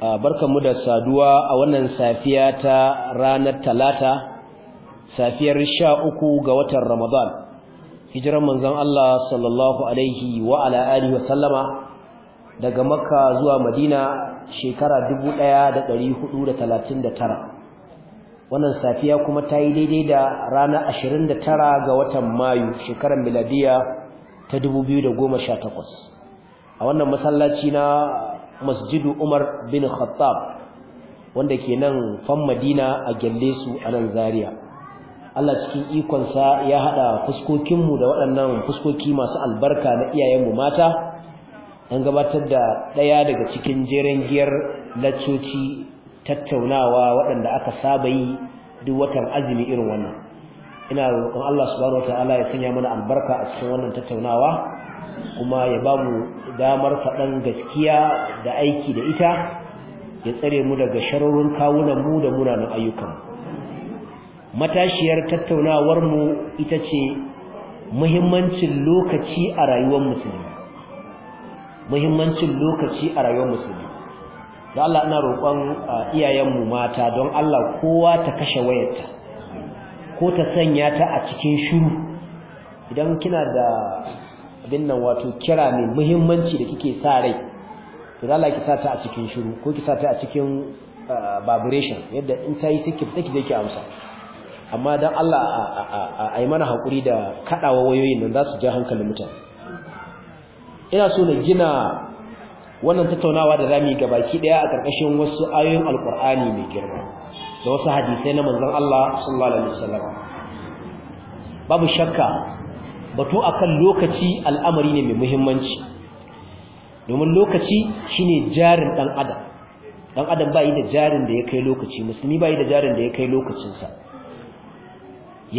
barkanmu da saduwa a wannan safiya ta ranar talata safiyar sha uku ga watan ramadan hijiran manzon Allah sallallahu alaihi wa ala daga makka zuwa madina shekara 1439 wannan safiya kuma ta yi daidai da ranar 29 ga watan mayu shekarar miladiya ta 2018 a wannan masallaci na masjidu umar bin khattab wanda ke nan fan madina a gyalle su a nan zariya allah cikin ikonsa ya haɗa fuskokinmu da waɗannan fuskoki masu albarka na iyayenmu mata an gabatar da ɗaya daga cikin jeren giyar laccoci tattaunawa waɗanda aka saba yi duk watan azumi irin wannan ina roƙon allah subhanahu wataala ya sanya mana albarka a cikin wannan tattaunawa kuma ya ba mu damar faɗan gaskiya da aiki da ita ya tsare mu daga kawunan mu da munanan ayyukan matashiyar tattaunawarmu ita ce muhimmancin lokaci a rayuwar musulmi muhimmancin lokaci a rayuwar musulmi da Allah ina roƙon iyayenmu mata don Allah kowa ta kashe wayarta ko ta sanya ta a cikin shiru idan kina da nan wato kira mai muhimmanci da kike sa rai to za laki ki sa a cikin shiru ko ki sa a cikin vibration yadda in ta yi take fita ki amsa amma dan Allah a ai mana hakuri da kadawa wayoyin nan za su ja hankalin mutane ina so na gina wannan tattaunawa da zamu yi gabaki daya a karkashin wasu ayoyin alqur'ani mai girma da wasu hadisai na manzon Allah sallallahu alaihi wasallam babu shakka batu kan lokaci al'amari ne mai muhimmanci domin lokaci shine jarin dan adam dan adam bai da jarin da ya kai lokaci musulmi bai da jarin da ya kai lokacinsa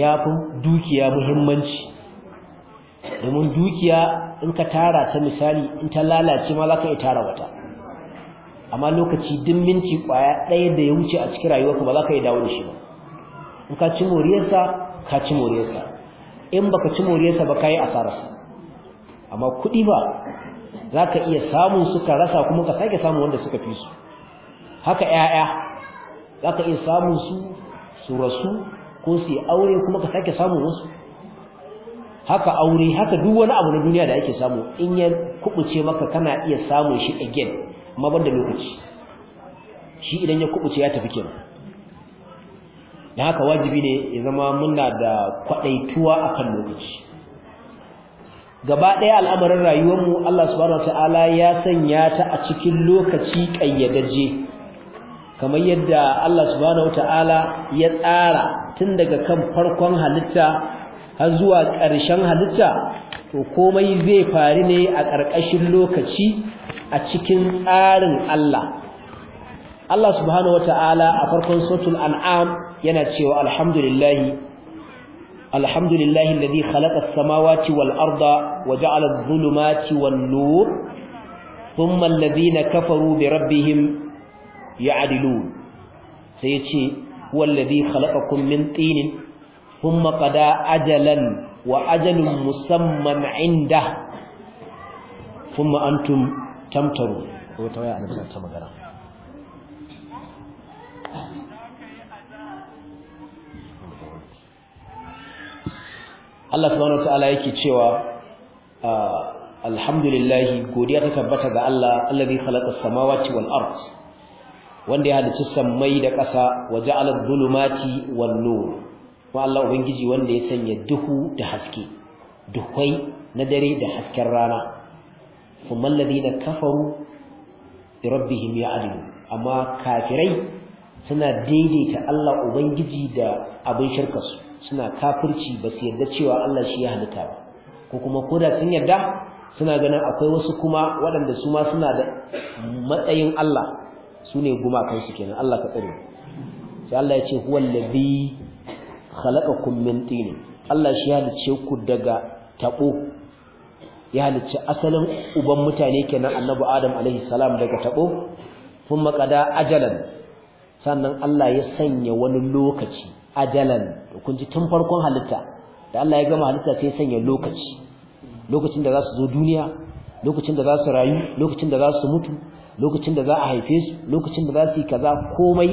yafi dukiya muhimmanci domin dukiya in ka tara ta misali in ta lalace ma zaka iya tara wata amma lokaci din minti kwaya ɗaya da ya wuce a cikin rayuwarka ba za ka yi dawo da shi ba in ka ci moriyarsa ka ci moriyarsa in baka ci moriyarsa ba kai asararsa amma kuɗi ba za ka iya samun suka rasa kuma ka sake samun wanda suka fi su haka ‘ya'ya za ka iya samun su su rasu ko su aure kuma ka sake samun wasu haka aure haka duk wani abu na duniya da ake samu in ya kubuce maka kana iya samun shi again amma banda lokaci shi idan ya kubuce ya tafi kenan da haka wajibi ne ya zama muna da kwadaituwa akan lokaci gaba ɗaya al'amarin rayuwarmu Allah subhanahu wataala ya sanya ta a cikin lokaci ƙayyadaje kamar yadda Allah subhanahu wataala ya tsara tun daga kan farkon halitta har zuwa ƙarshen halitta to komai zai faru ne a ƙarƙashin lokaci a cikin tsarin Allah Allah subhanahu wata'ala a farkon suratul an'am yana cewa alhamdulillah alhamdulillah alladhi khalaqa as-samawati wal arda wa ja'ala adh-dhulumati wan nur thumma alladhina kafaru bi rabbihim ya'dilun sai yace wallazi khalaqakum min tinin thumma qada ajalan wa ajalun musamman inda thumma antum tamtaru wata ta magana Allah subhanahu wataala yake cewa ah, alhamdulillah godiya ta tabbata ga Allah alladhi khalaqa samawati wal ard wanda ya halicci sammai da ƙasa waje ja'ala dhulumati wan nur wa Allah ubangiji wanda ya sanya duhu da haske duhai na dare da hasken rana ثم الذين كفروا بربهم يعدلون amma kafirai suna daidaita Allah ubangiji da abin shirkarsu suna kafirci ba su yarda cewa Allah shi ya halitta ba ko kuma koda sun yarda suna ganin akwai wasu kuma waɗanda su ma suna da matsayin Allah su ne kan su kenan Allah ka tsare sai Allah ya ce huwal ladhi khalaqakum min tin Allah shi ya halice ku daga tabo ya halice asalin uban mutane kenan Annabi Adam alaihi salam daga tabo kuma kada ajalan sannan Allah ya sanya wani lokaci ajalan kun ji tun farkon halitta da Allah ya gama halitta sai sanya lokaci lokacin da za su zo duniya lokacin da za su rayu lokacin da za su mutu lokacin da za a haife su lokacin da za su yi kaza komai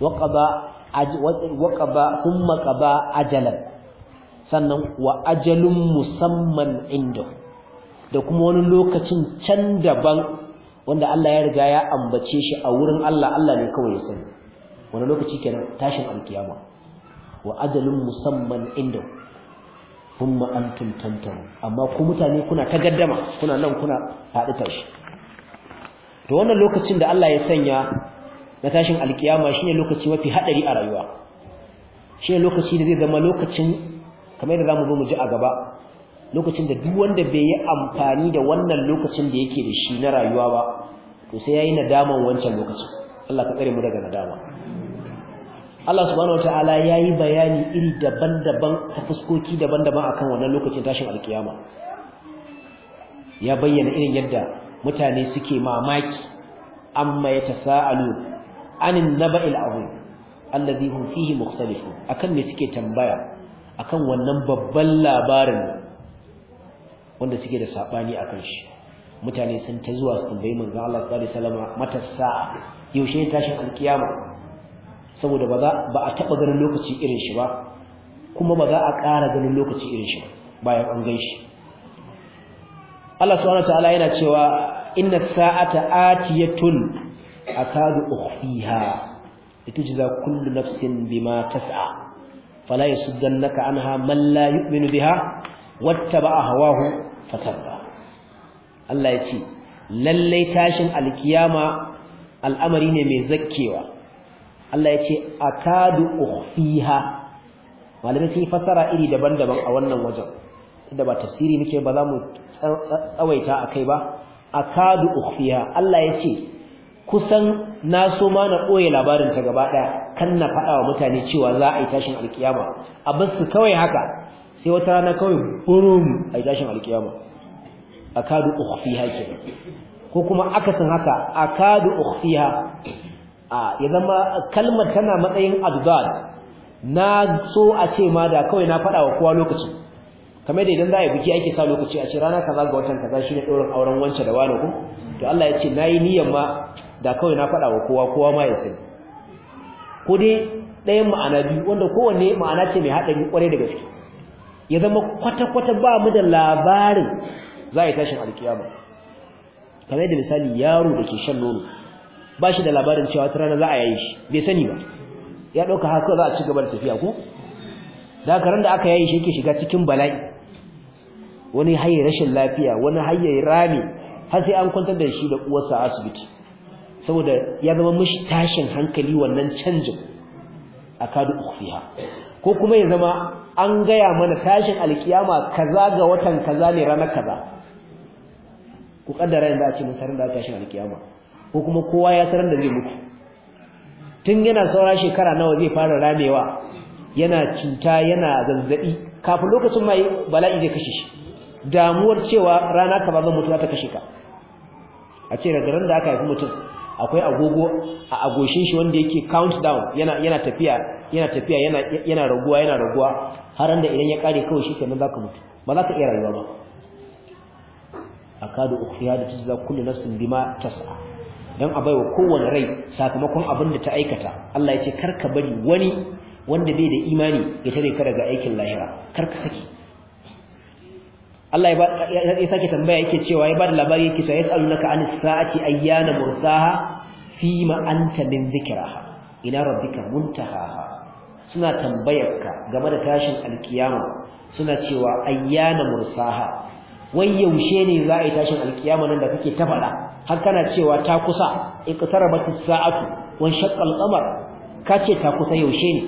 waqaba waqaba qaba ajalan sannan wa ajalun musamman inda da kuma wani lokacin can daban wanda Allah ya riga ya ambace shi a wurin Allah Allah ne kawai ya sani wani lokaci kenan tashin alkiyama wa ajalin musamman inda kun ma’antun tantahu amma ku mutane kuna ta gaddama kuna nan kuna faɗi tashi to wannan lokacin da Allah ya sanya na tashin alkiyama shine lokaci mafi haɗari a rayuwa shine lokaci da zai zama lokacin kamar yadda mu zo mu ji a gaba lokacin da duk wanda bai yi amfani da wannan lokacin da yake da shi na rayuwa ba to sai yayi nadaman wancan lokacin Allah ka tsare mu daga nadama Allah subhanahu wataala yi bayani iri daban-daban ta fuskoki daban-daban akan wannan lokacin tashin alkiyama ya bayyana irin yadda mutane suke mamaki amma yatasaalu anin naba'il azim alladhi hum fihi mukhtalifun akan me suke tambaya akan wannan babban labarin wanda suke da sabani akan shi mutane sun ta zuwa su tambayi manzo Allah sallallahu alaihi wasallam matasa yaushe tashin alkiyama saboda ba za ba a taba ganin lokaci irin shi ba kuma ba za a ƙara ganin lokaci irin shi bayan an gaishe Allah subhanahu wataala yana cewa inna sa'ata atiyatun akadu ukhfiha litujza kullu nafsin bima tas'a fala yasuddannaka anha man la yu'minu biha wattaba'a hawahu fatabba Allah ya ce lallai tashin alkiyama al'amari ne mai zakkewa Allah ya ce a akadu ukhfiha malamai sun yi fassara iri daban-daban a wannan wajen inda ba tafsiri muke ba za mu tsawaita a kai ba a akadu ukhfiha Allah ya ce kusan na so ma na ɓoye labarin ta gaba ɗaya kan na faɗa wa mutane cewa za a yi tashin alkiyama a bar su kawai haka sai wata rana kawai burum a yi tashin alkiyama akadu ukhfiha ke ko kuma akasin haka a akadu ukhfiha a ya zama kalmar tana matsayin adgad na so a ce ma da kawai na fada wa kowa lokaci kamar da idan za a yi biki ake sa lokaci a ce rana kaza ga watan kaza shine ɗorin auren wancan da wani ku to Allah ya ce na yi niyyar ma da kawai na fada wa kowa kowa ma ya sani ko dai ɗayan ma'ana biyu wanda kowanne ma'ana ce mai haɗari ƙwarai da gaske ya zama kwata-kwata ba mu da labarin za a yi tashin alkiyama kamar da misali yaro da ke shan nono ba shi da labarin cewa ta rana za a yayi shi bai sani ba ya ɗauka haka za a ci gaba da tafiya ko da karan da aka yayi shi yake shiga cikin bala'i wani haye rashin lafiya wani haye rami har sai an kwantar da shi da uwarsa a asibiti saboda ya zama mishi tashin hankali wannan canjin a kadu ukhfiha ko kuma ya zama an gaya mana tashin alkiyama kaza ga watan kaza ne ranar kaza ku kaddara yanda a ce mun sanin da tashin alkiyama ko kuma kowa ya sanar da zai mutu tun yana saura shekara nawa zai fara ramewa yana cuta yana zazzabi kafin lokacin mai bala'i zai kashe shi damuwar cewa rana ka ba zan mutu ta kashe ka a ce daga ran da aka haifi mutum akwai agogo a agoshin shi wanda yake countdown yana yana tafiya yana tafiya yana yana raguwa yana raguwa har da idan ya kare kawai shi kenan zaka mutu ba za ka iya rayuwa ba akadu ukhfiyadu tujza kullu nafsin bima tas'a don a baiwa kowane rai sakamakon abin da ta aikata Allah ya ce kar ka bari wani wanda bai da imani ya tare ka daga aikin lahira kar ka saki Allah ya sake tambaya yake cewa ya da labari yake cewa yas'alunaka an sa'ati ayyana mursaha fima anta min dhikraha ila rabbika muntahaha suna tambayarka game da tashin alkiyama suna cewa ayyana mursaha wai yaushe ne za a yi tashin alkiyama nan da kake ta faɗa har kana cewa ta kusa iqtarabatis sa'atu wan shaqqa al-qamar kace ta kusa yaushe ne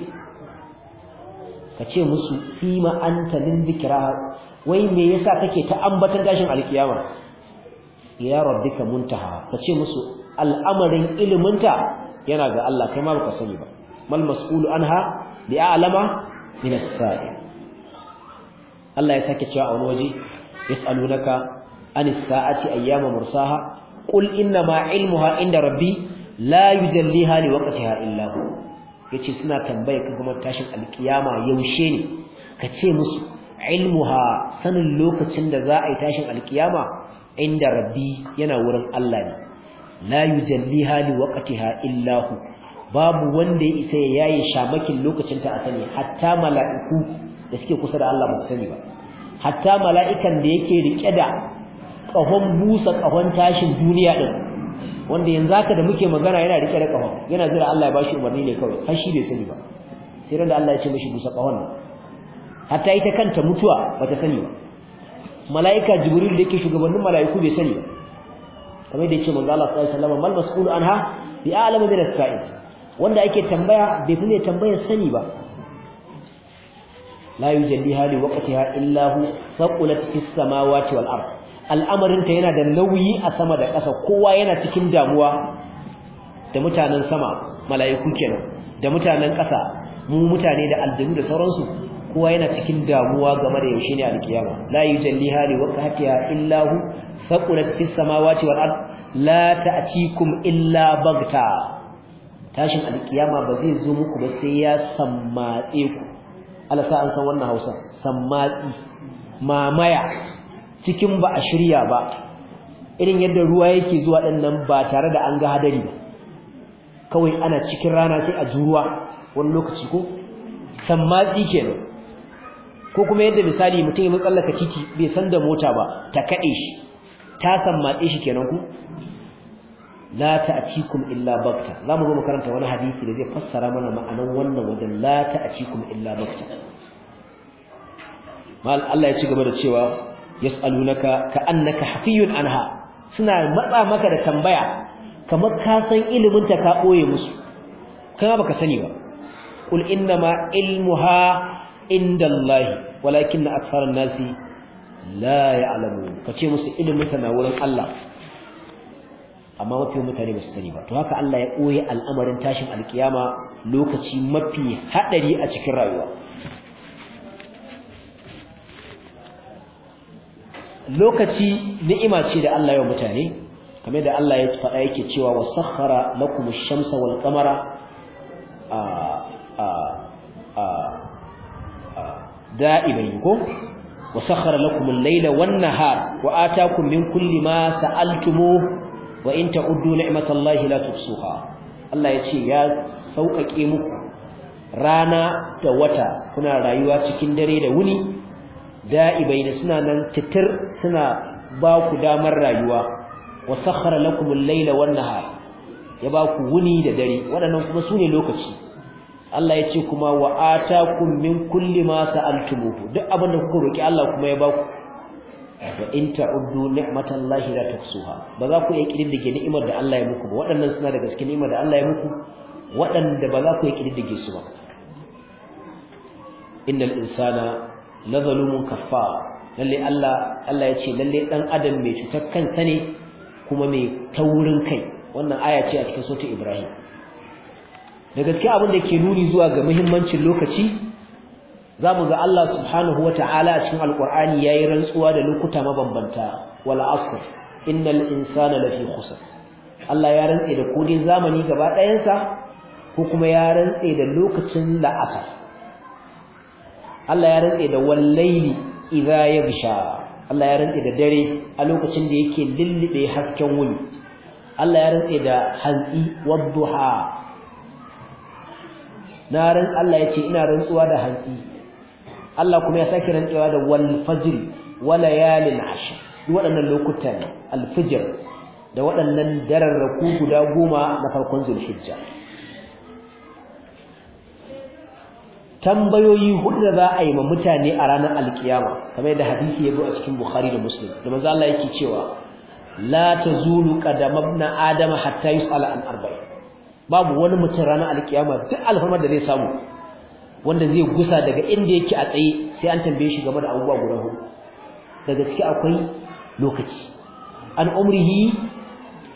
kace musu fima anta lin dhikra wai me yasa kake ta ambatan gashin alkiyama ya rabbika muntaha kace musu al'amarin iliminta yana ga Allah kai ma baka sani ba mal mas'ulu anha bi a'lama min as-sa'i Allah ya sake cewa a wani waje yas'alunaka anis sa'ati ayyama mursaha qul inna ma ilmuha inda rabbi la yujalliha li waqtiha illa hu yace suna tambaye ka kuma tashin alkiyama yaushe ne ka ce musu ilmuha sanin lokacin da za a yi tashin alkiyama inda rabbi yana wurin Allah ne la yujalliha li waqtiha illa hu babu wanda ya isa ya yaye shamakin lokacin ta a sani hatta mala'iku da suke kusa da Allah ba su sani ba hatta mala'ikan da yake rike da kafon busa kafon tashin duniya din wanda yanzu haka da muke magana yana rike da kahon yana jira Allah ya bashi umarni ne kawai har shi bai sani ba sai da Allah ya ce mishi busa kahon hatta ita kanta mutuwa bata sani ba malaika jibril da yake shugabannin malaiku bai sani ba kamar da yake manzo Allah sallallahu alaihi wasallam mal mas'ulu anha bi a'lam min as-sa'il wanda ake tambaya bai fi tambayar sani ba la yujaddi hali waqtiha illa hu faqulat fis samawati wal ardh al'amarinta yana da nauyi a sama da ƙasa kowa yana cikin damuwa da mutanen sama mala'iku kenan da mutanen ƙasa mu mutane da aljanu da sauransu kowa yana cikin damuwa game da yaushe ne alkiyama la hali wa waqtiha illa hu saqulat fis samawati wal ard la ta'tikum illa bagta tashin alkiyama ba zai zo muku ba sai ya sammatse ku alasa an san wannan Hausa sammatsi mamaya cikin ba a shirya ba irin yadda ruwa yake zuwa ɗan nan ba tare da an ga hadari ba kawai ana cikin rana sai a juruwa wani lokaci ko sammatsi kenan ko kuma yadda misali mutum ya tsallaka titi bai san da mota ba ta kaɗe shi ta sammatse shi kenan ku la ta'tikum illa bakta zamu zo mu karanta wani hadisi da zai fassara mana ma'anan wannan wajen la ta'tikum illa bakta mal ya ci gaba da cewa yas'alunaka ka'annaka hafiyun anha suna matsa maka da tambaya kamar ka san ilimin ta ka boye musu kana baka sani ba qul innama ilmuha indallahi walakinna aktharan nasi la ya'lamun kace musu ilimin ta na wurin Allah amma mafi mutane ba su sani ba to haka Allah ya ɓoye al'amarin tashin alkiyama lokaci mafi haɗari a cikin rayuwa lokaci ni'ima ce da Allah ya mutane kamar da Allah ya faɗa yake cewa sakhara lakum ash-shamsa wal qamara a a a da'ibai ko wasakhara lakum al-layla wan nahar wa ataakum min kulli ma sa'altumuh wa in ta'uddu ni'matallahi la tuhsuha Allah ya ce ya sauƙaƙe muku rana da wata kuna rayuwa cikin dare da wuni da'ibai na suna nan titir suna ba ku damar rayuwa wa sakhara lakum al-laila wannan nahar ya ba ku wuni da dare waɗannan kuma sune lokaci Allah ya ce kuma wa ataakum min kulli ma sa'altumuhu duk abin da kuka roki Allah kuma ya ba ku wa in ta'uddu ni'matallahi la tuhsuha ba za ku iya kididdige ni'imar da Allah ya muku ba waɗannan suna daga cikin ni'imar da Allah ya muku wadanda ba za ku iya kididdige su ba innal insana Na zalumun kaffar lalle Allah Allah yace lalle dan adam mai cutar kansa ne kuma mai taurin kai wannan aya ce a cikin sura Ibrahim da gaskiya abin da ke nuni zuwa ga muhimmancin lokaci zamu ga Allah subhanahu wataala a cikin alqur'ani yayi rantsuwa da lokuta mabambanta wal asr innal insana lafi khusr Allah ya rantse da kodin zamani gaba ɗayansa ko kuma ya rantse da lokacin la'asar Allah ya rantse da wallahi idza yabsha Allah ya rantse da dare a lokacin da yake lullube hasken wuni Allah ya rantse da hantsi wadduha na ran Allah ya ce ina rantsuwa da hantsi Allah kuma ya sake rantsuwa da wal fajr wa layalin waɗannan lokutan al fajr da waɗannan dararraku guda goma na farkon zulhijja tambayoyi hudu da za a yi ma mutane a ranar alkiyama kamar da hadisi ya zo a cikin bukhari da muslim da manzo Allah yake cewa la tazulu qadama ibn adam hatta yus'ala an arba'in babu wani mutum ranar alkiyama duk alfarmar da zai samu wanda zai gusa daga inda yake a tsaye sai an tambaye shi game da abubuwa guda hudu daga ciki akwai lokaci an umrihi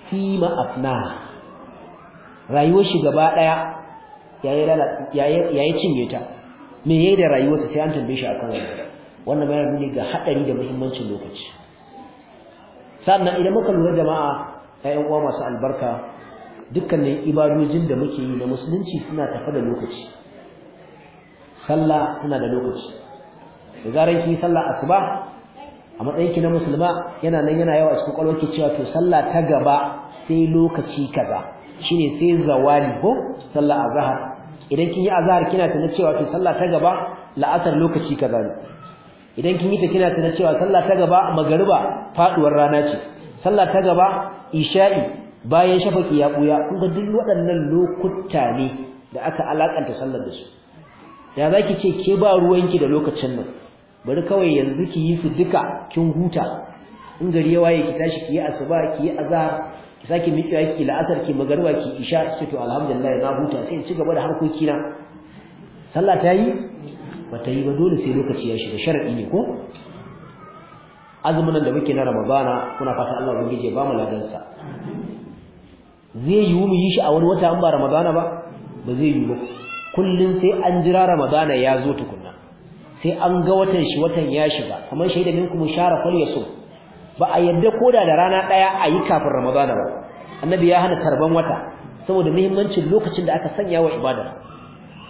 fi ma afna rayuwar shi gaba daya yayi yayi cinye ta me yayi da rayuwarsa sai an tambaye shi akan wannan wannan bayan nuni ga hadari da muhimmancin lokaci sannan idan muka lura jama'a 'yan uwa masu albarka dukkanin ibadojin da muke yi na musulunci suna tafa da lokaci sallah suna da lokaci da zaran ki sallah asuba a matsayin ki na musulma yana nan yana yawa cikin kwalwarki cewa to sallah ta gaba sai lokaci kaza shine sai zawali ko sallah azhar idan kin yi azhar kina tana cewa to sallah ta gaba la'asar lokaci kaza ne idan kin yi ta kina tana cewa sallah ta gaba magariba faduwar rana ce sallah ta gaba isha'i bayan shafaki ya buya kun ga duk waɗannan lokuta ne da aka alakanta sallar da su ya zaki ce ke ba ki da lokacin nan bari kawai yanzu ki yi su duka kin huta in gari ya waye ki tashi ki yi asuba ki yi azhar ki miki miƙewa ki la'asar ki magarwa ki isha ki to alhamdulillah na huta sai ci gaba da harkoki na sallah ta yi bata yi ba dole sai lokaci ya shiga sharadi ne ko azumin da muke na ramadana kuna fata Allah ya gije ba mu ladan sa zai yiwu mu yi shi a wani wata an ba ramadana ba ba zai yiwu ba kullun sai an jira ramadana ya zo tukunna sai an ga watan shi watan ya shiga kamar shaida minkum shara fal yasum ba a yadda ko da rana daya a yi kafin ramadana ba annabi ya hana tarban wata saboda muhimmancin lokacin da aka sanya wa ibada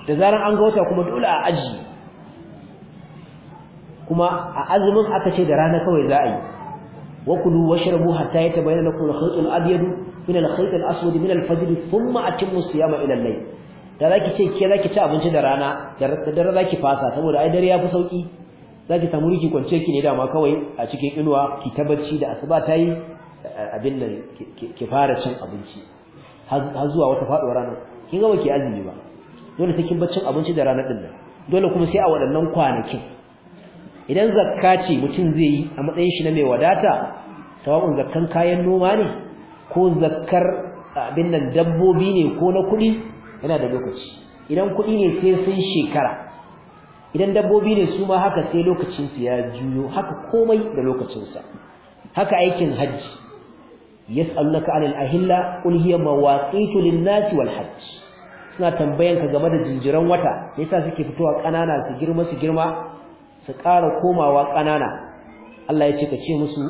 da zaran an ga wata kuma dole a aji kuma a azumin aka ce da rana kawai za a yi wa kulu washrabu hatta yatabayyana lakum al-khayt al-abyad min al-khayt al-aswad min al-fajr thumma atimmu siyama ila al-layl da zaki ce ke zaki ci abinci da rana da dare zaki fasa saboda ai dare ya fi sauki zaki samu riki kwance ki ne dama kawai a cikin inuwa ki tabbaci da asuba ta yi eh, abin nan ki fara cin abinci har zuwa wata faduwar rana kin ga ba ki azumi ba dole sai kin bar cin abinci da ranar din dole kuma sai a waɗannan kwanakin idan zakka ce mutum zai yi a matsayin shi na mai wadata sawa'un zakkan kayan noma ne ko zakkar eh, abin nan dabbobi ne ko na kuɗi yana da lokaci idan kuɗi ne sai sun shekara idan dabbobi ne su ma haka sai lokacin su ya juyo haka komai da lokacin sa haka aikin hajji yas'alunaka anil ahilla qul hiya mawaqitu lin-nasi wal hajj suna tambayan ka game da jinjiran wata yasa suke fitowa kanana su girma su girma su ƙara komawa kanana Allah ya ce ka ce musu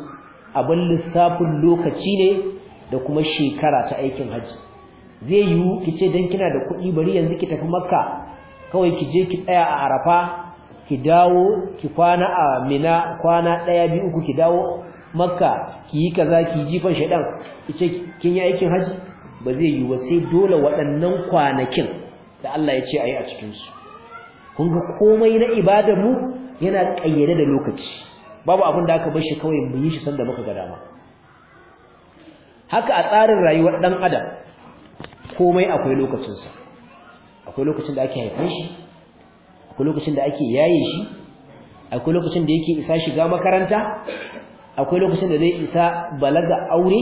abin lissafin lokaci ne da kuma shekara ta aikin hajji zai yiwu kice dan kina da kuɗi bari yanzu ki tafi makka kawai ki je ki tsaya a arafa ki dawo ki kwana a mina kwana daya biyu uku ki dawo makka ki yi kaza ki jifan ki kice kin yi aikin haji ba zai yi ba sai dole waɗannan kwanakin da Allah ya ce ayi a cikin su kun ga komai na ibadar mu yana kayyade da lokaci babu abin da aka bar shi kawai mu yi shi sanda muka ga dama haka a tsarin rayuwar dan adam komai akwai lokacinsa akwai lokacin da ake haifan shi akwai lokacin da ake yaye shi akwai lokacin da yake isa shiga makaranta akwai lokacin da zai isa balaga aure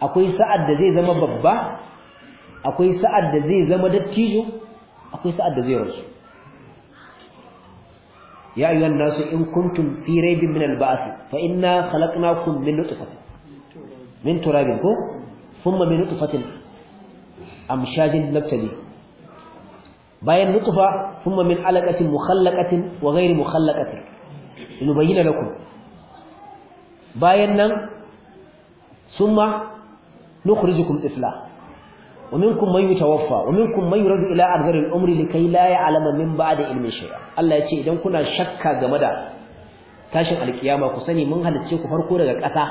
akwai sa'ad da zai zama babba akwai sa'ad da zai zama dattijo akwai sa'ad da zai rasu ya ayyuhan nasu in kuntum fi raibin min al fa inna khalaqnakum min nutfatin min turabin ko thumma min nutfatin amshajin nabtali bayan nutfa thumma min alaqatin mukhallaqatin wa ghayri mukhallaqatin linubayyana lakum bayan nan thumma nukhrijukum ifla. wa minkum man yutawaffa wa minkum man yuradu ila adhari al-umri likay la ya'lama min ba'da ilmi shay'a Allah ya ce idan kuna shakka game da tashin alkiyama ku sani mun halicce ku farko daga ƙasa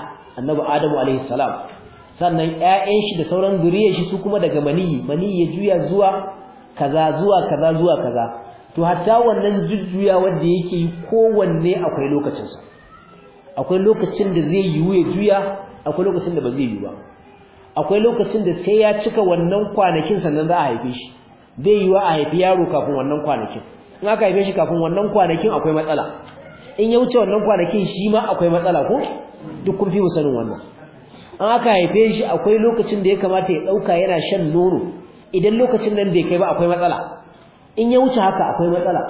annabi adamu alayhi salam sannan ƴaƴan shi da sauran zuriyar shi su kuma daga maniyi maniyi ya juya zuwa kaza zuwa kaza zuwa kaza to hatta wannan jujjuya wanda yake yi kowanne akwai lokacinsa akwai lokacin da zai yiwu ya juya akwai lokacin da ba zai yiwu ba akwai lokacin da sai ya cika wannan kwanakin sannan za a haife shi yi yiwu a haifi yaro kafin wannan kwanakin in aka haife shi kafin wannan kwanakin akwai matsala in ya wuce wannan kwanakin shi ma akwai matsala ko duk kun fi musanin wannan an aka haife shi akwai lokacin da ya kamata ya dauka yana shan nono idan lokacin nan bai kai ba akwai matsala in ya wuce haka akwai matsala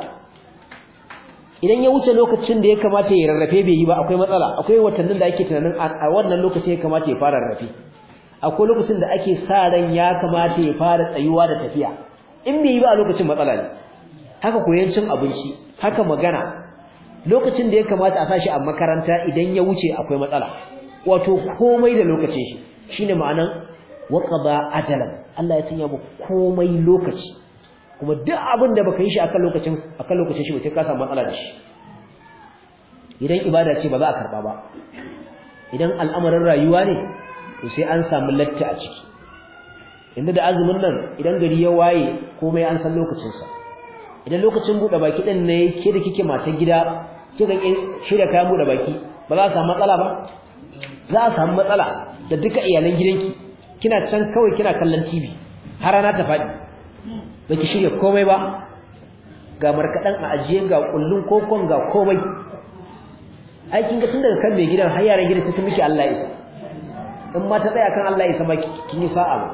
idan ya wuce lokacin da ya kamata ya rarrafe bai yi ba akwai matsala akwai watannin da ake tunanin a wannan lokacin ya kamata ya fara rarrafe akwai lokacin da ake sa ran ya kamata ya fara tsayuwa da tafiya in bai yi ba a lokacin matsala ne haka koyon cin abinci haka magana lokacin da ya kamata a sa shi a makaranta idan ya wuce akwai matsala wato komai da lokacin shi shine ma'anan wa qada ajalan Allah ya sanya mu komai lokaci kuma duk abin da baka yi shi akan lokacin akan lokacin shi ba sai ka samu matsala da shi idan ibada ce ba za a karba ba idan al'amarin rayuwa ne to sai an samu latta a ciki inda da azumin nan idan gari ya waye komai an san lokacinsa idan lokacin bude baki ɗin ne ke da kike matan gida kika shirya kayan bude baki ba za a samu matsala ba za a samu matsala da duka iyalan gidanki kina can kawai kina kallon TV har rana ta faɗi baki shirya komai ba ga markadan a ajiye ga kullun kokon ga komai aikin ga tun daga kan mai gidan har yaran gidan su miki Allah isa in ma ta tsaya kan Allah isa ba kin yi sa'a ba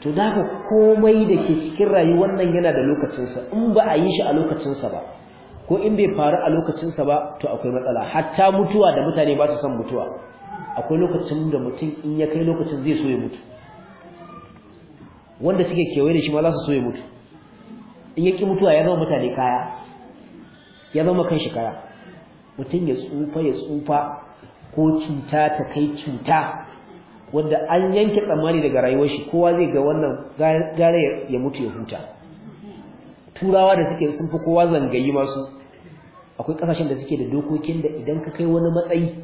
to da ka komai da ke cikin rayuwar nan yana da lokacinsa in ba a yi shi a lokacinsa ba ko in bai faru a lokacinsa ba to akwai matsala hatta mutuwa da mutane ba su son mutuwa akwai lokacin da mutum in ya kai lokacin zai so ya mutu wanda suke kewaye da shi ma za su so ya mutu in ya ki mutuwa ya zama mutane kaya ya zama kan shi kaya mutum ya tsufa ya tsufa ko cuta ta kai cuta wanda an yanke tsammani daga rayuwar shi kowa zai ga wannan gare ya mutu ya huta turawa da suke sun fi kowa zangayi masu akwai ƙasashen da suke da dokokin da idan ka kai wani matsayi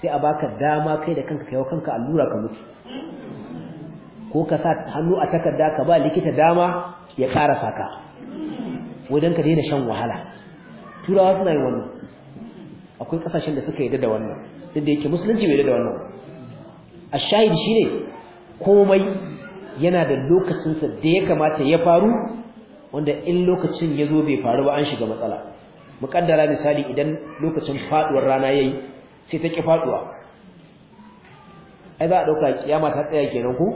sai a baka dama kai da kanka kaiwa kanka allura ka mutu ko ka sa hannu a takarda ka ba likita dama ya ƙara saka wajen ka daina shan wahala turawa suna yin wannan akwai kasashen da suka yarda da wannan duk da yake musulunci bai da wannan a shahid shine komai yana da lokacinsa da ya kamata ya faru wanda in lokacin ya zo bai faru ba an shiga matsala muƙaddara misali idan lokacin faɗuwar rana yayi sai ta ki faduwa ai za a dauka kiyama ta tsaya kenan ku?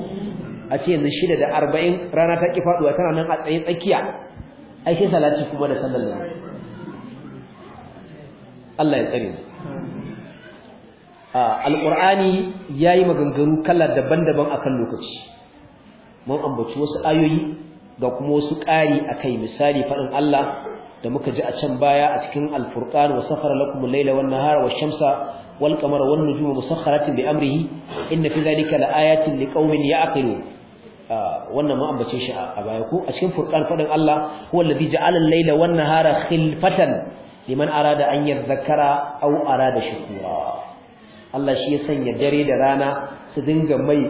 a ce yanzu shida da arba'in rana ta ki faduwa tana nan a tsaye tsakiya ai sai salati kuma da sallar Allah ya tsare mu alqur'ani yayi maganganu kala daban-daban akan lokaci mun ambaci wasu ayoyi ga kuma wasu ƙari akai misali faɗin Allah da muka ji a can baya a cikin alfurqan wa safara lakum al-laila wan nahara wash shamsa wal qamara wan nujuma musakhkharatin bi amrihi inna fi dhalika la ayatin liqaumin ya'qilun ah, wannan mu ambace shi a baya ko a cikin furqan fadin Allah huwa alladhi ja'ala al-laila wan nahara khilfatan liman arada an yadhakkara aw arada shukura Allah shi ya sanya dare da rana su dinga mai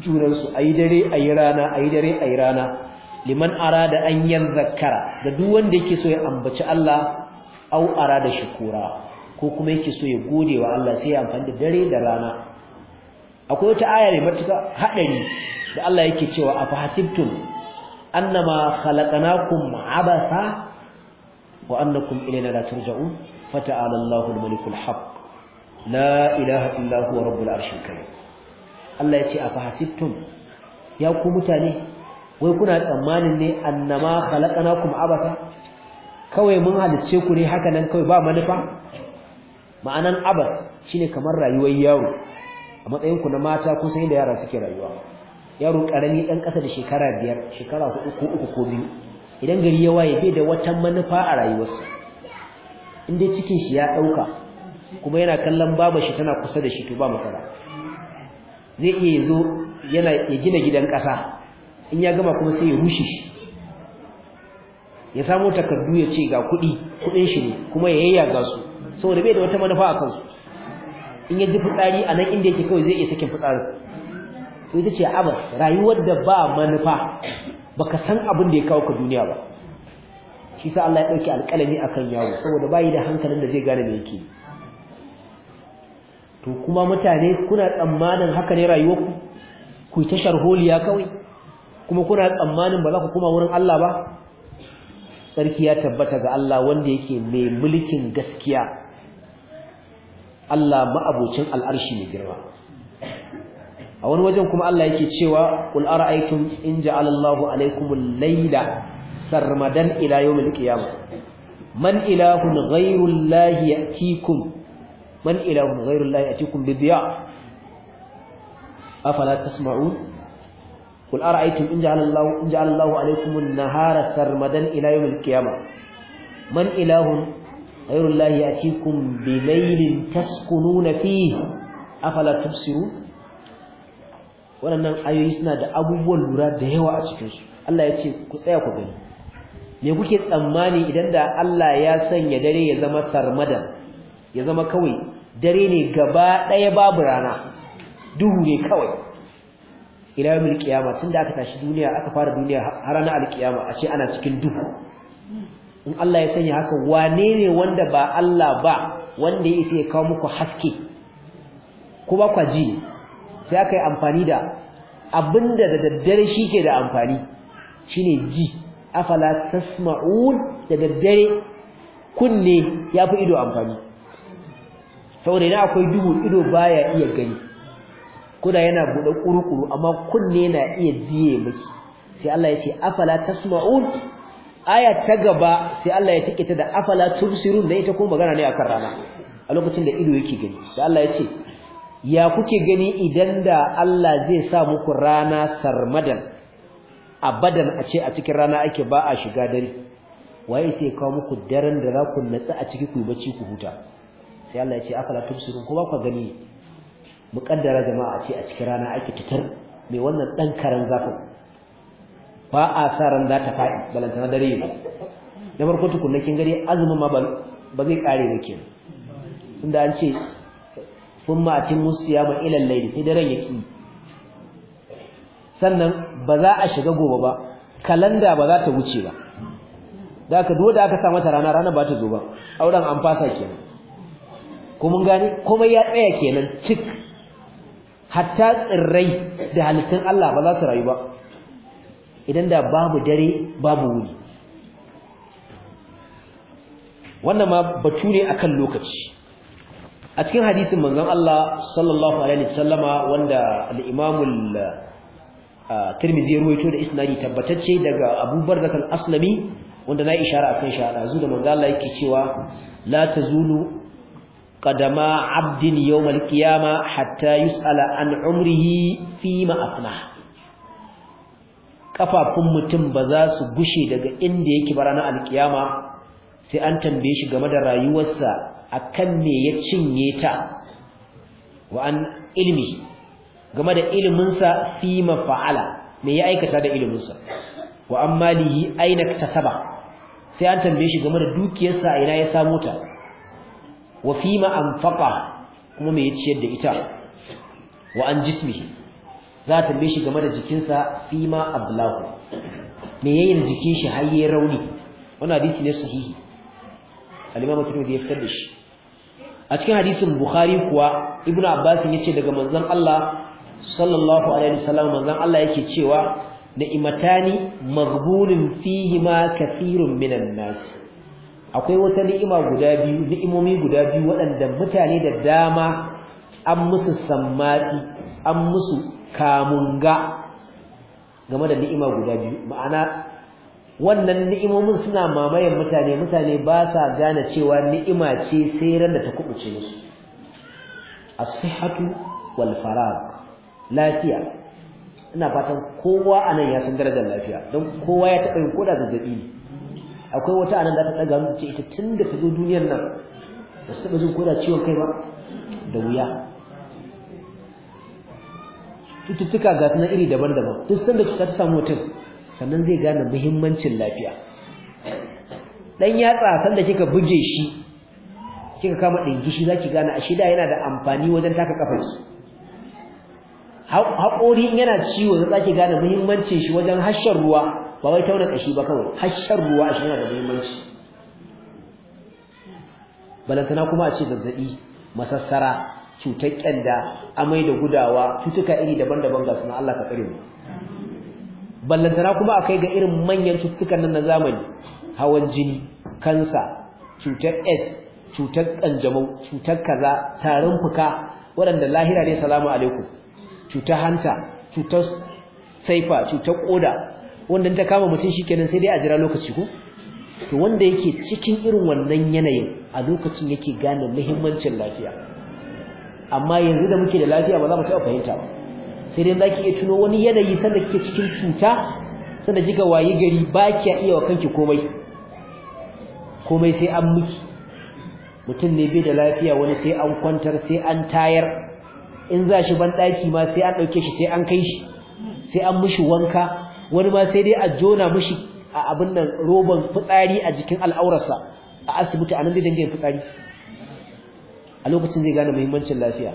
junansu ayi dare ayi rana ayi dare ayi rana liman arada an yanzakkara da duk wanda yake so ya ambaci Allah au arada shukura ko kuma yake so ya gode wa Allah sai ya amfani da dare da rana akwai wata aya mai matuka hadari da Allah yake cewa afa hasibtum annama khalaqnakum abasa wa annakum ilayna la turja'un fata'ala Allahu al-malikul haqq la ilaha illa huwa rabbul arshil karim Allah yace afa hasibtum ya ku mutane wai kuna tsammanin ne annama khalaqnakum abata kawai mun halicce ku ne haka nan kawai ba manufa ma'anan abad shine kamar rayuwar yaro a matsayin ku na mata ku san yadda yara suke rayuwa yaro karami dan kasa da shekara biyar shekara ko uku ko biyu idan gari ya waye bai da wata manufa a rayuwarsa in dai cikin shi ya dauka kuma yana kallon baba shi tana kusa da shi to ba matsala zai iya zo yana ya gina gidan kasa in ya gama kuma sai ya rushe shi ya samo takardu ya ce ga kuɗi kuɗin shi ne kuma ya ga su saboda bai da wata manufa a kansu in ya ji fitsari a nan inda yake kawai zai iya sakin fitsarin to ita ce abas rayuwar da ba manufa baka san abin da ya kawo ka duniya ba shi sa Allah ya dauki alƙalami akan yawo saboda bayi da hankalin da zai gane me yake to kuma mutane kuna tsammanin haka ne rayuwarku ku ta sharholiya kawai kuma kuna tsammanin ba za ku kuma wurin Allah ba sarki ya tabbata ga Allah wanda yake mai mulkin gaskiya Allah ma'abucin al'arshi mai girma a wani wajen kuma Allah yake cewa qul ara'aytum in ja'ala Allahu alaykumul layla sarmadan ila yawmil qiyamah man ilahun ghayru Allah ya'tikum man ilahun ghayru Allah ya'tikum bi afala tasma'un kul ara'aytum in ja'ala Allahu in ja'ala Allahu alaykum an-nahara sarmadan ila yawm al-qiyamah man ilahun ghayru Allahi yatikum bi laylin taskununa fihi afala tubsirun waɗannan ayoyi suna da abubuwan lura da yawa a cikinsu. su Allah ya ce ku tsaya ku gani me kuke tsammani idan da Allah ya sanya dare ya zama sarmadan ya zama kawai dare ne gaba ɗaya babu rana duhu ne kawai ila yawmil qiyama tunda aka tashi duniya aka fara duniya har ana alkiyama a ce ana cikin duhu in Allah ya sanya haka wane ne wanda ba Allah ba wanda ya isa ya kawo muku haske ko ba kwa ji sai aka yi amfani da abinda da daddare shi ke da amfani shine ji afala tasma'un da daddare kunne yafi fi ido amfani saboda ina akwai duhu ido baya iya gani kuda yana buɗe kurukuru amma kunne na iya jiye miki sai Allah ya ce afala tasma'un aya ta gaba sai Allah ya take ta da afala tubsirun da ita kuma magana ne akan rana a lokacin da ido yake gani Sai Allah ya ce ya kuke gani idan da Allah zai sa muku rana sarmadan abadan a ce a cikin rana ake ba a shiga dare waye sai kawo muku daren da za ku natsa a ciki ku yi bacci ku huta sai Allah ya ce afala tubsirun ko ba ku gani muƙaddara jama'a ce a cikin rana ake fitar mai wannan ɗan karan zafin ba a sa ran za ta faɗi balanta na dare ba na farko tukunna kin gari azumin ma ba zai kare ba ke Inda an ce sun ma atin musiyama ila layli sai daren yake sannan ba za a shiga gobe ba kalanda ba za ta wuce ba da aka da aka sa mata rana rana ba ta zo ba auren an fasa kenan ko mun gane komai ya tsaya kenan cik hatta tsirrai da halittun Allah ba za su rayu ba idan da babu dare babu wuni wannan ma batu ne akan lokaci a cikin hadisin manzon Allah sallallahu alaihi wasallama wanda al-Imam al-Tirmidhi uh, ruwaito da isnadi tabbatacce daga Abu zakar al-Aslami wanda na ishara akan shi a da manzon Allah yake cewa la tazulu qadama abdin yawm qiyama hatta yus'ala an umrihi fi ma afna kafafun mutum ba za su gushe daga inda yake ba ranar alkiyama sai an tambaye shi game da rayuwarsa akan me ya cinye ta wa an ilmi game da iliminsa fi ma fa'ala me ya aikata da iliminsa wa an malihi aina tasaba sai an tambaye shi game da dukiyarsa ina ya samu ta wa fima anfaqa kuma me ya ciyar da ita wa an jismihi za ta shi game da jikinsa fima ablahu me yayin jikin shi har yayi rauni wannan hadisi ne sahihi al-imam Tirmidhi ya fitar da shi a cikin hadisin Bukhari kuwa Ibn Abbas yace daga manzon Allah sallallahu alaihi wasallam manzon Allah yake cewa ni'matani maghbunun fihi ma kathirun minan nas akwai wata ni'ima guda biyu ni'imomi guda biyu waɗanda mutane da dama an musu sammati an musu kamunga game da ni'ima guda biyu ma'ana wannan ni'imomin suna mamayen mutane mutane ba sa gane cewa ni'ima ce sai ran da ta kubuce musu as-sihhatu wal farag lafiya ina fatan kowa anan ya san darajar lafiya don kowa ya taɓa yin koda zazzabi ne akwai wata anan da ta daga mu ce ita tun da ta zo duniyar nan ba su bazin koda ciwon kai ba da wuya Tututtuka ga su iri daban-daban duk sanda cuta ta samu mutum sannan zai gane muhimmancin lafiya dan yatsa sanda kika buge shi kika kama ɗinki shi zaki gane ashe da yana da amfani wajen taka kafar shi haƙori yana ciwo za gane muhimmancin shi wajen hashar ruwa ba wai tauna kashi ba kawai har ruwa a shi da muhimmanci balantana kuma a ce zazzaɓi, masassara cutar kyanda amai da gudawa cutuka iri daban-daban ga suna Allah ka kare mu ballantana kuma akai ga irin manyan cututtukan nan na zamani hawan jini kansa cutar s cutar kanjamau cutar kaza tarin fuka waɗanda lahira ne salamu alaikum cutar hanta cutar saifa cutar ƙoda. wanda ta kama mutum shi shikenan sai dai a jira lokaci ko to wanda yake cikin irin wannan yanayin a lokacin yake gane muhimmancin lafiya amma yanzu da muke da lafiya ba za mu taɓa fahimta ba sai dai zaki iya tuno wani yanayi sanda kike cikin cuta sanda kika waye gari ba kiya iya wa kanki komai komai sai an miki mutum ne bai da lafiya wani sai an kwantar sai an tayar in za shi ban daki ma sai an ɗauke shi sai an kai shi sai an mishi wanka wani ma sai dai a jona mishi a abin nan roban fitsari a jikin al'aurarsa a asibiti anan zai dinga fitsari a lokacin zai gane muhimmancin lafiya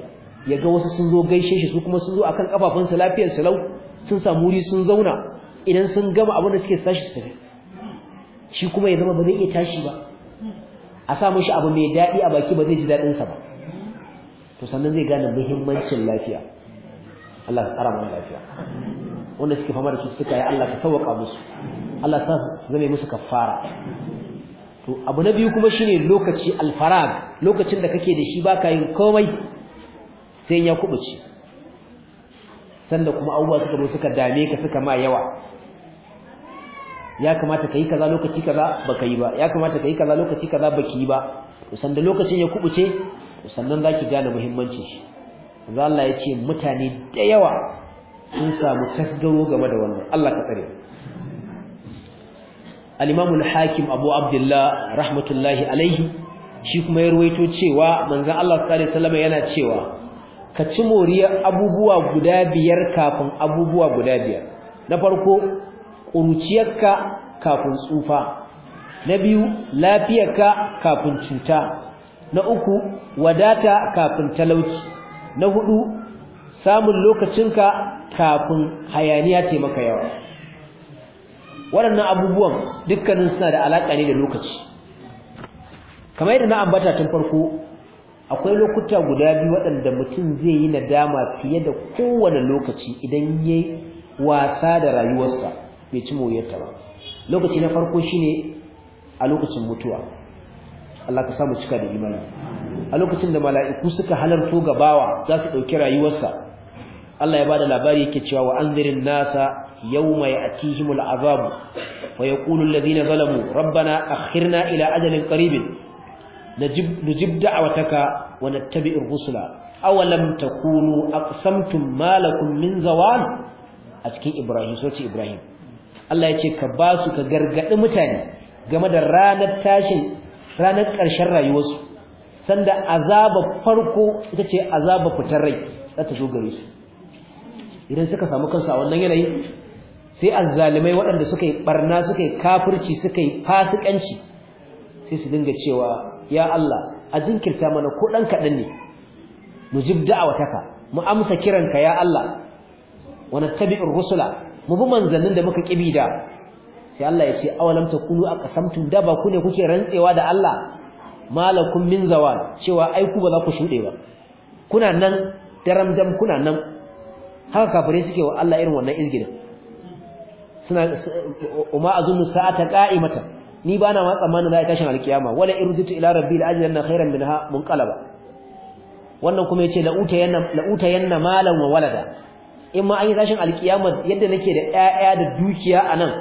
ya ga wasu sun zo gaishe shi su kuma sun zo akan kafafunsa lafiyar lau sun samu wuri sun zauna idan sun gama abin da suke tashi su tafi shi kuma ya zama ba zai iya tashi ba a sa mishi abu mai daɗi a baki ba zai ji daɗinsa ba to sannan zai gane muhimmancin lafiya Allah ya ƙara mana lafiya wanda suke fama da cututtuka ya Allah ka sauwaka musu Allah sa su zame musu kafara to abu na biyu kuma shine lokaci alfarag lokacin da kake da shi baka yin komai sai ya kubuce sanda kuma abubuwa suka zo suka dame ka suka ma yawa ya kamata kai kaza lokaci kaza baka yi ba ya kamata kai kaza lokaci kaza baki yi ba to sanda lokacin ya kubuce sannan zaki gane muhimmancin shi Allah ya ce mutane da yawa sun samu kasgaro game da wannan Allah ka tsare al-Imam al-Hakim Abu Abdullah rahmatullahi alaihi shi kuma ya ruwaito cewa manzon Allah sallallahu alaihi wasallam yana cewa ka ci moriyar abubuwa guda biyar kafin abubuwa guda biyar na farko ƙuruciyarka kafin tsufa na biyu lafiyarka kafin cuta na uku wadata kafin talauci na hudu samun lokacinka kafin hayaniya ce maka yawa waɗannan abubuwan dukkanin suna da alaƙa ne da lokaci kamar yadda na ambata tun farko akwai lokuta guda biyu waɗanda mutum zai yi nadama fiye da kowane lokaci idan ya wasa da rayuwarsa bai ci moyarta ba lokaci na farko shine a lokacin mutuwa Allah ka samu cika da imani a lokacin da mala'iku suka halarto gabawa za su ɗauki rayuwarsa Allah ya bada labari yake cewa wa anzirin nasa yawma ya'tihimul azab wa yaqulu alladhina zalamu rabbana akhirna ila ajalin qaribin najib najib da'wataka wa nattabi'ir rusula awalam takunu aqsamtum ma lakum min zawal a cikin Ibrahim soci Ibrahim Allah ya ce ka basu ka gargadi mutane game da ranar tashin ranar ƙarshen rayuwarsu sanda azaba farko ita ce azaba fitar rai za ta zo gare su idan suka samu kansu a wannan yanayi sai azzalimai waɗanda suka yi ɓarna suka yi kafirci suka yi fasikanci sai su dinga cewa ya Allah a jinkirta mana ko ɗan kaɗan ne mu jib taka mu amsa kiranka ya Allah wa nattabi'ur rusula mu bi manzannin da muka kibi da sai Allah ya ce awalam takunu aqsamtum da ba ku ne kuke rantsewa da Allah malakum min zawal cewa aiku ba za ku shude ba kuna nan daramdam kuna nan haka kafirai suke wa Allah irin wannan izgirin suna umma azunnu sa'ata qa'imatan ni bana ma tsammanin za a tashin alkiyama wala irjitu ila rabbil ajlanna khairan minha munqalaba wannan kuma yace la uta yanna la uta yanna malan wa walada in ma an yi tashin alkiyama yadda nake da ƴaƴa da dukiya anan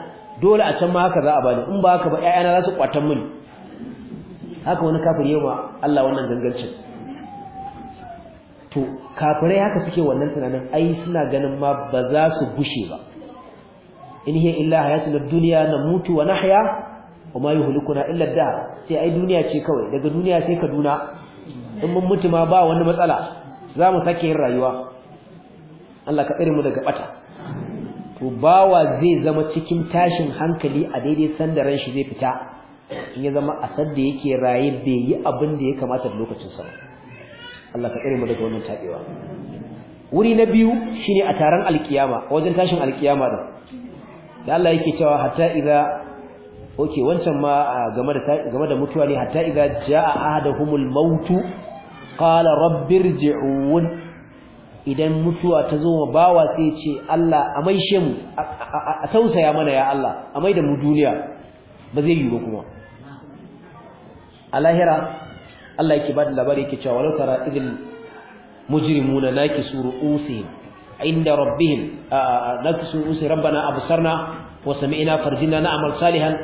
dole a can ma haka za a bani in ba haka ba ƴaƴana za su kwatan mini haka wani kafiri yawa Allah wannan gangancin to kafirai haka suke wannan tunanin ai suna ganin ma ba za su bushe ba in hiya illa hayatul dunya namutu wa nahya wa ma yuhlikuna illa da sai ai duniya ce kawai daga duniya sai kaduna in mun mutu ma ba wani matsala za mu sake yin rayuwa Allah ka tsare mu daga bata to bawa zai zama cikin tashin hankali a daidai sanda ran shi zai fita in ya zama asar da yake raye bai yi abin da ya kamata da lokacin sa Allah ka kare mu daga wannan tabewa wuri na biyu shine a taron alkiyama wajen tashin alkiyama da da Allah yake cewa hatta idza okay wancan ma game da game da mutuwa ne hatta idza jaa ahaduhumul mautu qala rabbirji'un idan mutuwa ta zo bawa sai ce Allah a mu a tausaya mana ya Allah amai da mu duniya ba zai yi ba kuma a lahira Allah yake bada labari yake cewa walau tara idil mujrimuna nakisu ru'usihim inda rabbihim nakisu ru'usi rabbana absarna wa sami'na farjina na'mal salihan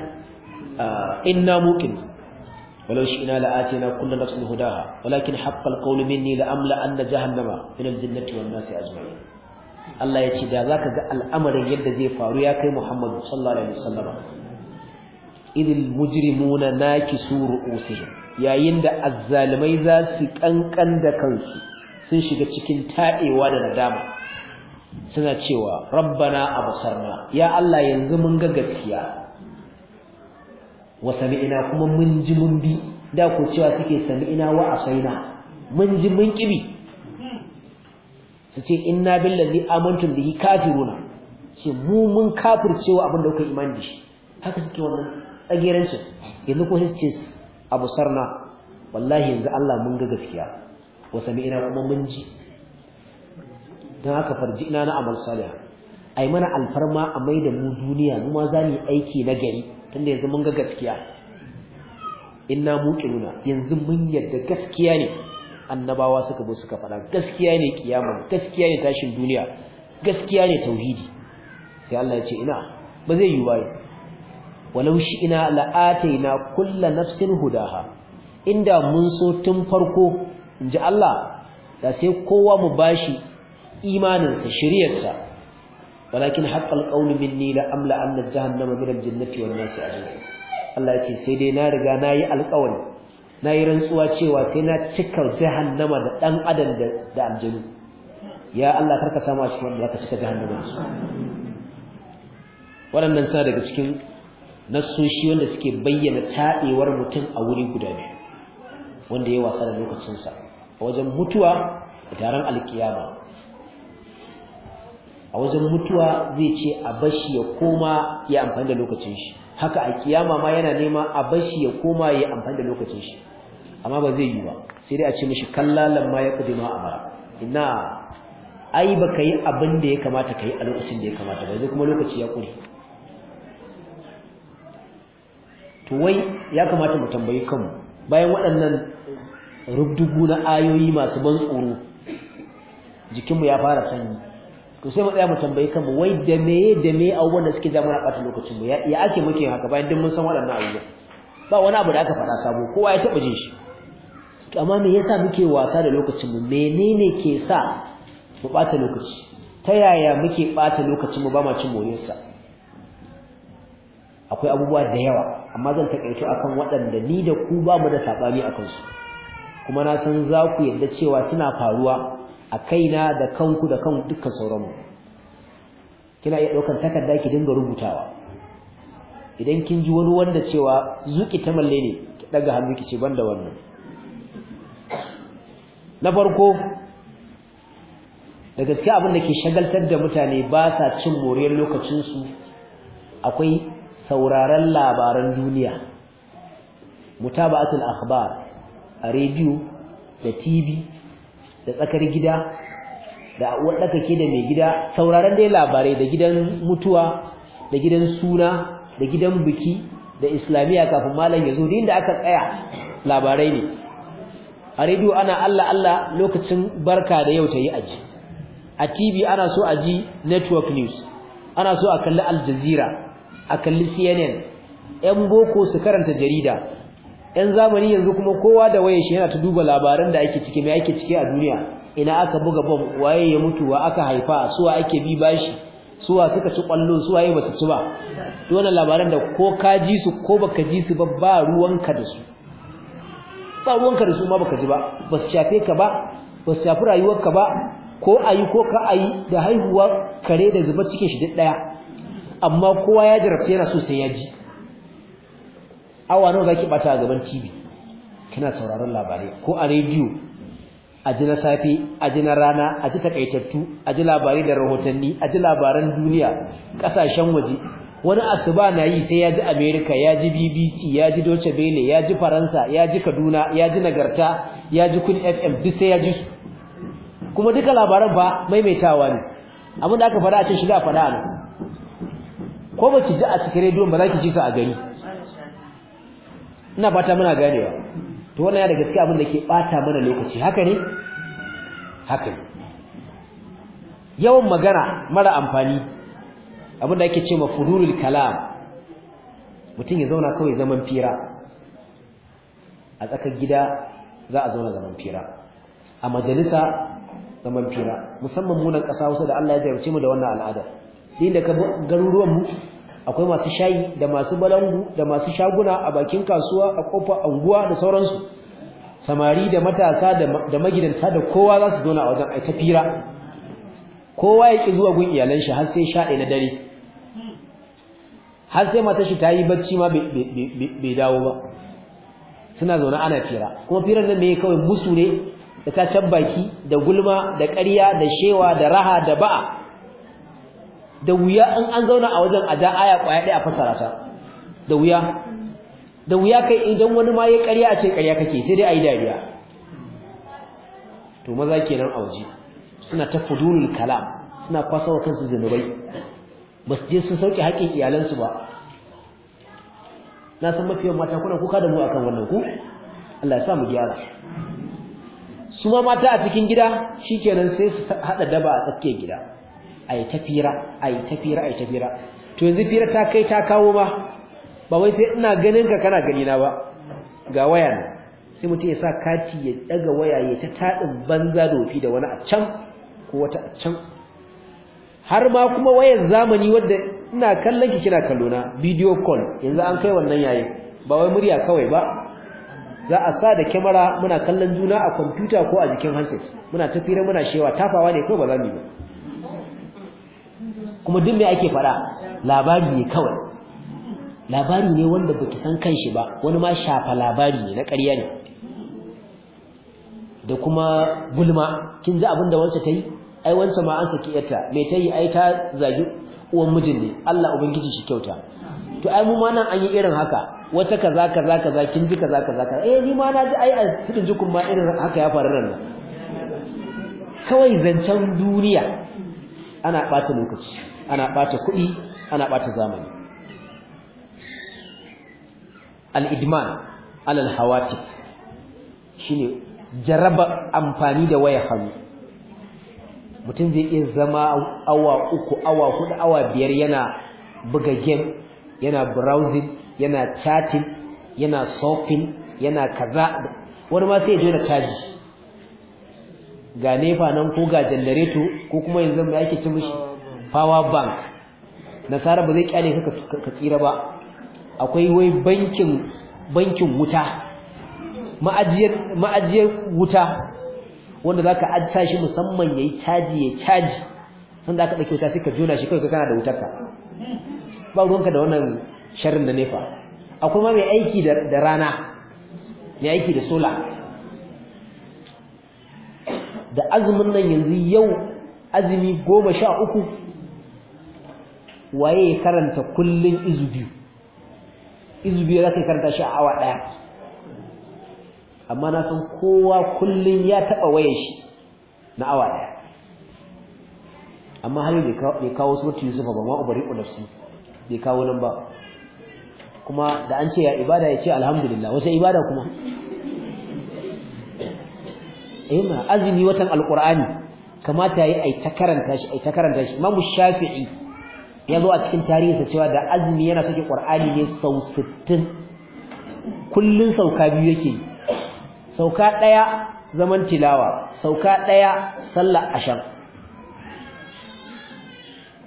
inna muqim ولو شئنا لآتينا كل نفس هداها ولكن حق القول مني لأملأن جهنم من الجنة والناس أجمعين Allah ya ce da zaka ga al'amarin yadda zai faru ya kai Muhammadu sallallahu alaihi wasallam idil mujrimuna nakisu ru'usihim yayin da azzalimai za su kankan da kansu sun shiga cikin taɗewa da nadama suna cewa rabbana absarna ya Allah yanzu mun ga gaskiya wa sami'ina kuma mun ji mun bi da ku cewa suke sami'ina wa asaina mun ji mun kibi su ce inna da amantum bihi kafiruna ce mu mun kafircewa abin da kuka imani da shi haka suke wannan tsagerancin yanzu ko su ce Sarna, wallahi yanzu Allah mun ga gaskiya wa ina kuma mun ji dan haka ina na amal salih ai mana alfarma a mai da mu duniya mu ma zamu aiki na gari tunda yanzu mun ga gaskiya inna muqinuna yanzu mun yadda gaskiya ne annabawa suka bi suka fada gaskiya ne kiyama gaskiya ne tashin duniya gaskiya ne tauhidi sai Allah ya ce ina ba zai yi ba walau shi'na na kulla nafsin hudaha inda mun so tun farko inji Allah da sai kowa mu bashi imaninsa shiryarsa. walakin haqqal qawlu minni la amla anna jahannama min al wan nasi ajma'in Allah yace sai dai na riga nayi alƙawari nayi rantsuwa cewa sai na cika jahannama da dan adam da da aljanu ya Allah karka samu a cikin wanda zaka cika jahannama waɗannan sa daga cikin nassoshi wanda suke bayyana taɗewar mutum a wuri guda biyu wanda ya wasa da lokacinsa a wajen mutuwa da taron alkiyama a wajen mutuwa zai ce a bashi ya koma ya amfani da lokacin shi haka a kiyama ma yana nema a bashi ya koma ya amfani da lokacin shi amma ba zai yi ba sai dai a ce mishi kallalan ma ya kudima a bara ina ai baka yi abin da ya kamata ka yi a lokacin da ya kamata ba Yanzu kuma lokaci ya kure to wai ya kamata mu tambayi kanmu bayan waɗannan rubdugu na ayoyi masu ban tsoro jikinmu ya fara sanyi to sai mu tsaya mu tambayi kanmu wai da me da me abubuwan da suke ja a ɓata lokacin mu ya ake muke haka bayan duk mun san waɗannan abubuwan ba wani abu da aka faɗa sabo kowa ya taɓa jin shi amma me yasa muke wasa da lokacin mu menene ke sa mu ɓata lokaci ta yaya muke ɓata lokacin mu ba ma cin moriyarsa akwai abubuwa da yawa amma zan takaito akan waɗanda ni da ku ba mu da sabani a kansu. kuma na san za ku yarda cewa suna faruwa a kaina da kanku da kan dukkan sauranmu kina iya ɗaukar takarda ki dinga rubutawa idan kin ji wani wanda cewa zuki ta malle ne ki ɗaga hannu ki ce ban da wannan na farko da gaske abin da ke shagaltar da mutane ba sa cin moriyar lokacinsu akwai sauraron labaran duniya mutaba'atul akhbar a rediyo da TV da tsakar gida da wadaka ke da mai gida sauraron dai labarai da gidan mutuwa da gidan suna da gidan biki da islamiya kafin malam ya zo din da aka tsaya labarai ne a rediyo ana Allah Allah lokacin barka da yau tayi aji a TV ana so a ji network news ana so a kalli Al Jazeera a kalli CNN yan boko su karanta jarida yan zamani yanzu kuma kowa da wayar shi yana ta duba labaran da ake ciki mai ake ciki a duniya ina aka buga bom waye ya mutu wa aka haifa suwa ake bi bashi suwa suka ci kwallo suwa yi basu ci ba to wannan labaran da ko ka ji su ko baka ji su ba ruwanka da su ba ruwanka da su ma baka ji ba ba su shafe ka ba ba su shafi rayuwarka ba ko ayi ko ka ayi da haihuwa kare da zuba cikin shi duk daya amma kowa ya jarabta yana so sai ya ji awa nawa zaki bata a gaban TV kina sauraron labarai ko a rediyo a ji na safe a ji na rana a ji takaitattu a ji labarai da rahotanni a ji labaran duniya kasashen waje wani asuba na yi sai ya ji America ya ji BBC ya ji dolce Bele, ya ji Faransa ya ji Kaduna ya ji Nagarta ya ji Kun FM duk sai ya ji kuma duka labaran ba maimaitawa ne abin da aka fara a cikin shi faɗa a a nan ko ba ki ji a cikin rediyon ba za ki ji su a gani ina fata muna ganewa to wannan ya da gaskiya abin da ke bata mana lokaci haka ne haka ne yawan magana mara amfani abin da ake ce ma fudulul kalam mutum ya zauna kawai zaman fira a tsakar gida za a zauna zaman fira a majalisa zaman fira musamman munan ƙasa wasu da Allah ya jarumce mu da wannan al'adar din da ka garuruwan mu akwai masu shayi da masu balangu da masu shaguna a bakin kasuwa a kofar anguwa da sauransu samari da matasa da magidanta da kowa za su zo a wajen aika fira kowa ya ki zuwa gun iyalan shi har sai sha na dare har sai matar shi ta yi bacci ma bai dawo ba suna zaune ana fira kuma firar nan ne kawai musu ne da ta can baki da gulma da ƙarya da shewa da raha da ba'a da wuya in an zauna a wajen a ja aya kwaya ɗaya a fassara ta da wuya da wuya kai idan wani ma ya ƙarya a ce ƙarya kake sai dai a yi dariya to maza kenan a waje suna ta fudulul kalam suna kwasawa kansu zunubai ba su je sun sauke haƙƙin iyalansu ba na san mafi mata kuna kuka da mu akan wannan ku Allah ya sa mu gyara su ma mata a cikin gida shi shikenan sai su haɗa daba a tsakiyar gida ayi tafira tafira tafira to yanzu fira ta kai ta kawo ba ba sai ina ganin ka kana gani na ba ga waya ne sai mutum ya sa kati ya daga waya ya ta tadin banza dofi da wani a can ko wata a can har ma kuma wayan zamani wadda ina kallon ki kina kallo na video call yanzu an kai wannan yayin ba wai murya kawai ba za a sa da kyamara muna kallon juna a kwamfuta ko a jikin handset muna tafira muna shewa tafawa ne ko ba za mu yi ba kuma duk me ake fara labari ne kawai labari ne wanda baki san kanshi ba wani ma shafa labari ne na ƙarya ne da kuma gulma kin ji abin da ta yi ai wanda ma an saki yarta me ta yi ai ta zagi uwan mijin ne Allah ubangiji shi kyauta to ai mu ma nan an yi irin haka wata kaza kaza kaza kin ji kaza kaza kaza eh ni ma na ji ai a cikin jikun ma irin haka ya faru nan kawai zancen duniya ana ɓata lokaci ana bata kuɗi ana bata zamani al-idman alal hawati shine jaraba amfani da waya hannu mutum zai iya zama awa uku awa hudu awa biyar yana buga game yana browsing yana chatting yana shopping yana kaza wani ma sai ya je taji, ga nefa nan ko ga janareto ko kuma yanzu mai ake ci mishi power bank nasara ba zai kyale ka ka tsira ba akwai wai bankin bankin wuta ma'ajiyar ma'ajiyar wuta wanda zaka adsa shi musamman yayi caji ya caji da aka dauke wuta sai ka jona shi kai kana da wutar ka ba ruwanka da wannan sharrin da nefa akwai ma mai aiki da rana mai aiki da sola da azumin nan yanzu yau azumi goma sha uku waye ya karanta kullun izu biyu izu biyu zaka karanta shi a awa daya amma na san kowa kullun ya taba wayar shi na awa daya amma hali bai kawo suratu yusufa ba ma ubari ulafsi bai kawo nan ba kuma da an ce ya ibada ya ce alhamdulillah wace ibada kuma eh ma azumi watan alqur'ani kamata yayi ai ta karanta shi ai ta karanta shi imamu shafi'i ya zo a cikin tarihinsa cewa da azumi yana sake qur'ani ne sau 60 kullun sauka biyu yake sauka daya zaman tilawa sauka daya sallar ashar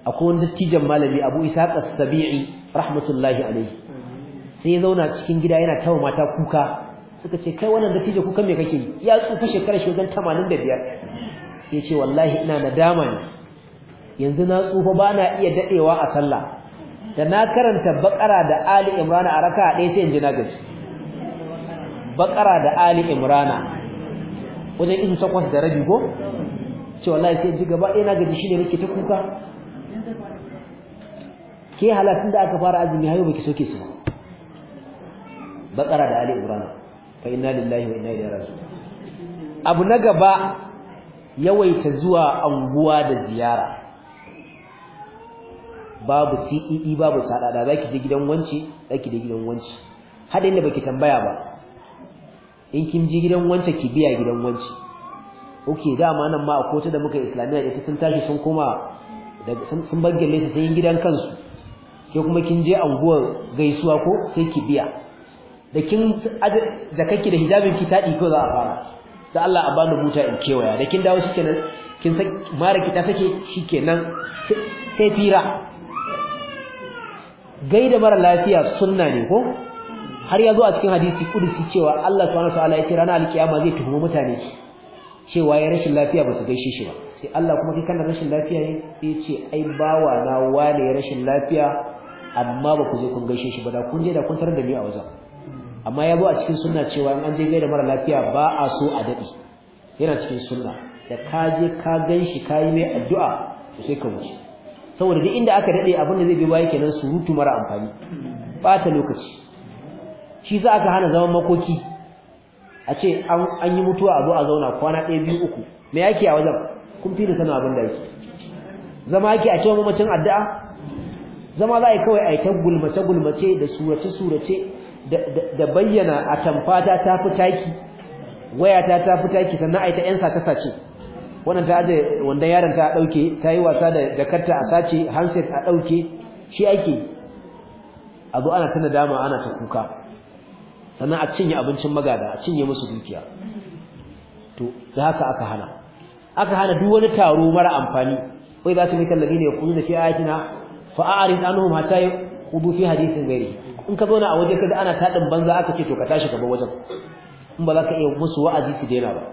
akwai wanda dattijan malami Abu isa as-Sabi'i rahmatullahi alayhi sai ya zauna cikin gida yana tawa mata kuka suka ce kai wannan dattijo kuka me kake yi ya tsufa shekara shi wajen 85 ya ce wallahi ina nadama ne yanzu na tsufa bana iya dadewa a sallah da na karanta bakara da ali imrana a raka'a ɗaya sai inji na gaji bakara da ali imrana wajen izu takwas da rabi ko ce wallahi sai inji gaba ɗaya na gaji shine nake ta kuka ke halatun da aka fara azumi hayo baki soke su bakara da ali imrana fa inna lillahi wa inna ilaihi raji'un abu na gaba yawaita zuwa anguwa da ziyara babu CEE e, babu sadada zaki je gidan wanci zaki je gidan wanci haɗin da baki tambaya ba in kin je gidan wance ki biya gidan wanci okay dama nan ma a ta da muka islamiyya ita sun tashi sun koma sun baggalle su sai gidan kansu ke kuma kin je anguwar gaisuwa ko sai ki biya da kin da kake da hijabin ki tadi ko za a fara da Allah a bani buta in kewaya da kin dawo shikenan kin mara ki ta sake shikenan sai fira gaida mara lafiya sunna ne ko har ya zo a cikin hadisi kudusi cewa Allah subhanahu wataala ya ce ranar alkiyama zai tuhumi mutane cewa ya rashin lafiya ba su gaishe shi ba sai Allah kuma kai kana rashin lafiya ne sai ce ai bawa na wane ya rashin lafiya amma ba ku je kun gaishe shi ba da kun je da kun tarar da ni a wajen amma ya zo a cikin sunna cewa in an je gaida mara lafiya ba a so a dade yana cikin sunna da ka je ka ganshi ka yi mai addu'a sai ka wuce saboda duk inda aka dade abin da zai bi baya kenan surutu mara amfani bata lokaci shi za aka hana zaman makoki a ce an yi mutuwa a zo a zauna kwana ɗaya biyu uku me yake a wajen kun fi da sanin abin da yake zama yake a cewa mamacin addu'a zama za a yi kawai a yi ta gulmace gulmace da surace surace da bayyana a tamfata ta fi taki wayata ta fi taki sannan a yi ta 'yan sace sace wannan ta aje wanda yaron ta dauke ta yi wasa da jakarta a sace handset a dauke shi ake abu ana tana dama ana ta kuka sannan a cinye abincin magada a cinye musu dukiya to da haka aka hana aka hana duk wani taro mara amfani wai za su mika ladina yaquluna fi ayatina fa a'rid anhum hatta yaqudu fi hadithin ghairi in ka zauna a waje kaga ana taɗin banza aka ce to ka tashi ka bar wajen in ba za ka iya musu wa'azi su daina ba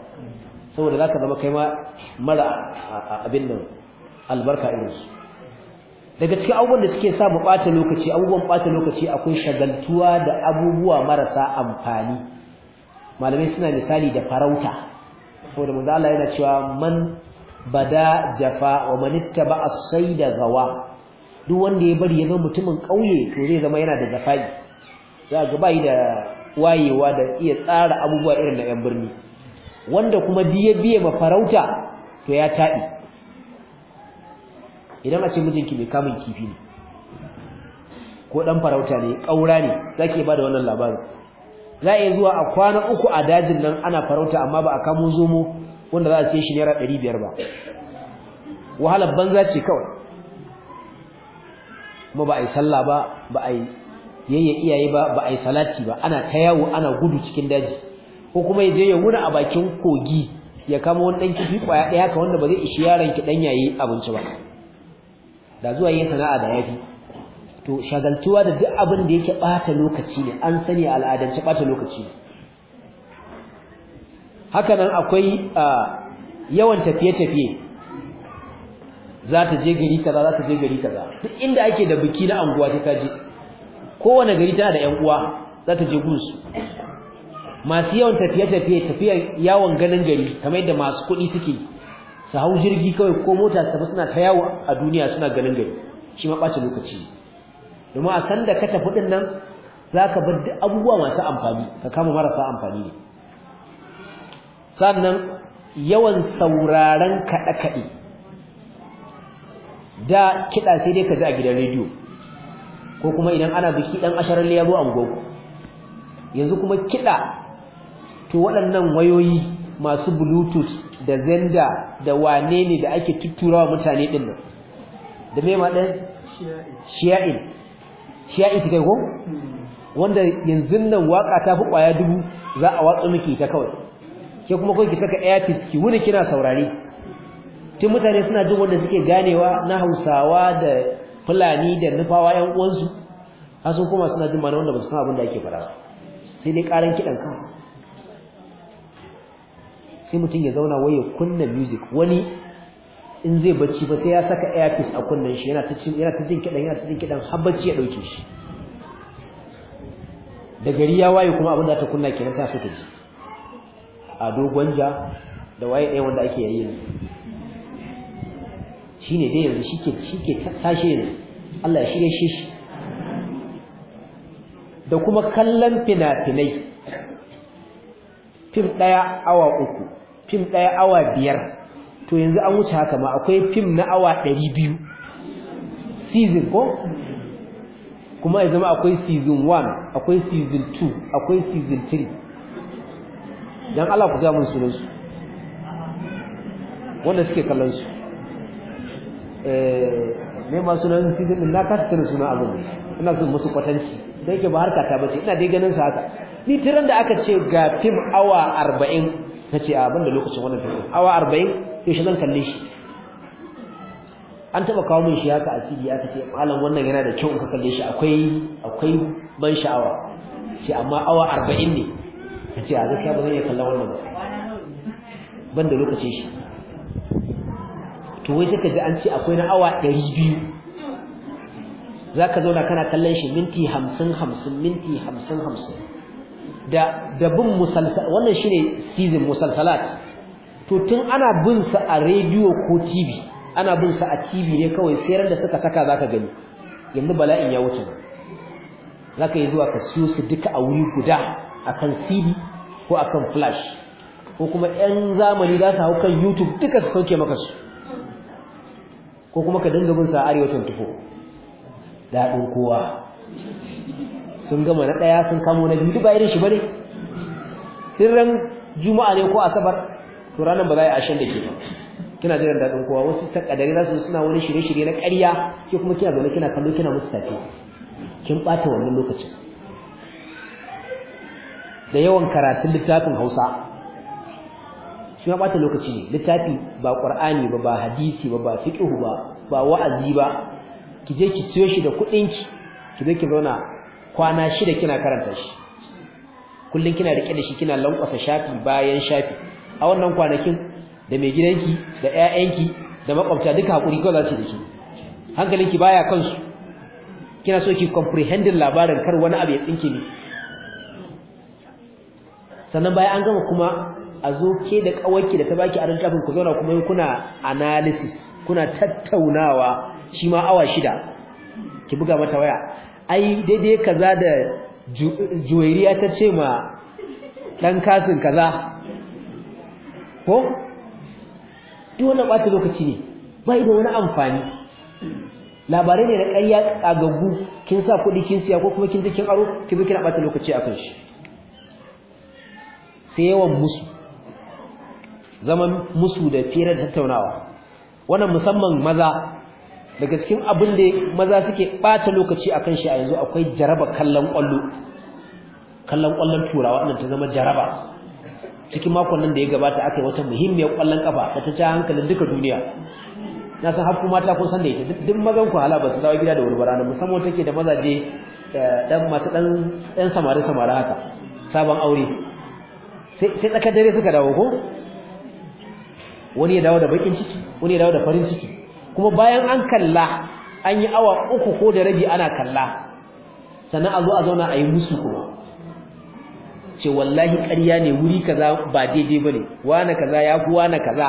saboda za ka zama kai mara abin da albarka irinsu. daga cikin abubuwan da suke sa mu ɓata lokaci abubuwan ɓata lokaci akwai shagaltuwa da abubuwa marasa amfani malamai suna misali da farauta saboda manzo yana cewa man bada jafa wa man ittaba as-sayda gawa duk wanda ya bari ya zama mutumin ƙauye to zai zama yana da zafai za ga yi da wayewa da iya tsara abubuwa irin da 'yan birni wanda kuma biye biye ma farauta to ya taɗi idan a ce mijinki mai kamun kifi ne ko ɗan farauta ne ƙaura ne zake ba da wannan labarin za a iya zuwa a kwana uku a dajin nan ana farauta amma ba a kamo zomo wanda za a ce shi naira ɗari biyar ba wahalar banza ce kawai kuma ba a yi sallah ba ba a yi iyaye ba ba a yi salati ba ana ta yawo ana gudu cikin daji ko kuma ya je ya wura a bakin kogi ya kama wani ɗan kifi kwaya ɗaya ka wanda ba zai ishi yaron ki ɗan yayi abinci ba da zuwa yin sana'a da yafi to shagaltuwa da duk abin da yake ɓata lokaci ne an sani al'adance ɓata lokaci ne haka nan akwai yawan tafiye-tafiye za ta je gari kaza za ta je gari kaza duk inda ake da biki na anguwa ta je kowane gari tana da ƴan uwa za ta je gunsu masu yawan tafiye-tafiye tafiyar yawon ganin gari kamar yadda masu kuɗi suke su hau jirgi kawai ko mota su tafi suna ta yawo a duniya suna ganin gari shi ma ɓata lokaci domin a san da ka tafi ɗin nan za ka bar duk abubuwa masu amfani ka kama marasa amfani ne sannan yawan sauraron kaɗe-kaɗe da kiɗa sai dai ka ji a gidan rediyo ko kuma idan ana biki ɗan asharar liya zo ango yanzu kuma kiɗa to waɗannan wayoyi masu bluetooth da zenda da wane ne da ake tutturawa mutane ɗin nan da me ma shia'in shia'in ta ko wanda yanzu nan waka ta fi ƙwaya dubu za a watsa miki ta kawai ke kuma kawai ki saka airpiece ki wuni kina saurari. tun mutane suna jin wanda suke ganewa na hausawa da fulani da nufawa yan uwansu har sun suna jin mana wanda ba su san abin da ake faɗa sai dai ƙaran kiɗan kawai sai mutum ya zauna waye ya kunna music wani in zai bacci ba sai ya saka earpiece a kunnen shi yana ta cin yana ta jin kidan yana ta jin kidan har bacci ya dauke shi da gari ya waye kuma abin da ta kunna kenan ta so ta ji a dogon ja da waye ɗaya wanda ake yayin ne dai yanzu shike shike tashi ne Allah ya shirye shi da kuma kallon fina-finai fim ɗaya awa uku fim ɗaya awa biyar to yanzu an wuce haka ma akwai fim na awa ɗari biyu season ko kuma ya zama akwai season 1 akwai season 2 akwai season 3 Don Allah ku ga mun sunan su wanda suke kallon su ne eh, ma ma sunan season din na kasa tana sunan abu ina so musu kwatanci da yake ba harka ta bace ina dai ganin sa haka ni tiran da aka ce ga fim awa 40 ce a da lokacin wannan take awa 40 yaushe zan kalle shi an taɓa kawo min shi haka a cibi aka ce malam wannan yana da kyau in ka kalle shi akwai akwai ban sha'awa sai amma awa arba'in ne ce a gaskiya ba zan iya kallon wannan ba ban da lokacin shi to wai sai ka ji an ce akwai na awa biyu. Za ka zauna kana kallon shi minti hamsin hamsin minti hamsin hamsin da da bin musalsal wannan shine season musalsalat to tun ana bin sa a radio ko TV ana bin sa a TV ne kawai sai ran da suka saka zaka gani yanzu bala'in ya wuce zaka yi zuwa ka siyo su duka a wuri guda akan CD ko akan flash ko kuma ƴan zamani za su hau kan YouTube duka su sauke maka su ko kuma ka dinga bin sa a Arewa 24 da kowa sun gama na ɗaya sun kamo na biyu ba irin shi bane sirran juma'a ne ko asabar to ranan ba za a yi ashen da ke ba kina jiran daɗin kowa wasu ta ƙadari za su suna wani shirye-shirye na ƙarya ke kuma kina zaune kina kallo kina musu tafi kin ɓata wannan lokacin da yawan karatun littafin Hausa shi ma ɓata lokaci ne littafi ba ƙur'ani ba ba hadisi ba ba fiƙihu ba ba wa'azi ba ki je ki siyo shi da kuɗinki ki ki je ki zauna kwana shida kina karanta shi kullun kina rike da shi kina lankwasa shafi bayan shafi a wannan kwanakin da mai gidanki da ƴaƴanki da makwabta duka hakuri ko za su dake hankalinki baya kansu kina so ki comprehending labarin kar wani abu ya tsinke ni sannan bayan an gama kuma a zo ke da kawarki da ta baki a rantafin ku zauna kuma kuna analysis kuna tattaunawa shi ma awa shida ki buga mata waya ai daidai kaza da juwairiya ta ce ma dan kasin kaza ko duk wannan bata lokaci ne ba da wani amfani labarai ne na ƙarya ƙagaggu kin sa kuɗi kin siya ko kuma kin je kin aro ki bi kina bata lokaci akan shi sai yawan musu zaman musu da firar tattaunawa wannan musamman maza daga cikin abin da maza suke bata lokaci akan shi a yanzu akwai jaraba kallon kwallo kallon kwallon turawa wannan ta zama jaraba cikin makon nan da ya gabata aka yi wata muhimmiyar kwallon kafa da ta ci hankalin duka duniya na san har kuma ta san da ita duk mazan ku hala ba su dawo gida da wuri barana musamman take da mazaje eh, dan masu dan dan samari samari haka sabon aure sai tsakar dare suka dawo ko wani ya dawo da bakin ciki wani ya dawo da farin ciki kuma bayan an kalla an yi awa uku ko da rabi ana kalla sannan a zo a zauna a yi musu kuma ce wallahi ƙarya ne wuri kaza ba daidai ba bane wane kaza ya fi wane kaza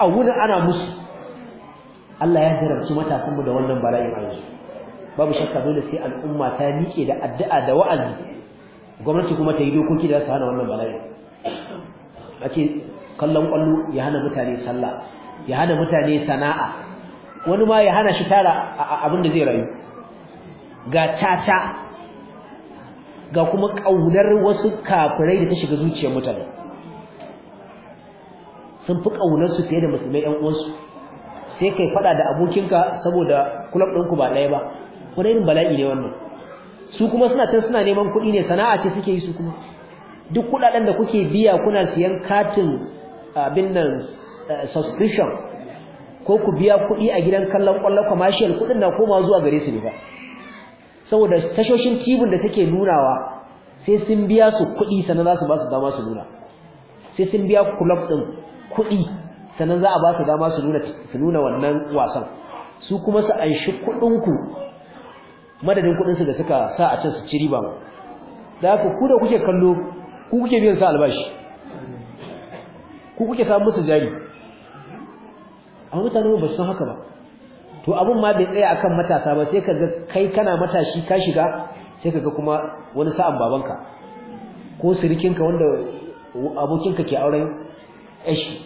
a wurin ana musu Allah ya jarabci matasanmu da wannan bala'in a yanzu babu shakka dole sai al'umma ta miƙe da addu'a da wa'azi gwamnati kuma ta yi dokoki da su hana wannan bala'in a ce kallon ƙwallo ya hana mutane sallah ya hana mutane sana'a wani ma ya hana shi tara abin da zai rayu ga caca, ga kuma kaunar wasu kafirai da ta shiga zuciyar mutane sun fi kaunar su fiye da musulmai ɗan uwansu sai kai fada da abokinka saboda kulab ɗinku ba ɗaya ba wani irin bala'i ne wannan su kuma suna can suna neman kuɗi ne sana'a ce suke yi su kuma duk kuɗaɗen da kuke biya kuna siyan katin abin nan eh, subscription ko ku biya kuɗi a gidan kallon kwallon commercial kuɗin na koma zuwa gare su ne ba saboda tashoshin tibin da take nunawa sai sun biya su kuɗi sannan za su ba su dama su nuna sai sun biya club din kuɗi sannan za a ba su dama su nuna su nuna wannan wasan su kuma su anshi kuɗin ku madadin kuɗin su da suka sa a can su ci riba ma da haka ku da kuke kallo ku kuke biyan sa albashi ku kuke samu musu jari a mutane ba su san haka ba to abun ma bai tsaya akan matasa ba sai kaga kai kana matashi ka shiga sai kaga kuma wani sa'an babanka ko sirikinka wanda abokinka ke auren ashi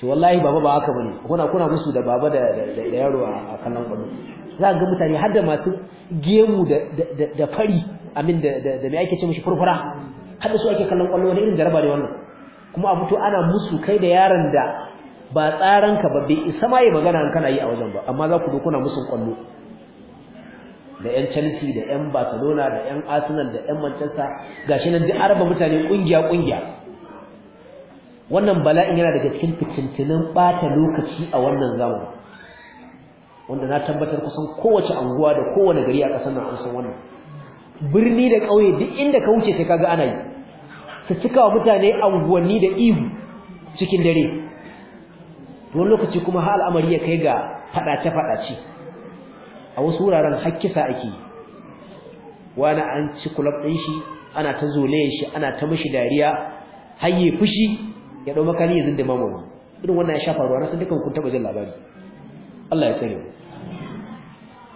to wallahi baba ba haka bane kuna kuna musu da baba da da yaro a kallon kwado za ga mutane har da masu gemu da da fari amin da da me ake ce mishi furfura har da su ake kallon kwallo wani irin jaraba ne wannan kuma a fito ana musu kai da yaron da ba tsaran ka ba bai isa mai magana an kana yi a wajen ba amma za ku zo kuna musun kwallo da yan Chelsea da yan Barcelona da yan Arsenal da yan Manchester gashi nan duk araba mutane kungiya kungiya wannan bala'in yana daga cikin fitintunan bata lokaci a wannan zamani wanda na tabbatar kusan kowace anguwa da kowane gari a ƙasar nan an san wannan birni da ƙauye duk inda ka wuce sai kaga ana yi su cika wa mutane anguwanni da ihu cikin dare wani lokaci kuma ha al'amari ya kai ga fadace fadace a wasu wuraren hakkisa ake yi wani an ci kulab ɗin shi ana ta zolayen shi ana ta mashi dariya hayye fushi ya ɗau makani ya zindima mawa irin wannan ya sha faruwa na dukan kun taɓa jin labari Allah ya kare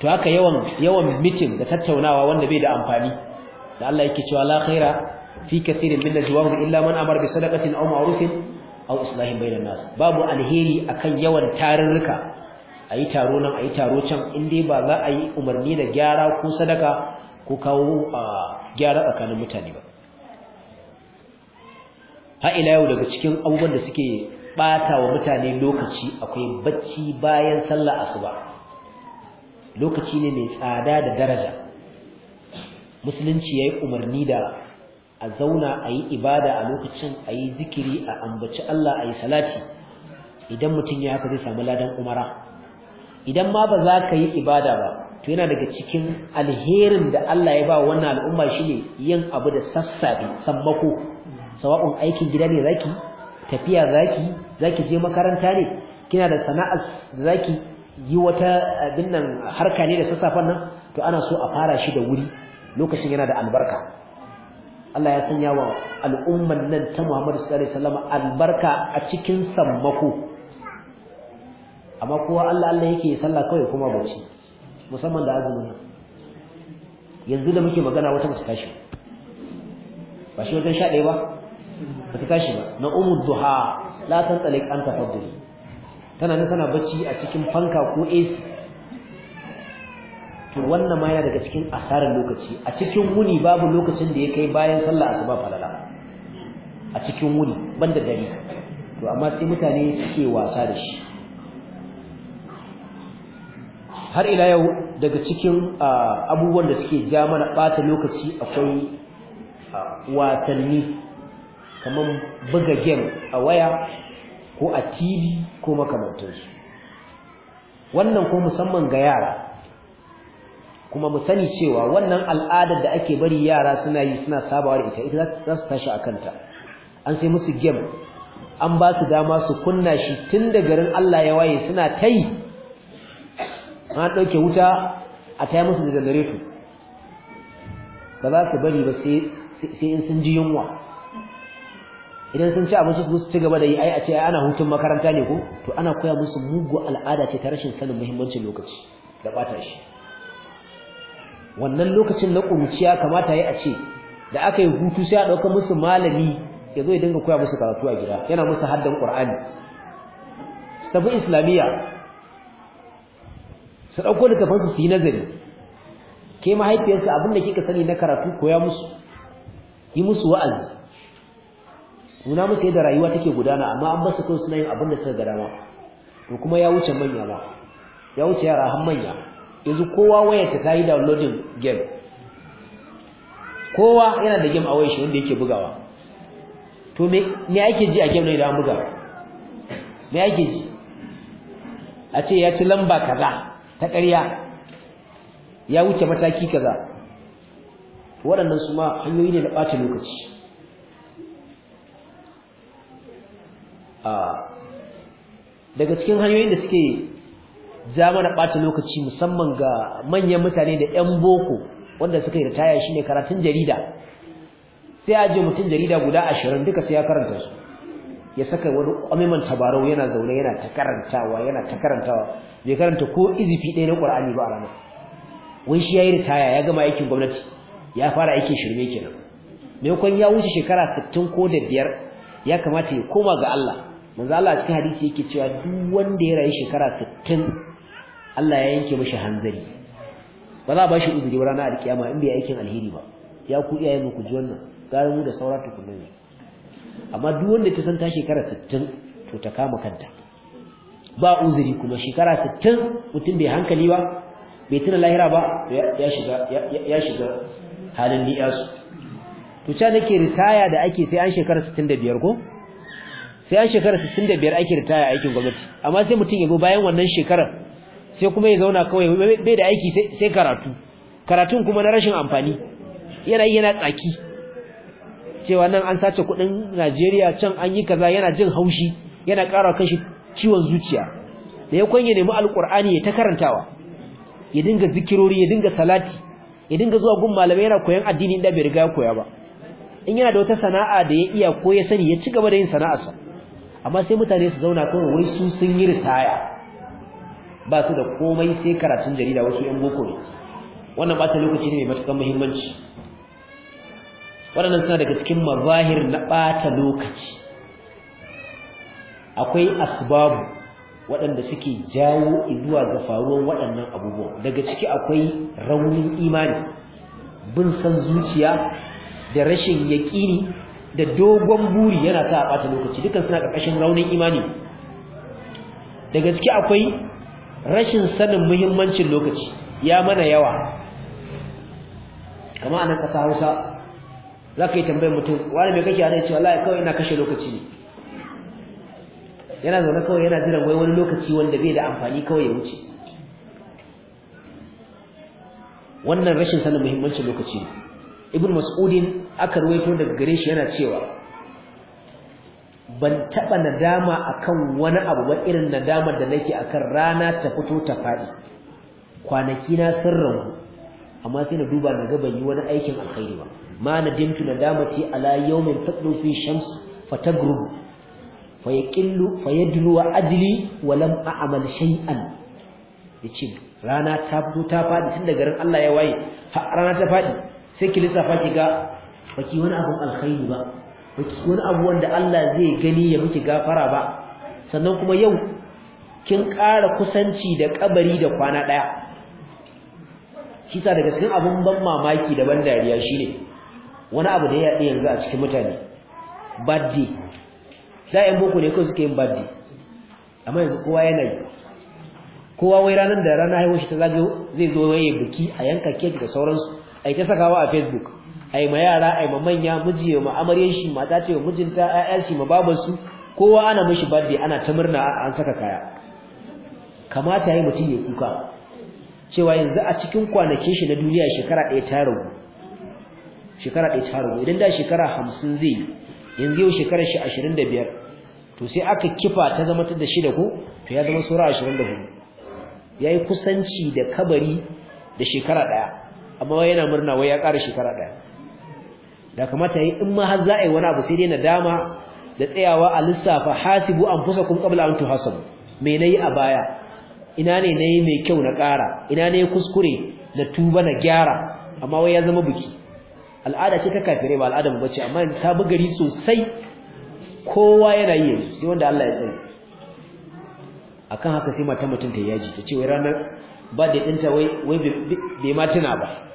to haka yawan yawan mitin da tattaunawa wanda bai da amfani da Allah yake cewa la khaira fi kathirin min najwahum illa man amara bi sadaqatin aw ma'rufin aw islahin bainan nas babu alheri akan yawan tarurruka ayi taro nan ayi taro can in dai ba za a yi umarni da gyara ko sadaka ko kawo gyara tsakanin mutane ba ha ila yau daga cikin abubuwan da suke bata wa mutane lokaci akwai bacci bayan sallah asuba lokaci ne mai tsada da daraja musulunci yayi umarni da a zauna a yi ibada a lokacin a yi zikiri a ambaci Allah a yi salati idan mutum ya haka zai samu ladan umara idan ma ba za ka yi ibada ba to yana daga cikin alherin da Allah ya ba wannan al'umma shine yin abu da sassafe sammako sawa'un aikin gida ne zaki tafiya zaki zaki je makaranta ne kina da sana'ar zaki yi wata abin nan harka ne da sassafen nan to ana so a fara shi da wuri lokacin yana da albarka Allah ya sanya wa al'umman nan ta Muhammadu sallallahu alaihi wasallam albarka a cikin sammako amma kowa Allah Allah yake sallah kawai kuma bacci musamman da azumi yanzu da muke magana wata bata tashi ba shi wajen sha ɗaya ba ba ta tashi ba na umu duha la tantalik an tafadduli tana nan tana bacci a cikin fanka ko AC to wannan ma yana daga cikin asarar lokaci a cikin wuni babu lokacin da ya kai bayan sallah asuba falala a cikin wuni banda dare to amma sai mutane suke wasa da shi har ila yau daga cikin abubuwan da suke ja mana bata lokaci akwai watanni kamar buga game a waya ko a TV ko makamantansu wannan ko musamman ga yara kuma mu sani cewa wannan al'adar da ake bari yara suna yi suna sabawa da ita ita za su tashi a kanta an sai musu game an ba su dama su kunna shi tun da garin Allah ya waye suna ta yi an ɗauke wuta a taya musu da janareto ba za su bari ba sai in sun ji yunwa idan sun ci abinci su ci gaba da yi ai a ce ana hutun makaranta ne ko to ana koya musu mugu al'ada ce ta rashin sanin muhimmancin lokaci da ɓata shi wannan lokacin na ya kamata yayi a ce da aka yi hutu sai a dauka musu malami ya zo ya dinga koya musu karatu a gida yana musu haddan qur'ani su tafi islamiyya su dauko tafansu su yi nazari ke mahaifiyarsa abin da kika sani na karatu koya musu yi musu wa'azi nuna musu yadda rayuwa take gudana amma an basu kansu suna yin abin da suka ga dama to kuma ya wuce manya ba ya wuce yara har manya yanzu kowa wayarsa ta yi downloading game kowa yana da game a wayar shi wanda yake bugawa to me me ake ji a game idan an buga me ake ji a ce ya ci lamba kaza ta ƙarya ya wuce mataki kaza waɗannan su ma hanyoyi ne na ɓata lokaci ah, daga cikin hanyoyin da suke zamana mana ɓata lokaci musamman ga manyan mutane da 'yan boko wanda suka yi ritaya shine karatun jarida sai a mutum jarida guda ashirin duka sai ya karanta su ya saka wani kwamiman tabarau yana zaune yana ta karantawa yana ta karantawa bai karanta ko izifi ɗaya na ƙur'ani ba a ranar wai shi ya yi ritaya ya gama aikin gwamnati ya fara aikin shirme kenan maimakon ya wuce shekara sittin ko da biyar ya kamata ya koma ga Allah manzo Allah cikin hadisi yake cewa duk wanda ya rayu shekara sittin Allah ya yanke mishi hanzari ba za a ba shi uzuri a kiyama in bai aikin alheri ba ya ku iyayen ku ji wannan gare mu da saura tukunna ne amma duk wanda ta san ta shekara 60 to ta kama kanta ba uzuri kuma shekara 60 mutum bai hankali ba bai tuna lahira ba ya shiga ya shiga halin niyasu to cha nake ritaya da ake sai an shekara 65 ko sai an shekara 65 ake ritaya aikin gwamnati amma sai mutum ya go bayan wannan shekarar sai kuma ya zauna kawai bai da aiki sai karatu karatun kuma na rashin amfani yana yana tsaki cewa nan an sace kudin Najeriya can an yi kaza yana jin haushi yana ƙara kashi ciwon zuciya da ya kwanye nemi alkur'ani ya ta karantawa ya dinga zikirori ya dinga salati ya dinga zuwa gun malamai yana koyan addini da bai riga koya ba in yana da wata sana'a da ya iya ko ya sani ya ci gaba da yin sana'arsa amma sai mutane su zauna kawai wai su sun yi ritaya ba su da komai sai karatun jarida wasu yan boko ne wannan bata lokaci ne mai matuƙar muhimmanci waɗannan suna daga cikin mazahir na bata lokaci akwai asbabu waɗanda suke jawo zuwa ga faruwar waɗannan abubuwan daga ciki akwai raunin imani bin san zuciya da rashin yaƙini da dogon buri yana sa a ɓata lokaci dukkan suna ƙarƙashin raunin imani Daga ciki akwai rashin sanin muhimmancin lokaci ya mana yawa kamar anan kasa Hausa zaka yi tambayar mutum wani me kake ana cewa wallahi kawai ina kashe lokaci ne yana zaune kawai yana jira wai wani lokaci wanda bai da amfani kawai ya wuce wannan rashin sanin muhimmancin lokaci ne ibn mas'udin aka ruwaito daga gare shi yana cewa ban taɓa nadama akan wani abu ba irin nadamar da nake akan rana ta fito ta fadi kwanaki na sirrin amma sai na duba na ga ban yi wani aikin alkhairi ba ma nadama ce ala yawmin tadlu fi shams yaqillu fa yadlu wa ajli wa lam a'mal shay'an yace rana ta fito ta fadi tun daga ran Allah ya waye rana ta fadi sai ki lissafa ki ga baki wani abun alkhairi ba wani abu wanda Allah zai gani ya miki gafara ba sannan kuma yau kin ƙara kusanci da kabari da kwana ɗaya shi sa daga cikin abun ban mamaki da ban dariya shine wani abu da ya yi yanzu a cikin mutane birthday da yan boko ne kawai suke yin Badde. amma yanzu kowa yana yi kowa wai ranar da rana haihuwa shi ta zagayo zai zo waye biki a yanka kek da sauransu a yi ta sakawa a facebook ai ma yara ai ma manya miji ma amaryar shi mata ce mijinta ayyar shi ma babar su kowa ana mishi birthday ana ta murna an saka kaya kamata yayi mutum ya kuka cewa yanzu a cikin kwanake shi na duniya shekara ɗaya ta ragu shekara ɗaya ta ragu idan da shekara hamsin zai yanzu yau shekarar shi ashirin da biyar to sai aka kifa ta zama ta da shi da ko to ya zama sura ashirin da ya yi kusanci da kabari da shekara ɗaya amma yana murna wai ya ƙara shekara ɗaya da kamata yi in ma har za a yi wani abu sai dai nadama da tsayawa a lissafa hasibu anfusakum qabla an tuhasabu me yi a baya ina ne nayi mai kyau na ƙara ina ne kuskure na tuba na gyara amma wai ya zama buki al'ada ce ta kafirai ba al'ada ba ce amma ta bugari sosai kowa yana yi yanzu sai wanda Allah ya tsare akan haka sai mata mutum ta yaji ta ce wai ranar ba da dinta wai wai bai matuna ba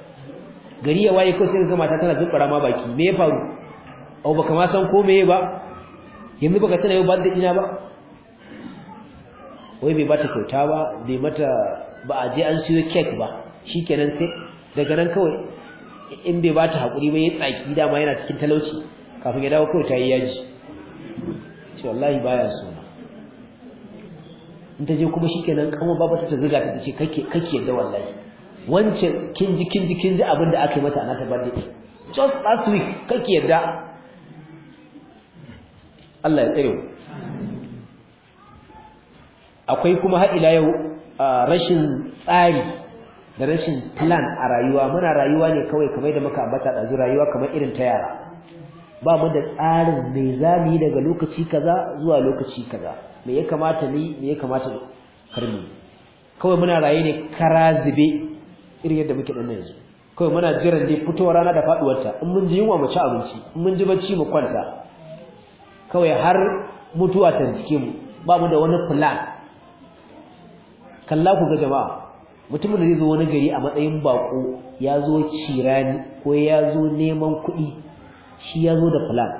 gari ya waye ko sai ga mata tana zubbara ma baki me ya faru au baka ma san ko me ba yanzu baka tana yau ba da ina ba wai bai bata kyauta ba bai mata ba a je an siyo cake ba shikenan sai daga nan kawai in bai bata hakuri ba ya tsaki dama yana cikin talauci kafin ya dawo kawai ta yi yaji ce wallahi baya so in ta je kuma shikenan kama ba ta zuga ta ce kake kake da wallahi wance kin ji kin abin da aka yi mata a nata just last week kake yadda Allah ya tsare mu akwai kuma har ila yau rashin tsari da rashin plan a rayuwa muna rayuwa ne kawai kamar da muka ambata da zu rayuwa kamar irin ta yara ba mu da tsarin mai za daga lokaci kaza zuwa lokaci kaza me ya kamata ni me ya kamata karmi kawai muna raye ne kara zube irin yadda muke dan yanzu kawai muna jiran dai fitowar rana da faduwarta in mun ji yunwa mu ci abinci in mun ji bacci mu kwanta kawai har mutuwa ta jike mu ba mu da wani plan kalla ku ga jama'a mutumin da zai zo wani gari a matsayin bako ya zo cirani ko ya zo neman kuɗi shi ya zo da plan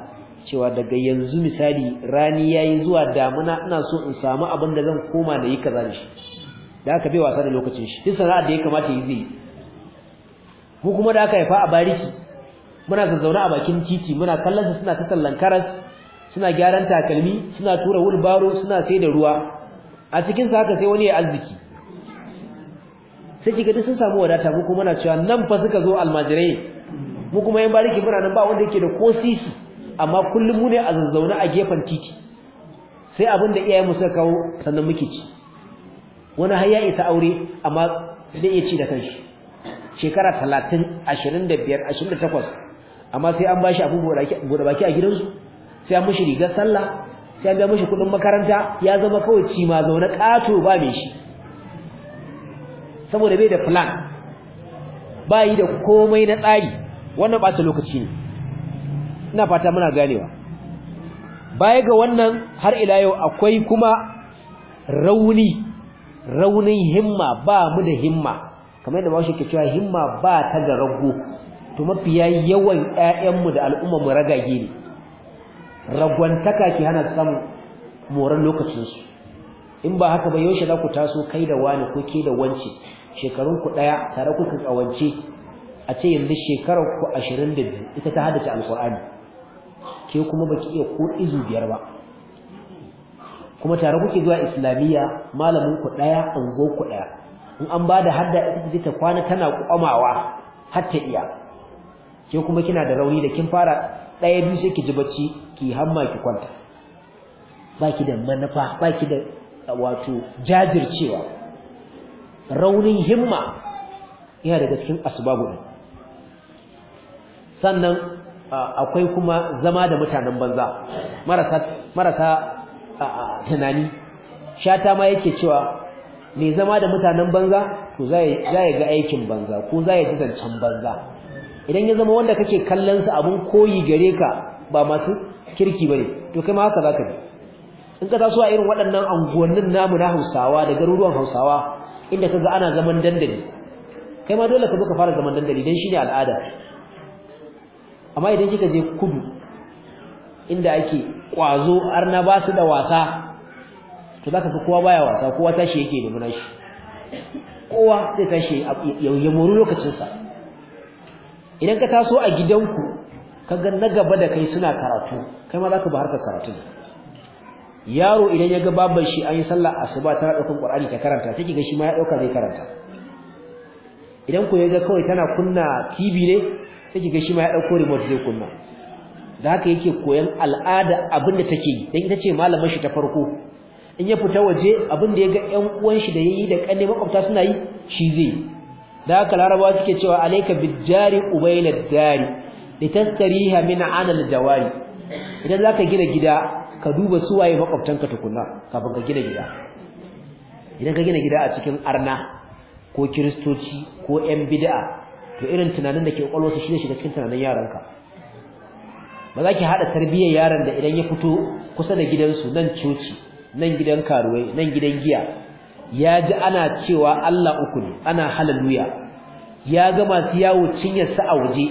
cewa daga yanzu misali rani yayi zuwa damuna ina so in samu abin da zan koma da yi kaza da shi da aka bai wasa da lokacin shi duk sana'ar da ya kamata yi zai mu kuma da aka haifa a bariki muna zazzauna a bakin titi muna kallon su suna ta tallan karas suna gyaran takalmi suna tura wulbaro suna sai da ruwa a cikin sa haka sai wani ya arziki sai kiga duk sun samu wadata mu kuma muna cewa nan fa suka zo almajirai mu kuma yan bariki muna nan ba wanda yake da ko sisi amma kullum mu ne a zazzauna a gefen titi sai abin da iyayen mu suka kawo sannan muke ci wani har ya isa aure amma zai iya ci da kanshi shekara talatin ashirin da biyar ashirin da takwas amma sai an bashi abu bude baki a gidansu sai an mishi rigar sallah sai an biya mishi kuɗin makaranta ya zama kawai ci ma zaune ƙato ba mai shi saboda bai da plan ba yi da komai na tsari wannan bata lokaci ne ina fata muna ganewa baya ga wannan har ila yau akwai kuma rauni raunin himma ba mu da himma kamar yadda shi ke cewa himma ba ta da rago to mafiya yawan ƴaƴanmu da al'umma mu ragage ne ragwantaka ke hana samun moran lokacinsu in ba haka ba yaushe za ku taso kai da wani ko ke da wance shekarun ku daya tare kuka kawance a ce yanzu shekarar ku biyu, ita ta haddace alqur'ani ke kuma baki iya ko izu biyar ba kuma tare kuke zuwa islamiyya malamin ku daya ango ku daya in an bada hadda ita ta kwana tana kwamawa har ta iya ke kuma kina da rauni da kin fara daya biyu sai ki ji bacci ki hamma ki kwanta baki da manufa baki da wato jajircewa raunin himma yana daga cikin asbabu ne sannan akwai kuma zama da mutanen banza marasa tunani shata ma yake cewa mai zama da mutanen banza to zai zai ga aikin banza ko zai ji zancan banza idan ya zama wanda kake kallon su abun koyi gare ka ba masu kirki bane to kai ma haka zaka yi in ka taso a irin waɗannan anguwannin namu na Hausawa da garuruwan Hausawa inda ka ga ana zaman dandali kai ma dole ka zo ka fara zaman dandali dan shine al'ada amma idan kika je kudu inda ake kwazo arna ba su da wasa to zaka ga kowa baya wasa kowa tashi yake da muna shi kowa zai tashi ya muru lokacin sa idan ka taso a gidanku kaga na gaba da kai suna karatu kai ma zaka ba harkar karatu yaro idan ya ga babban shi an yi sallar asuba ta daukan qur'ani ta karanta sai kiga shi ma ya dauka zai karanta idan ku ya ga kawai tana kunna TV ne sai kiga shi ma ya dauko remote zai kunna da haka yake koyan al'ada abin da take yi dan ita ce malamar shi ta farko in ya fita waje abin da ya ga ƴan uwan shi da yayi da kanne makwabta suna yi shi zai da haka larabawa suke cewa alayka bijari ubayna dari litastariha min anal jawari idan zaka gina gida ka duba su waye makwabtanka tukunna kafin ka gina gida idan ka gina gida a cikin arna ko kiristoci ko ƴan bid'a to irin tunanin da ke kwalwarsa shi ne shiga cikin tunanin yaranka ba za ki haɗa tarbiyyar yaron da idan ya fito kusa da gidansu nan coci nan gidan karuwai nan gidan giya ya ji ana cewa Allah uku ne ana halaluya ya ga masu yawo cinyar sa a waje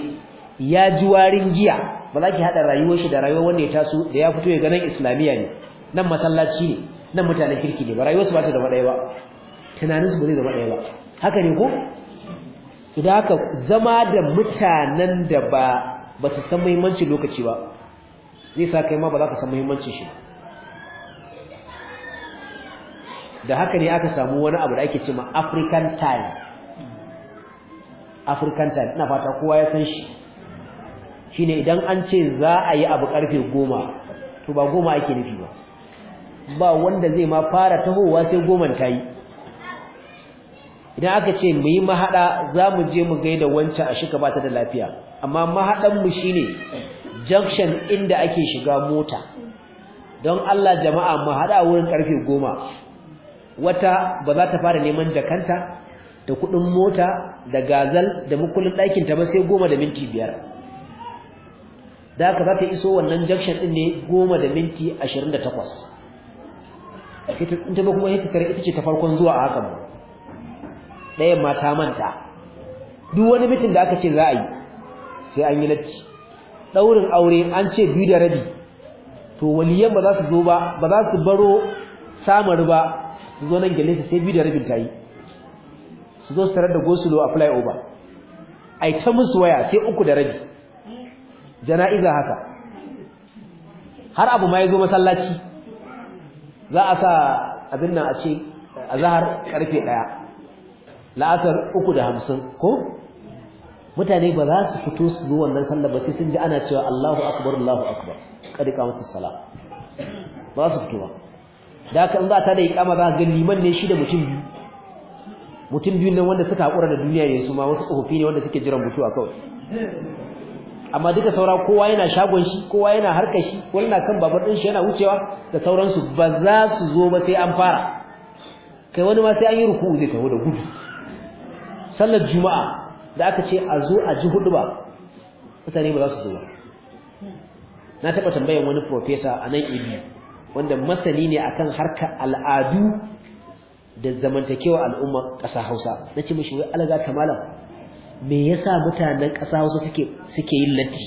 ya ji warin giya ba za ki haɗa rayuwar shi da rayuwar wanda ya taso da ya fito ya ga nan islamiyya ne nan masallaci ne nan mutanen kirki ne ba rayuwarsu ba ta zama ɗaya ba tunanin su ba zai zama ɗaya ba haka ne ko idan haka zama da mutanen da ba ba su san muhimmancin lokaci ba zai sa kai ma ba za ka san muhimmancin shi da haka ne aka samu wani abu da ake ma African time African time ina fata kowa ya san shi shine idan an ce za a yi abu karfe goma to ba goma ake nufi ba ba wanda zai ma fara tahowa sai goman ta yi idan aka ce mu yi mahaɗa za mu je mu gaida wancan a ka ba ta da lafiya amma mahadan mu shine junction inda ake shiga mota don Allah jama'a mu hada wurin karfe 10 wata ba za ta fara neman jakanta da kudin mota da gazal da mukullin ɗakin ta ba sai 10 da minti 5 da haka za ta iso wannan junction din ne 10 da minti 28 in ta kuma ita tare ita ce ta farkon zuwa hakan ɗayan ma ta manta duk wani mitin da aka ce za a yi sai an yi latti daurin aure an ce biyu da rabi to waliyan ba za su zo ba ba za su baro samar ba su zo nan gelesa sai biyu da rabin ta yi. su zo su tarar da gosulo a flyover ai ta musu waya sai uku da rabi jana'iza haka har abu ma ya zo masallaci za a sa abin nan a ce a zahar karfe ɗaya la'asar uku da hamsin ko mutane ba za su fito su zo wannan sallar ba sai sun ji ana cewa Allahu akbar Allahu akbar ka iqamatus sala ba su fito ba da kan za ta da iqama za ga liman ne shi da mutum biyu mutum biyu nan wanda suka hakura da duniya ne su ma wasu tsofi ne wanda suke jiran mutuwa kawai amma duka saura kowa yana shagon shi kowa yana harkar shi wani na kan babar din shi yana wucewa da sauransu ba za su zo ba sai an fara kai wani ma sai an yi ruku zai kawo da gudu sallar juma'a da aka ce a zo a ji ba, mutane ba za su zo ba na taɓa tambayan wani profesa a nan ibi wanda masani ne akan harkar al'adu da zamantakewa al'umma ƙasa hausa na ce mishi wai alaga ta malam me yasa mutanen ƙasa hausa suke suke yin latti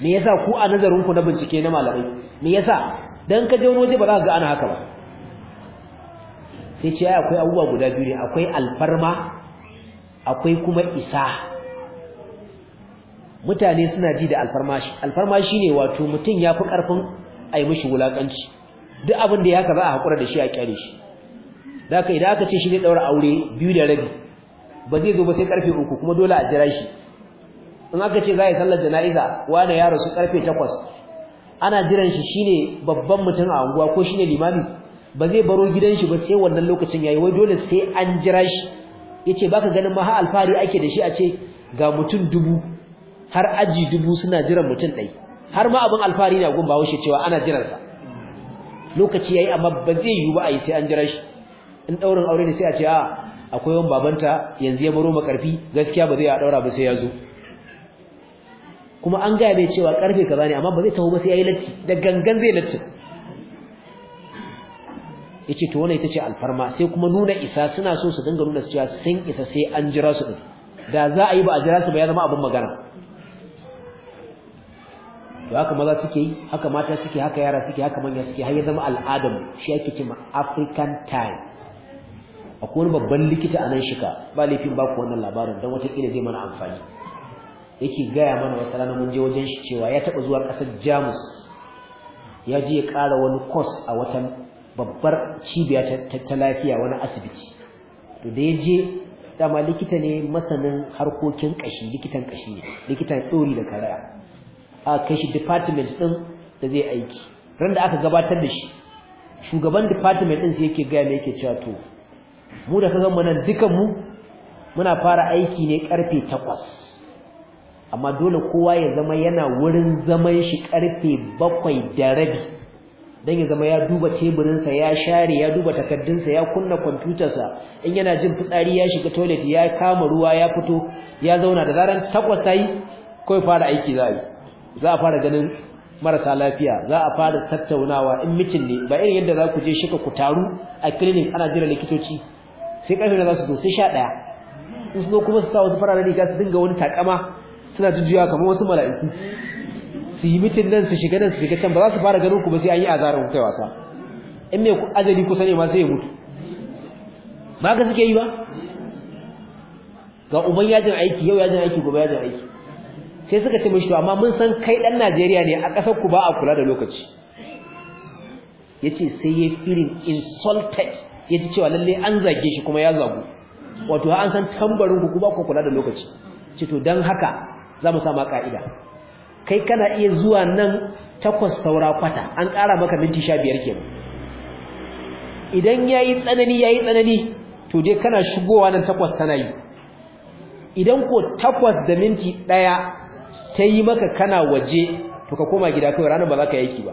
me yasa ku a nazarin ku na bincike na malamai me yasa dan ka je waje ba za ka ga ana haka ba sai ce akwai abubuwa guda biyu ne akwai alfarma akwai kuma isa mutane suna ji da alfarmashi alfarmashi ne wato mutum ya fi ƙarfin a yi mishi wulaƙanci duk abin da ya ka za a haƙura da shi a ƙyale shi da ka idan aka ce shi ne ɗaura aure biyu da rabi ba zai zo ba sai ƙarfe uku kuma dole a jira shi in aka ce za a yi sallar jana'iza wane ya rasu ƙarfe takwas ana jiran shi shine babban mutum a unguwa ko shine limami ba zai baro gidan shi ba sai wannan lokacin yayi wai dole sai an jira shi yace baka ganin ma har alfari ake da shi a ce ga mutum dubu har aji dubu suna jiran mutum dai har ma abin alfari na gun bawo shi cewa ana jiran sa lokaci yayi amma ba zai yiwu ba a yi sai an jira shi in ɗaurin aure ne sai a ce a ah, akwai wani babanta yanzu ya baro makarfi gaskiya ba zai ya daura ba sai ya zo kuma an ga mai cewa karfe kaza ne amma ba zai taho ba sai yayi latti da gangan zai latti yace to wannan ita ce alfarma sai kuma nuna isa suna so su dinga nuna cewa sun isa sai an jira su din da za a yi ba a jira su ba ya zama abin magana to haka maza suke yi haka mata suke haka yara suke haka manya suke har ya zama al'adam shi ake cewa African time akwai wani babban likita a nan shika ba laifin ba ku wannan labarin don watakila zai mana amfani yake gaya mana wata rana mun je wajen shi cewa ya taɓa zuwa ƙasar jamus ya je ya ƙara wani course a watan babbar cibiya ta lafiya wani asibiti to da ya je dama likita ne masanin harkokin kashi likitan kashi ne likitan tsori da karaya a kai shi department din da zai aiki ran aka gabatar da shi shugaban department ɗin sai yake gaya mai yake cewa to mu da ka zama nan dukan muna fara aiki ne karfe takwas, amma dole kowa ya zama yana wurin zaman shi karfe bakwai da rabi dan ya zama ya duba teburinsa ya share ya duba takaddunsa ya kunna kwamfutarsa in yana jin fitsari ya shiga toilet ya kama ruwa ya fito ya zauna da zaran takwas tayi kai fara aiki zai za a fara ganin marasa lafiya za a fara tattaunawa in mitin ne ba irin yadda za ku je shika ku taru a clinic ana jira likitoci sai kafi da za su zo sai sha daya in su zo kuma su sa wasu fararen riga su dinga wani takama suna jujjuya kamar wasu mala'iku su yi mitin nan su shiga nan su shiga can ba za su fara ganin ku ba sai an yi azarar ku kai wasa in mai ajali kusa ne ma sai ya mutu ba ka suke yi ba ga uban yajin aiki yau yajin aiki gobe yajin aiki sai suka ce mishi to amma mun san kai dan Najeriya ne a ƙasar ku ba a kula da lokaci yace sai ya feeling insulted yace cewa lalle an zage shi kuma ya zagu wato an san tambarin ku ba ku kula da lokaci ce to dan haka za mu sa ma ka'ida kai kana iya zuwa nan takwas saura kwata an ƙara maka minti sha biyar kenan idan yayi tsanani yayi tsanani to dai kana shigowa nan takwas tana yi idan ko takwas da minti ɗaya ta yi maka kana waje to ka koma gida kai ranar ba za ka yaki ba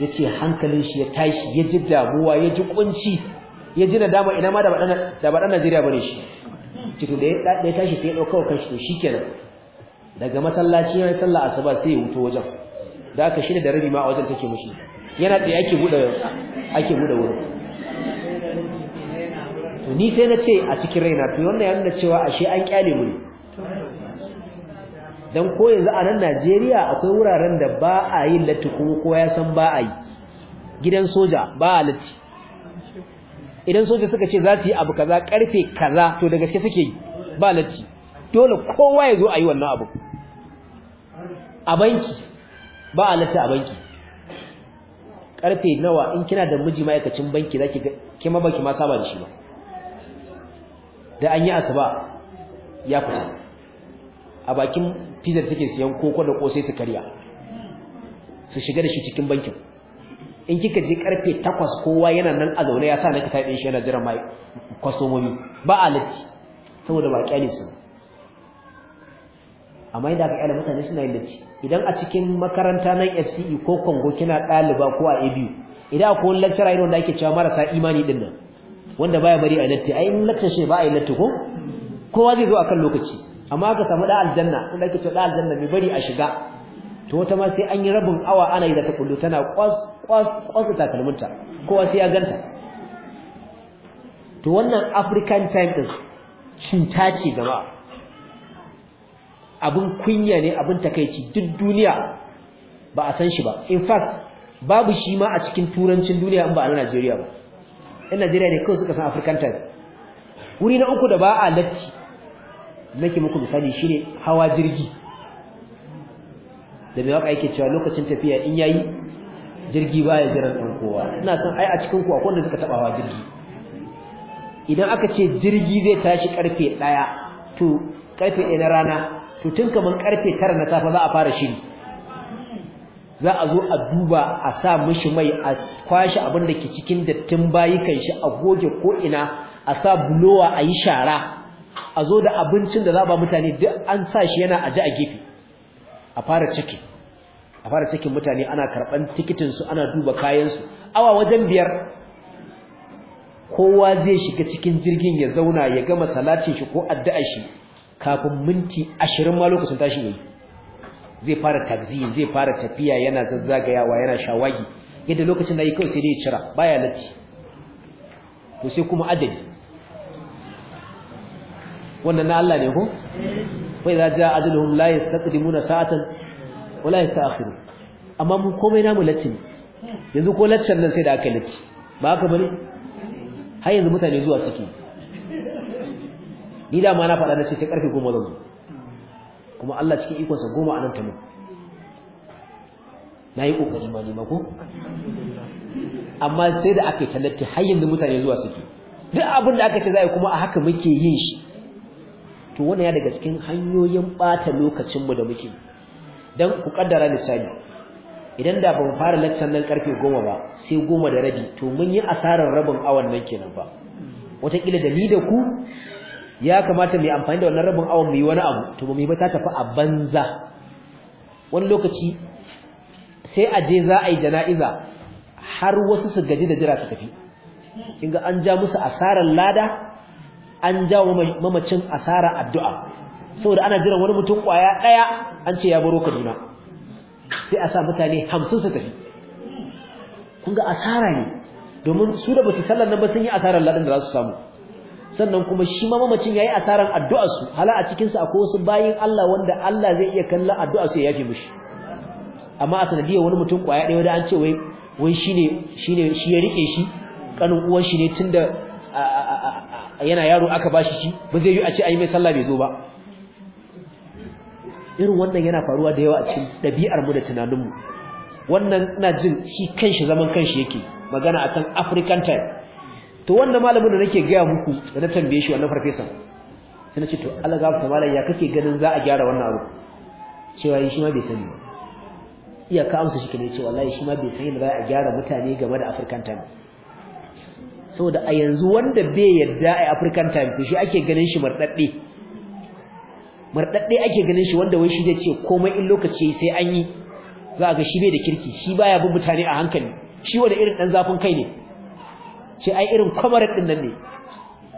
ya ce hankalin shi ya tashi ya ji damuwa ya ji kunci ya ji nadama ina ma da ba ɗan Najeriya ba ne shi cikin da ya tashi sai ya ɗaukawa kan shi to shi kenan daga masallaci yayin sallah asuba sai ya wuto wajen da aka shine da rabi ma a wajen take mushi yana da yake bude ake bude wurin to ni sai na ce a cikin raina to wannan ya nuna cewa ashe an kyale mu dan ko yanzu a nan Najeriya akwai wuraren da ba a yi latti kuma kowa ya san ba a yi gidan soja ba a latti idan soja suka ce za su yi abu kaza karfe kaza to da gaske suke yi ba latti dole kowa ya zo a yi wannan abu a banki ba latta a banki karfe nawa in kina da miji ma'aikacin banki zaki ga ke ma banki ma saba da shi ba da an yi asuba ya fita a bakin pizza take siyan koko da kosai su karya su shiga da shi cikin bankin in kika je karfe 8 kowa yana nan a zaune ya sa naka tabe shi yana jira mai kwastomomi ba alati saboda ba kyale su amma inda aka kyale mutane suna yin latti idan a cikin makaranta nan SCE ko Kongo kina ɗaliba ko a ABU idan akwai wani lecturer irin wanda ake cewa marasa imani din nan wanda baya bari a latti ai in lecture she ba a yi latti ko kowa zai zo akan lokaci amma aka samu da aljanna wanda ake cewa da aljanna mai bari a shiga to wata ma sai an yi rabin awa ana yi da ta kullu tana kwas kwas kwas takalminta kowa sai ya ganta to wannan African time din cinta ce jama'a abin kunya ne abin takaici duk duniya ba a san shi ba in fact babu shi ma a cikin turancin duniya in ba a Najeriya ba in Najeriya ne kawai suka san African time wuri na uku da ba a latti nake muku misali shine hawa jirgi da me waka yake cewa lokacin tafiya in yayi jirgi baya jiran dan kowa ina san ai a cikin ku akwai wanda suka taba hawa jirgi idan aka ce jirgi zai tashi karfe 1 to karfe 1 na rana to tun kaman karfe tara na safe za a fara shiri za a zo a duba a sa mishi mai a kwashe abin da ke cikin dattin kan shi a goge ko'ina ina a sa bulowa a yi shara a zo da abincin da za ba mutane duk an sa shi yana aje a gefe a fara ciki a fara cikin mutane ana karban tikitin su ana duba kayansu awa wajen biyar kowa zai shiga cikin jirgin ya zauna ya gama salatin shi ko addu'ar shi kafin minti ashirin ma lokacin tashi ne zai fara takziyi zai fara tafiya yana zazzagayawa yana shawagi yadda lokacin da yi kawai sai dai cira baya latti to sai kuma adadi wannan na Allah ne ko fa idza jaa ajaluhum la yastaqdimuna sa'atan wa la yasta'khiru amma mun komai namu latti ne yanzu ko laccan nan sai da aka latti ba haka bane har yanzu mutane zuwa suke ni da ma na faɗa na ce sai ƙarfe goma zan zo kuma Allah cikin ikonsa goma a nan ta na yi ƙoƙari ma nema ko amma sai da aka yi tallata har yanzu mutane zuwa suke duk abin da aka ce za a kuma a haka muke yin shi to wannan ya daga cikin hanyoyin ɓata lokacinmu da muke don ku ƙaddara misali idan da ban fara laccan nan karfe goma ba sai goma da rabi to mun yi asarar rabin awan nan kenan ba wataƙila da ni da ku ya kamata mu amfani da wannan rabin awon mu yi wani abu to mu yi ta tafi a banza wani lokaci sai a je za a yi jana'iza har wasu su gaji da jira su tafi kin ga an ja musu asarar lada an ja mamacin asara addu'a saboda ana jiran wani mutum kwaya daya an ce ya baro Kaduna sai a sa mutane 50 su tafi kun ga asara ne domin su da basu sallar nan ba sun yi asarar ladan da za su samu sannan kuma shi ma mamacin yayi asaran addu'ar su hala a cikin su akwai wasu bayin Allah wanda Allah zai iya kalla addu'ar su ya yafe mushi amma a sanadiyar wani mutum kwaya ɗaya da an ce wai wai shine shine shi ya rike shi kanin uwan shi ne tunda yana yaro aka bashi shi ba zai yi a ce ai mai sallah bai zo ba irin wannan yana faruwa da yawa a cikin dabi'ar mu da tunanin mu wannan ina jin shi kanshi zaman kanshi yake magana akan African time to wanda malamin da nake gaya muku da na tambaye shi wannan farfesa sai na ce to Allah za ka malam ya kake ganin za a gyara wannan abu cewa eh, shi ma bai sani ba iya ka amsa shi kene cewa wallahi shi ma bai sani ba a gyara mutane game da African time saboda a yanzu wanda bai yadda a African time to shi ake ganin shi mardadde mardadde ake ganin shi wanda wai shi zai ce komai in lokaci sai an yi za a ga shi bai da kirki shi baya bin mutane a hankali shi wanda irin dan zafin kai ne ce ai irin kwamarar din nan ne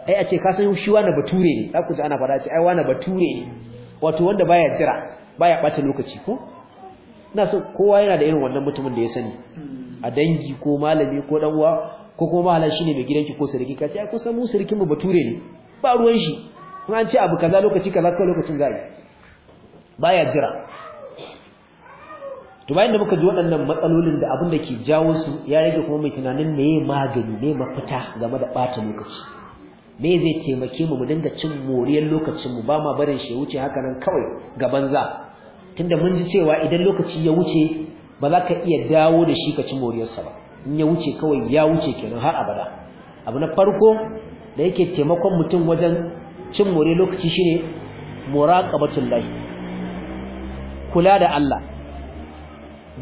ai a ce ka san shi wani bature ne za ku ji ana faɗa ce ai wani bature ne wato wanda baya jira baya ɓata lokaci ko ina so kowa yana da irin wannan mutumin da ya sani a dangi ko malami ko dan uwa ko kuma mahalan shine mai gidanki ko sarki ka ce ai kusan mu sarkin mu bature ne ba ruwan shi in an ce abu kaza lokaci kaza ko lokacin zai baya jira to bayan da muka ji waɗannan matsalolin da abin da ke jawo su ya rage kuma mai tunanin meye magani me mafita game da ɓata lokaci me zai taimake mu mu dinga cin moriyar lokacinmu mu ba ma barin shi ya wuce haka nan kawai ga banza tunda mun ji cewa idan lokaci ya wuce ba za ka iya dawo da shi ka ci moriyarsa ba in ya wuce kawai ya wuce kenan har abada abu na farko da yake taimakon mutum wajen cin more lokaci shine muraqabatul lahi kula da Allah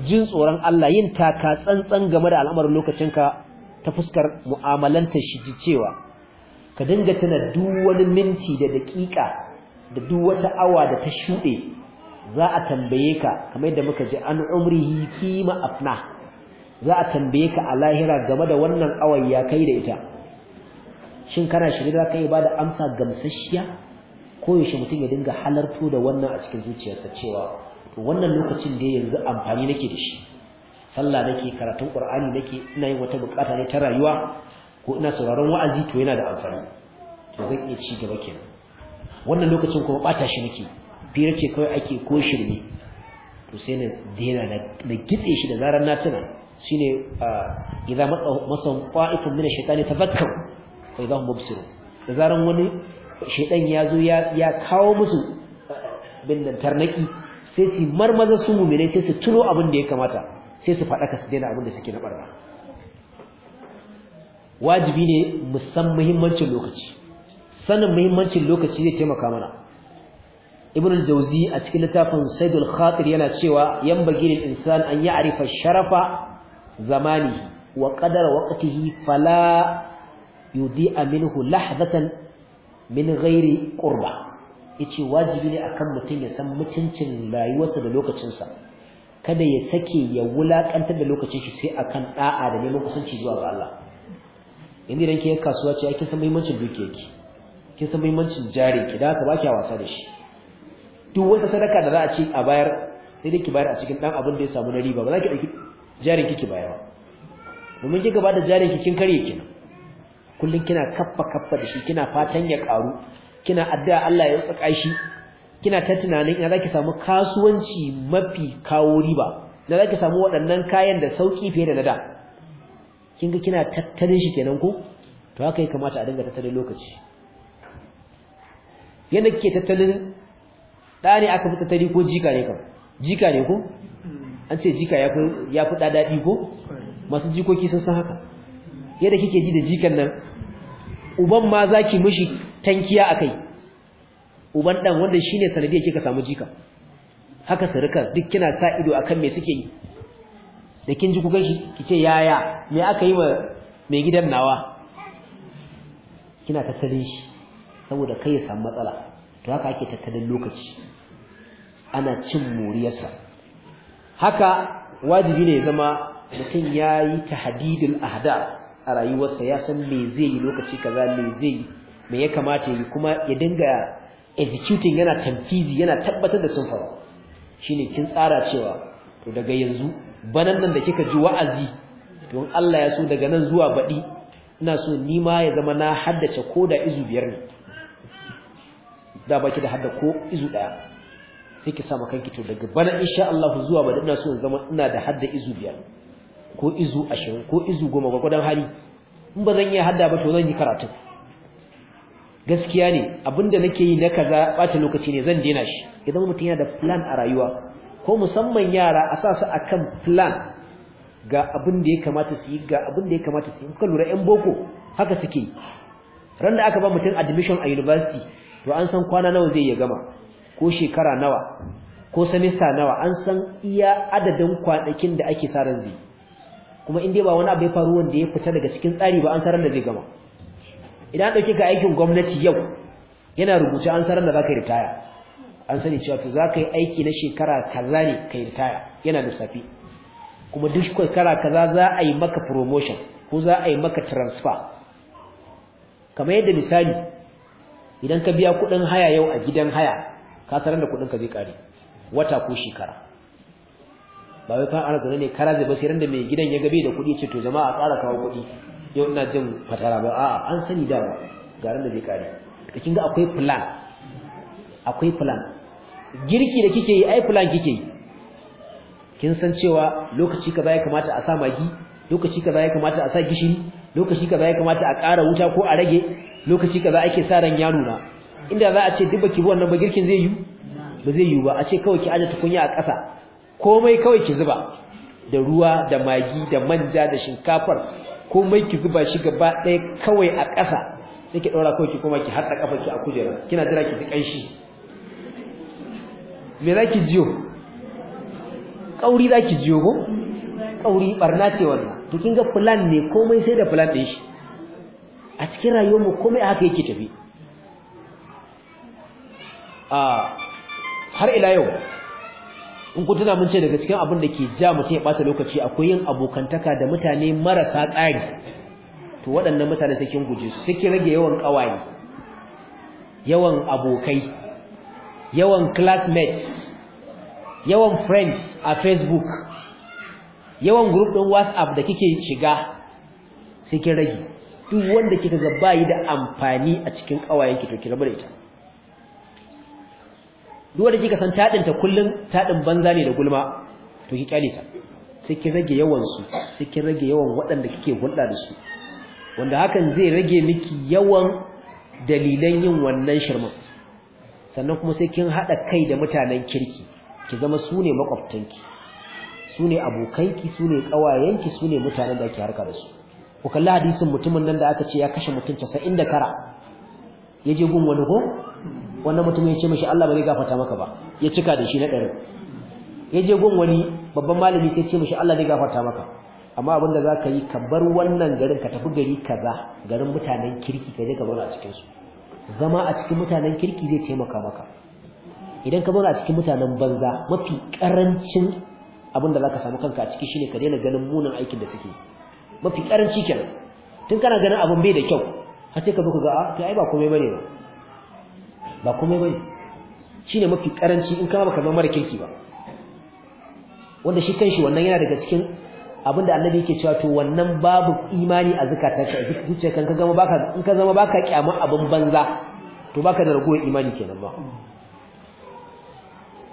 jin tsoron Allah yin taka tsantsan game da al'amarin lokacinka ta fuskar mu'amalanta shi ji cewa ka dinga tana duk wani minti da daƙiƙa da duk wata awa da ta shuɗe za a tambaye ka kamar yadda muka ji an umrihi fi ma afna za a tambaye ka a lahira game da wannan awan ya kai da ita shin kana shirye za ka yi ba da amsa gamsasshiya ko yaushe mutum ya dinga halarto da wannan a cikin zuciyarsa cewa to wannan lokacin da yanzu amfani nake da shi sallah nake karatun qur'ani nake ina yin wata bukata ne ta rayuwa ko ina sauraron wa'azi to yana da amfani to zan iya ci gaba kenan wannan lokacin kuma bata shi nake fira ce kawai ake ko shirme to sai na yana na gitse shi da zarar na tuna shine idza masa qa'ifun min ash-shaytani tafakkaru fa idza hum mubsirun da zaran wani shaytan ya zo ya kawo musu bin tarnaki sai su marmaza su mumine sai su tuno abin da ya kamata sai su faɗaka su daina abin da suke na barna wajibi ne mu san muhimmancin lokaci sanin muhimmancin lokaci zai taimaka mana ibn al-jawzi a cikin littafin saidul khatir yana cewa yan lil insan an ya'rifa sharafa zamani wa qadar waqtihi fala yudi'a minhu lahzatan min ghairi qurbah yace wajibi ne akan mutum ya san mutuncin rayuwarsa da lokacinsa kada ya sake ya wulakantar da lokacin shi sai akan da'a da neman kusanci zuwa ga Allah yanzu idan ke kasuwa ce kin san muhimmancin dukiyarki kin san muhimmancin jari ki da ka ba ki wasa da shi duk wata sadaka da za a ci a bayar sai dai ki bayar a cikin dan abin da ya samu na riba ba za ki dauki jarin bayar bayarwa domin ki gaba da jarin ki kin karye kina kullun kina kaffa kaffa da shi kina fatan ya karu kina addu'a Allah ya tsaka shi kina ta tunanin ina zaki samu kasuwanci mafi kawo riba na zaki samu waɗannan kayan da sauki fiye da nada kin ga kina tattalin shi kenan ko to haka ya kamata a dinga tattalin lokaci yanda kike tattalin da ne aka fi tattali ko jika ne kam jika ne ko an ce jika ya fi ya fi da dadi ko masu jikoki sun san haka yadda kike ji da jikan nan uban ma zaki mishi tankiya a kai, uban ɗan wanda shi shine sanadiyar kika samu jika haka sarkar duk kina sa ido a kan me suke yi da kin ji shi ki kice yaya me aka yi wa mai gidan nawa kina tattalin shi saboda kai ya samu matsala to haka ake tattalin lokaci ana cin moriyarsa haka wajibi ne ya zama mutum ya yi ta ahda a rayuwarsa ya san me zai yi lokaci kaza me zai yi me ya kamata yi kuma ya dinga executing yana tamfizi yana tabbatar da sun faru shine kin tsara cewa to daga yanzu banan nan da kika ji wa'azi to Allah ya so daga nan zuwa baɗi ina so ni ma ya zama na haddace ko da izu biyar ne da baki da hadda ko izu daya sai ki sama kanki to daga bana insha Allah zuwa baɗi ina so zama ina da hadda izu biyar ko izu ashirin ko izu goma gwagwadon hali in ba zan iya hadda ba to zan yi karatu gaskiya ne abinda nake yi na kaza bata lokaci ne zan daina shi idan mutum yana da plan a rayuwa ko musamman yara a sa su akan plan ga abin da ya kamata su yi ga abin da ya kamata su yi kuka lura yan boko haka suke ran da aka ba mutum admission a university to an san kwana nawa zai ya gama ko shekara nawa ko semester nawa an san iya adadin kwanakin da ake sa ran zai kuma in dai ba wani abu ya faru wanda ya fita daga cikin tsari ba an san ran da zai gama idan dauke ka aikin gwamnati yau yana rubuce an sanar da zaka ritaya an sani cewa to zaka yi aiki na shekara kaza ne kai ritaya yana da safi kuma duk kara kaza za a yi maka promotion ko za a yi maka transfer kamar yadda misali idan ka biya kudin haya yau a gidan haya ka sanar da kudin ka zai kare wata ko shekara ba wai fa an ne kara zai ba sai randa da mai gidan ya gabe da kuɗi ce to jama'a ƙara kawo kuɗi yau ina jin fatara ba a'a an sani da ba garin da zai kare da kin ga akwai plan akwai plan girki da kike yi ai plan kike yi kin san cewa lokaci kaza ya kamata a sa magi lokaci kaza ya kamata a sa gishiri lokaci kaza ya kamata a ƙara wuta ko a rage lokaci kaza ake sa ran yaro na inda za a ce duk baki wannan ba girkin zai yi ba zai yi ba a ce kawai ki aje tukunya a ƙasa komai kawai ki zuba da ruwa da magi da manja da shinkafar komai ki zuba shi gaba ɗaya kawai a ƙasa sai ki ɗora kawai ki kuma ki haɗa ƙafa ki a kujera kina jira ki fi ƙanshi me za ki jiyo ƙauri za ki jiyo ko ƙauri ɓarna ce wannan to ga filan ne komai sai da filan ɗin shi a cikin rayuwar mu komai haka yake tafi ah, har ila yau in ku tuna mun ce daga cikin abin da ke ja mutum ya bata lokaci akwai yin abokantaka da mutane marasa tsari to waɗannan mutane sai kin guje su sai kin rage yawan kawaye yawan abokai yawan classmates yawan friends a facebook yawan group din whatsapp da kike shiga sai kin rage duk wanda kika ga bayi da amfani a cikin kawayen ki to ki rabu da ita duk da kika san tadin ta kullun tadin banza ne da gulma to ki kyale ta sai ki rage yawan su sai ki rage yawan waɗanda kike hulɗa da su wanda hakan zai rage miki yawan dalilan yin wannan shirman sannan kuma sai kin hada kai da mutanen kirki ki zama su ne makwabtanki su ne abokanki su ne kawayenki su ne mutanen da kike harka da su ku kalli hadisin mutumin nan da aka ce ya kashe mutum kara, ya je gun wani ko wannan mutum ya ce mishi Allah ba zai gafarta maka ba ya cika da shi na ɗarin ya je gun wani babban malami ya ce mishi Allah zai gafarta maka amma abin da ka yi ka bar wannan garin ka tafi gari kaza garin mutanen kirki ka je ka zauna a cikin zama a cikin mutanen kirki zai taimaka maka idan ka zauna a cikin mutanen banza mafi karancin abin da ka samu kanka a ciki shine ka daina ganin munin aikin da suke mafi karanci kenan tun kana ganin abin bai da kyau har sai ka zo ka ga a ah, kai ba komai bane ba ba komai bane shine mafi karanci in ka baka zama mara kirki ba wanda shi kanshi wannan yana daga cikin abin annabi yake cewa to wannan babu imani a zakatarka zuciyar kan ka gama baka in ka zama baka kyama abin banza to baka da ragowar imani kenan ba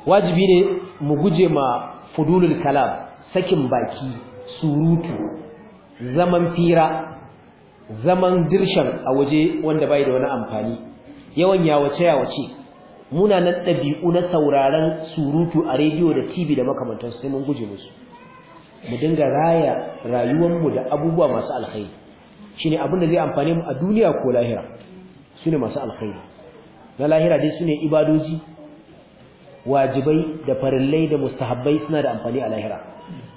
wajibi ne mu guje ma fudulul kalam sakin baki surutu zaman fira zaman dirshan a waje wanda bai da wani amfani yawan yawace yawace muna nan ɗabi'u na sauraron surutu a rediyo da TV da makamantar sai mun guje musu mu dinga raya rayuwarmu da abubuwa masu alkhairi shine abin da zai amfane mu a duniya ko lahira ne masu alkhairi na lahira dai sune ibadoji wajibai da farillai da mustahabbai suna da amfani a lahira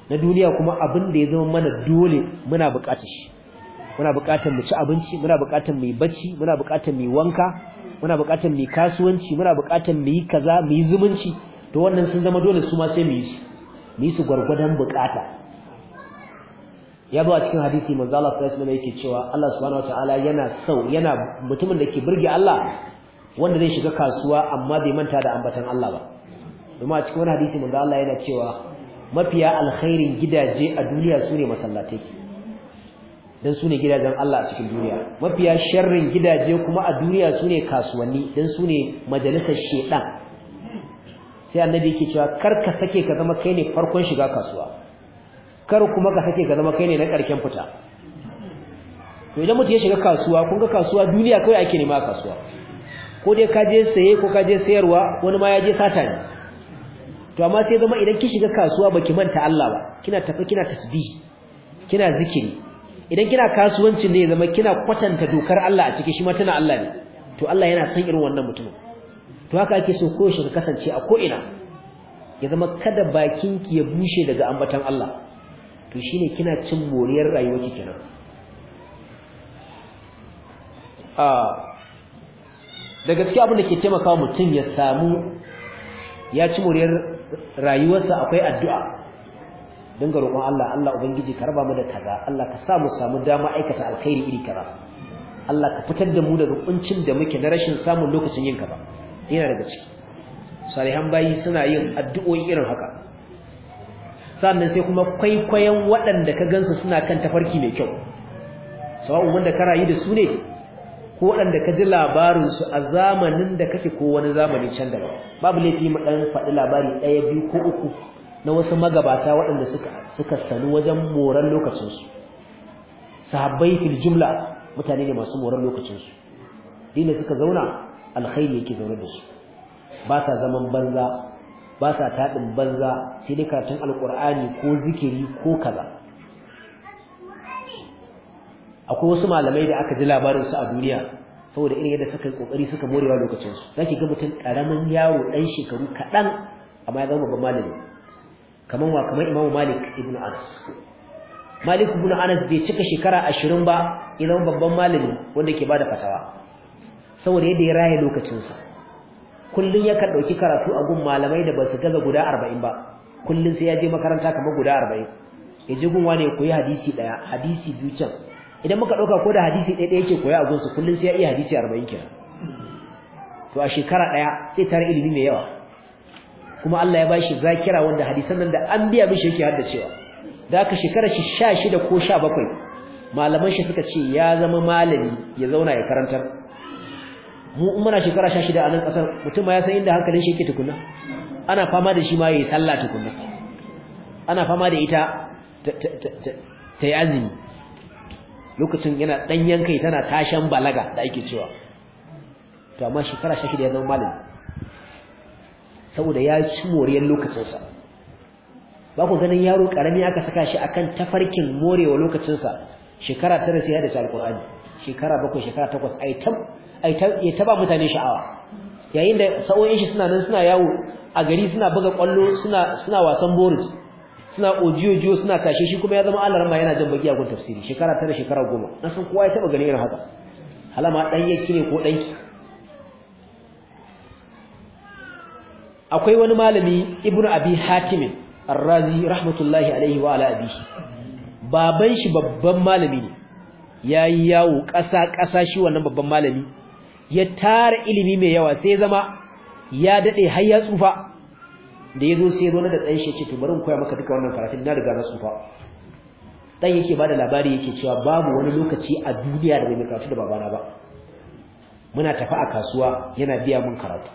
na duniya kuma abin da ya zama mana dole muna buƙatar shi muna buƙatar mu ci abinci muna buƙatar mu yi bacci muna buƙatar mu yi wanka muna buƙatar mu yi kasuwanci muna buƙatar mu yi kaza mu yi zumunci to wannan sun zama dole su ma sai mu yi su mu yi su gwargwadon buƙata ya zo a cikin hadisi manzo Allah sallallahu alaihi yake cewa Allah subhanahu wataala yana sau yana mutumin da ke burge Allah wanda zai shiga kasuwa amma bai manta da ambatan Allah ba domin a cikin wani hadisi manzo Allah yana cewa mafiya alkhairin gidaje a duniya sune masallatai dan sune gidajen Allah a cikin duniya mafiya sharrin gidaje kuma a duniya su ne kasuwanni dan ne majalisar shedan sai annabi yake cewa kar ka sake ka zama kai ne farkon shiga kasuwa kar kuma ka sake ka zama kai ne na karken fita to idan mutum ya shiga kasuwa kun ga kasuwa duniya kawai ake nema kasuwa ko dai ka je saye ko ka je sayarwa wani ma ya je sata ne to amma sai zama idan ki shiga kasuwa baki manta Allah ba kina tafi kina tasbih kina zikiri idan kina kasuwancin ne zama kina kwatanta dokar Allah a cikin shi ma tana Allah ne to Allah yana san irin wannan mutumin to haka ake so ko shi ka kasance a ko ina ya zama kada bakinki ya bushe daga ambatan Allah to shine kina cin moriyar rayuwarki kenan a da gaskiya abin da ke taimaka mutum ya samu ya ci moriyar rayuwarsa akwai addu'a dinga roƙon Allah Allah ubangiji ka raba mu da kaza Allah ka sa mu samu dama aikata alkhairi iri kaza Allah ka fitar da mu daga kuncin da muke na rashin samun lokacin yin kaza ina daga ciki salihan bayi suna yin addu'o'i irin haka sannan sai kuma kwaikwayon waɗanda ka gansu suna kan tafarki mai kyau sawa'un wanda ka rayu da su ne ko waɗanda ka ji su a zamanin da kake ko wani zamani can daban babu laifi mu ɗan faɗi labari ɗaya biyu ko uku na wasu magabata waɗanda suka suka sanu wajen moran lokacinsu sahabbai fil jumla mutane ne masu moran lokacinsu dina suka zauna alkhairi yake zaune da su ba sa zaman banza ba sa taɗin banza sai dai karatun alƙur'ani ko zikiri ko kaza akwai wasu malamai da aka ji labarin su a duniya saboda irin yadda suka yi ƙoƙari suka morewa lokacinsu za ki ga mutum ƙaramin yaro ɗan shekaru kaɗan amma ya zama babban malami kamar wa kamar Imam Malik ibn Anas Malik ibn Anas bai cika shekara ashirin ba idan babban malami wanda ke bada fatawa saboda yadda ya raye lokacin sa kullun ya kan karatu a gun malamai da ba su gaza guda 40 ba kullun sai ya je makaranta kamar guda 40 ya je gun wani ya koyi hadisi daya hadisi biyu can idan muka ɗauka ko da hadisi ɗaya ɗaya yake koya a gun su kullun sai ya iya hadisi 40 kenan to a shekara ɗaya sai tare ilimi mai yawa kuma Allah ya bashi zakira wanda hadisan nan da an biya mishi yake haddacewa da aka shekara shi 16 ko 17 malaman shi suka ce ya zama malami ya zauna ya karantar mu in muna shekara 16 a nan kasar mutum ma ya san inda hankalin shi yake tukunna ana fama da shi ma yayi sallah tukunna ana fama da ita ta yi azumi lokacin yana dan yankai tana tashan balaga da ake cewa to amma shekara 16 ya zama malami saboda ya ci moriyar lokacinsa ba ku ganin yaro karami aka saka shi akan tafarkin morewa lokacinsa shekara tara sai ya da alkur'ani shekara bakwai shekara takwas ai tab ai tab ya taba mutane sha'awa yayin da sa'o'in shi suna nan suna yawo a gari suna buga kwallo suna suna wasan boris suna ojiyo jiyo suna tashe shi kuma ya zama Allah rama yana jan baki gun tafsiri shekara tara shekara goma na san kowa ya taba ganin irin haka halama dan yake ne ko danki akwai wani malami Ibn abi hatim ar-razi rahmatullahi alaihi wa ala abihi baban shi babban malami ne yayi yawo ƙasa ƙasa shi wannan babban malami ya tara ilimi mai yawa sai zama ya dade har ya tsufa da yazo sai zo na da tsayin shi ce to bari in koya maka duka wannan karatu, na riga na tsufa dan yake bada labari yake cewa babu wani lokaci a duniya da bai karatu da babana ba muna tafi a kasuwa yana biya mun karatu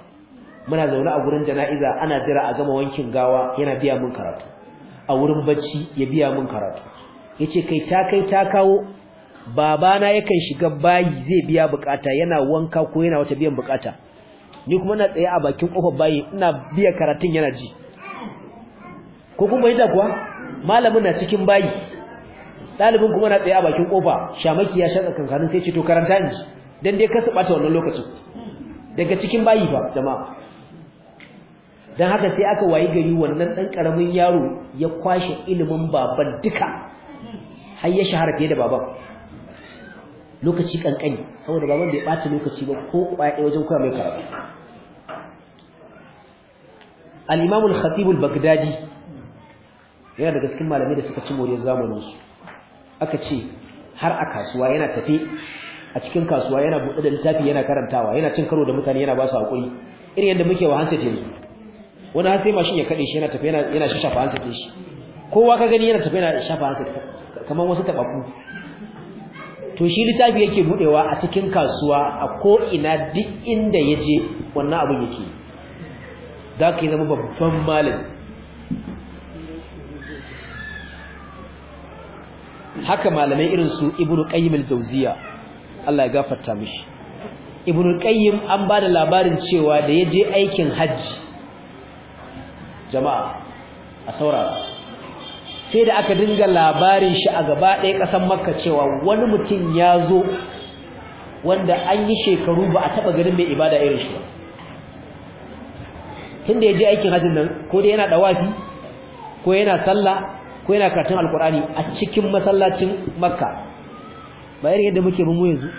muna zaune a gurin jana'iza ana jira a gama wankin gawa yana biya mun karatu a wurin bacci ya biya mun karatu yace kai ta kai ta kawo babana yakan shiga bayi zai biya bukata yana wanka ko yana wata biyan bukata ni kuma na tsaye a bakin kofar bayi ina biya karatun yana ji ko kuma bayyana kuwa malamin na cikin bayi dalibin kuma na tsaye a bakin kofa shamaki ya shaka kankanin sai ce to karanta inji dan dai ka bata wannan lokacin daga cikin bayi fa jama'a dan haka sai aka wayi gari wannan dan karamin yaro ya kwashe ilimin baban duka har ya shahara fiye da baban lokaci kankani saboda baban bai bata lokaci ba ko kwaye wajen koya mai karatu al-imam al yana daga cikin malamai da suka ci moriyar zamanin su aka ce har a kasuwa yana tafe a cikin kasuwa yana buɗe da littafi yana karantawa yana cin karo da mutane yana ba su hakuri irin yadda muke wa hansa yanzu wani har sai mashin ya kade shi yana tafi yana yana shafa hansa shi kowa ka gani yana tafi yana shafa hansa kamar wasu tabaku to shi littafi yake budewa a cikin kasuwa a ko ina duk inda yaje wannan abin yake za ka yi zama babban malin haka malamai irin su ibnu qayyim al-jawziya Allah ya gafarta mishi ibnu qayyim an bada labarin cewa da yaje aikin hajji jama'a a saurara sai da aka dinga labarin shi a gaba ɗaya ƙasar makka cewa wani mutum ya zo wanda an yi shekaru ba a taɓa ganin mai ibada irin shi ba tun da ya je aikin hajjin nan ko dai yana ɗawafi ko yana sallah ko yana karatun Alƙur'ani, a cikin masallacin makka ba irin yadda muke mu yanzu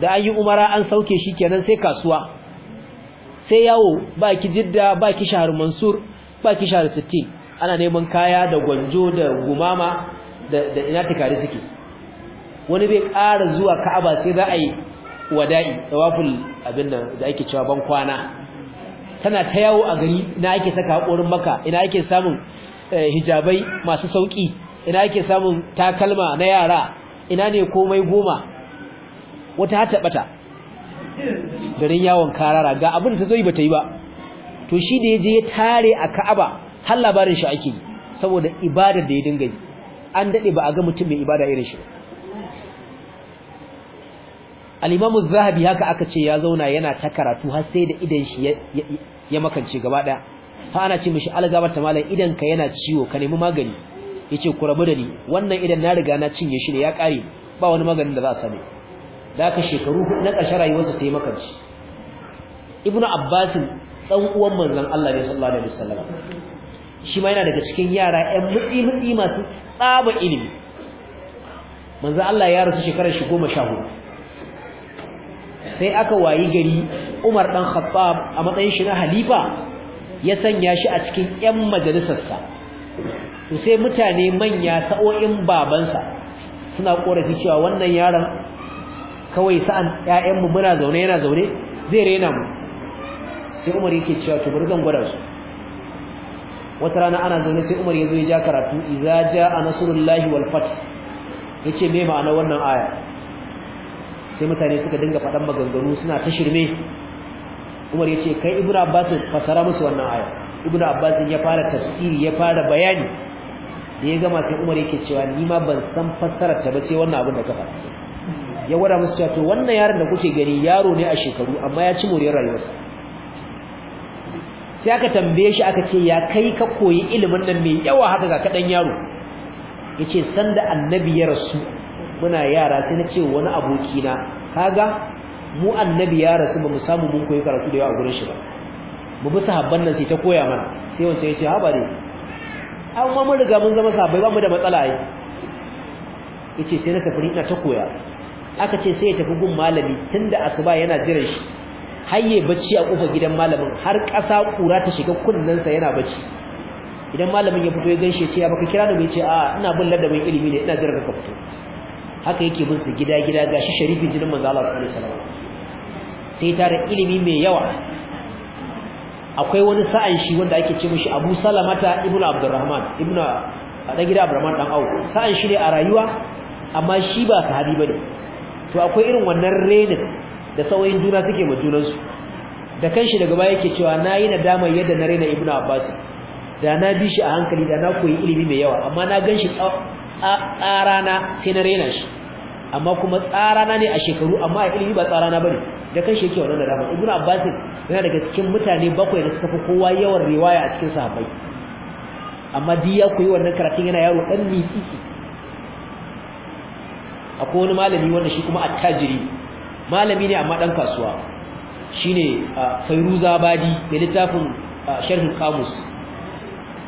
da an yi umara an sauke shi kenan sai kasuwa sai yawo ba ki jidda ba ki shahar mansur ba ki da sittin ana neman kaya da gwanjo da gumama da da ina tikari suke wani bai ƙara zuwa Ka'aba sai za a yi wada'i tawaful abin da ake cewa ban kwana tana ta yawo a gari ina ake saka hakorin maka ina ake samun eh, hijabai masu sauki ina ake samun takalma na yara ina ne komai goma wata ta bata garin yawon karara ga abin da ta zo yi bata yi ba to shi da je ya tare a Ka'aba har labarin shi ake yi saboda ibada da ya dinga yi an dade ba a ga mutum mai ibada irin shi al-Imam zahabi haka aka ce ya zauna yana ta karatu har sai da idan shi ya makance gaba daya fa ana ce mishi algabar ta malam idan ka yana ciwo ka nemi magani yace ku rabu da ni wannan idan na riga na cinye shi ne ya kare ba wani maganin da za a sani da aka shekaru na ƙarshen rayuwarsa sai makance ibnu abbasin dan uwan manzon Allah ne sallallahu alaihi wasallam shi ma yana daga cikin yara ƴan mutsi mutsi masu tsaba ilimi manzon Allah ya rasu shekarar shi 14 sai aka wayi gari Umar dan Khattab a matsayin shi na halifa ya sanya shi a cikin ƴan majalisarsa to sai mutane manya sa'o'in babansa suna korafi cewa wannan yaron kawai sa'an ƴaƴanmu muna zaune yana zaune zai rena mu sai Umar yake cewa to bari zan gwada su wata rana ana zaune sai Umar yazo ya ja karatu idza jaa nasrullahi wal fath yace me ma'ana wannan aya sai mutane suka dinga faɗan maganganu suna ta shirme Umar yace kai Ibn Abbas fasara musu wannan aya Ibn Abbas ya fara tafsiri ya fara bayani da ya gama sai Umar yake cewa ni ma ban san fassarar ta ba sai wannan abin da ka faɗa ya gwada musu cewa to wannan yaron da kuke gani yaro ne a shekaru amma ya ci moriyar rayuwarsa sai aka tambaye shi aka ce ya kai ka koyi ilimin nan mai yawa haka ga kadan yaro yace sanda annabi ya rasu muna yara sai na ce wani aboki na kaga mu annabi ya rasu ba mu samu mun koyi karatu da yawa a gurin shi ba mu bi sahabban nan sai ta koya mana sai wance yace ha bare an ma mun riga mun zama sahabbai ba mu da matsala ai yace sai na tafi ina ta koya aka ce sai ya tafi gun malami tunda asuba yana jiran shi Haye bacci a kofar gidan malamin har ƙasa kura ta shiga sa yana bacci idan malamin ya fito ya gaishe ce ya baka kira da mai ce a ina bin ladabin ilimi ne ina jira ka fito haka yake bin su gida gida gashi sharifin jinin manzo Allah sallallahu alaihi wasallam sai tare ilimi mai yawa akwai wani sa'an shi wanda ake ce mishi Abu Salamata ibnu Abdurrahman ibnu dan gida Abdurrahman dan Awu sa'an shi ne a rayuwa amma shi ba sahabi bane to akwai irin wannan renin da sauyin juna suke ma junansu da kanshi daga baya yake cewa nayi nadama yadda na raina ibnu abbas da na bi shi a hankali da na koyi ilimi mai yawa amma na ganshi tsarana sai na raina shi amma kuma tsarana ne a shekaru amma a ilimi ba tsarana bane da kanshi yake wannan nadama ibnu abbas yana daga cikin mutane bakwai da suka fi kowa yawan riwaya a cikin sahabbai amma duk ya koyi wannan karatun yana yaro dan mitsi akwai wani malami wanda shi kuma attajiri malami ne amma dan kasuwa shine Fairuza Badi da littafin sharhin kamus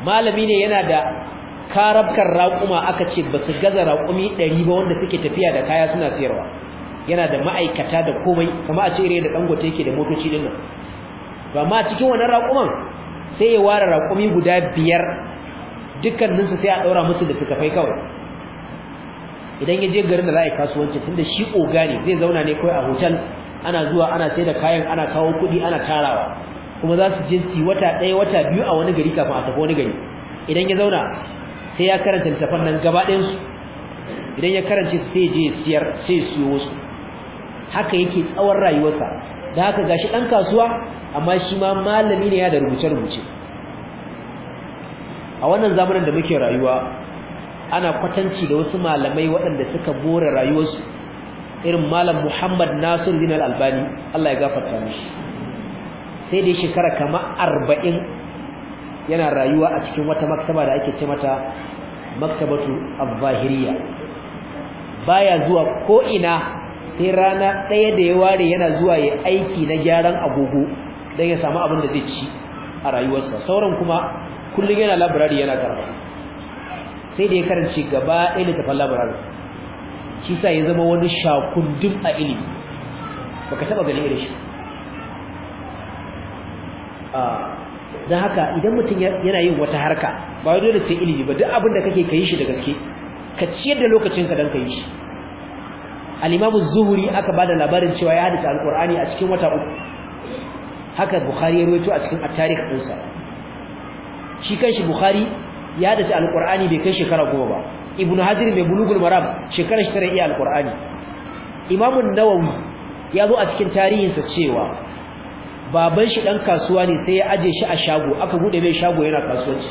malami ne yana da karabkar raƙuma aka ce ba su gaza raƙumi ɗari ba wanda suke tafiya da kaya suna sayarwa yana da ma'aikata da komai kuma a ce da dangote yake da motoci din nan ba cikin wannan raƙuman sai ya ware raƙumi guda biyar dukkaninsu sai a ɗaura musu da suka fai kawai idan ya je garin da za a yi kasuwanci tunda shi oga ne zai zauna ne kawai a hotel ana zuwa ana sai da kayan ana kawo kuɗi ana tarawa kuma za su je su wata ɗaya wata biyu a wani gari kafin a tafi wani gari idan ya zauna sai ya karanta littafan nan gaba ɗayan idan ya karance su sai je siyar sai yi wasu haka yake tsawon rayuwarsa da haka gashi ɗan kasuwa amma shi ma malami ne ya da rubuce-rubuce a wannan zamanin da muke rayuwa ana kwatanci da wasu malamai waɗanda suka bore rayuwarsu irin malam Muhammad Nasiru bin Al-Albani Allah ya gafarta mishi sai dai shekara kama arba'in yana rayuwa a cikin wata maktaba da ake ce mata maktabatu al Ba baya zuwa ko ina sai rana ɗaya da ya ware yana zuwa ya aiki na gyaran agogo don ya samu abin da zai ci a rayuwarsa sauran kuma kullum yana labirari yana karba sai da ya karance gaba ɗaya littafin labarar shi sa ya zama wani shakundun a ilimi Ba ka taba ganin irin shi ah, don haka idan mutum yana yin wata harka ba wani dole sai ilimi ba duk abin da kake kai shi da gaske ka ciyar da ka don ka yi shi al zuhuri aka ba da labarin cewa ya hadisa Alƙur'ani a cikin wata uku haka bukhari ya ruwaito a cikin at-tarikh ɗinsa shi kanshi bukhari ya dace alqur'ani bai kai shekara goma ba ibn hajar mai bulugul maram shekara shi tare iya alqur'ani imam nawawi ya zo a cikin tarihinsa cewa baban shi dan kasuwa ne sai ya aje shi a shago aka bude mai shago yana kasuwanci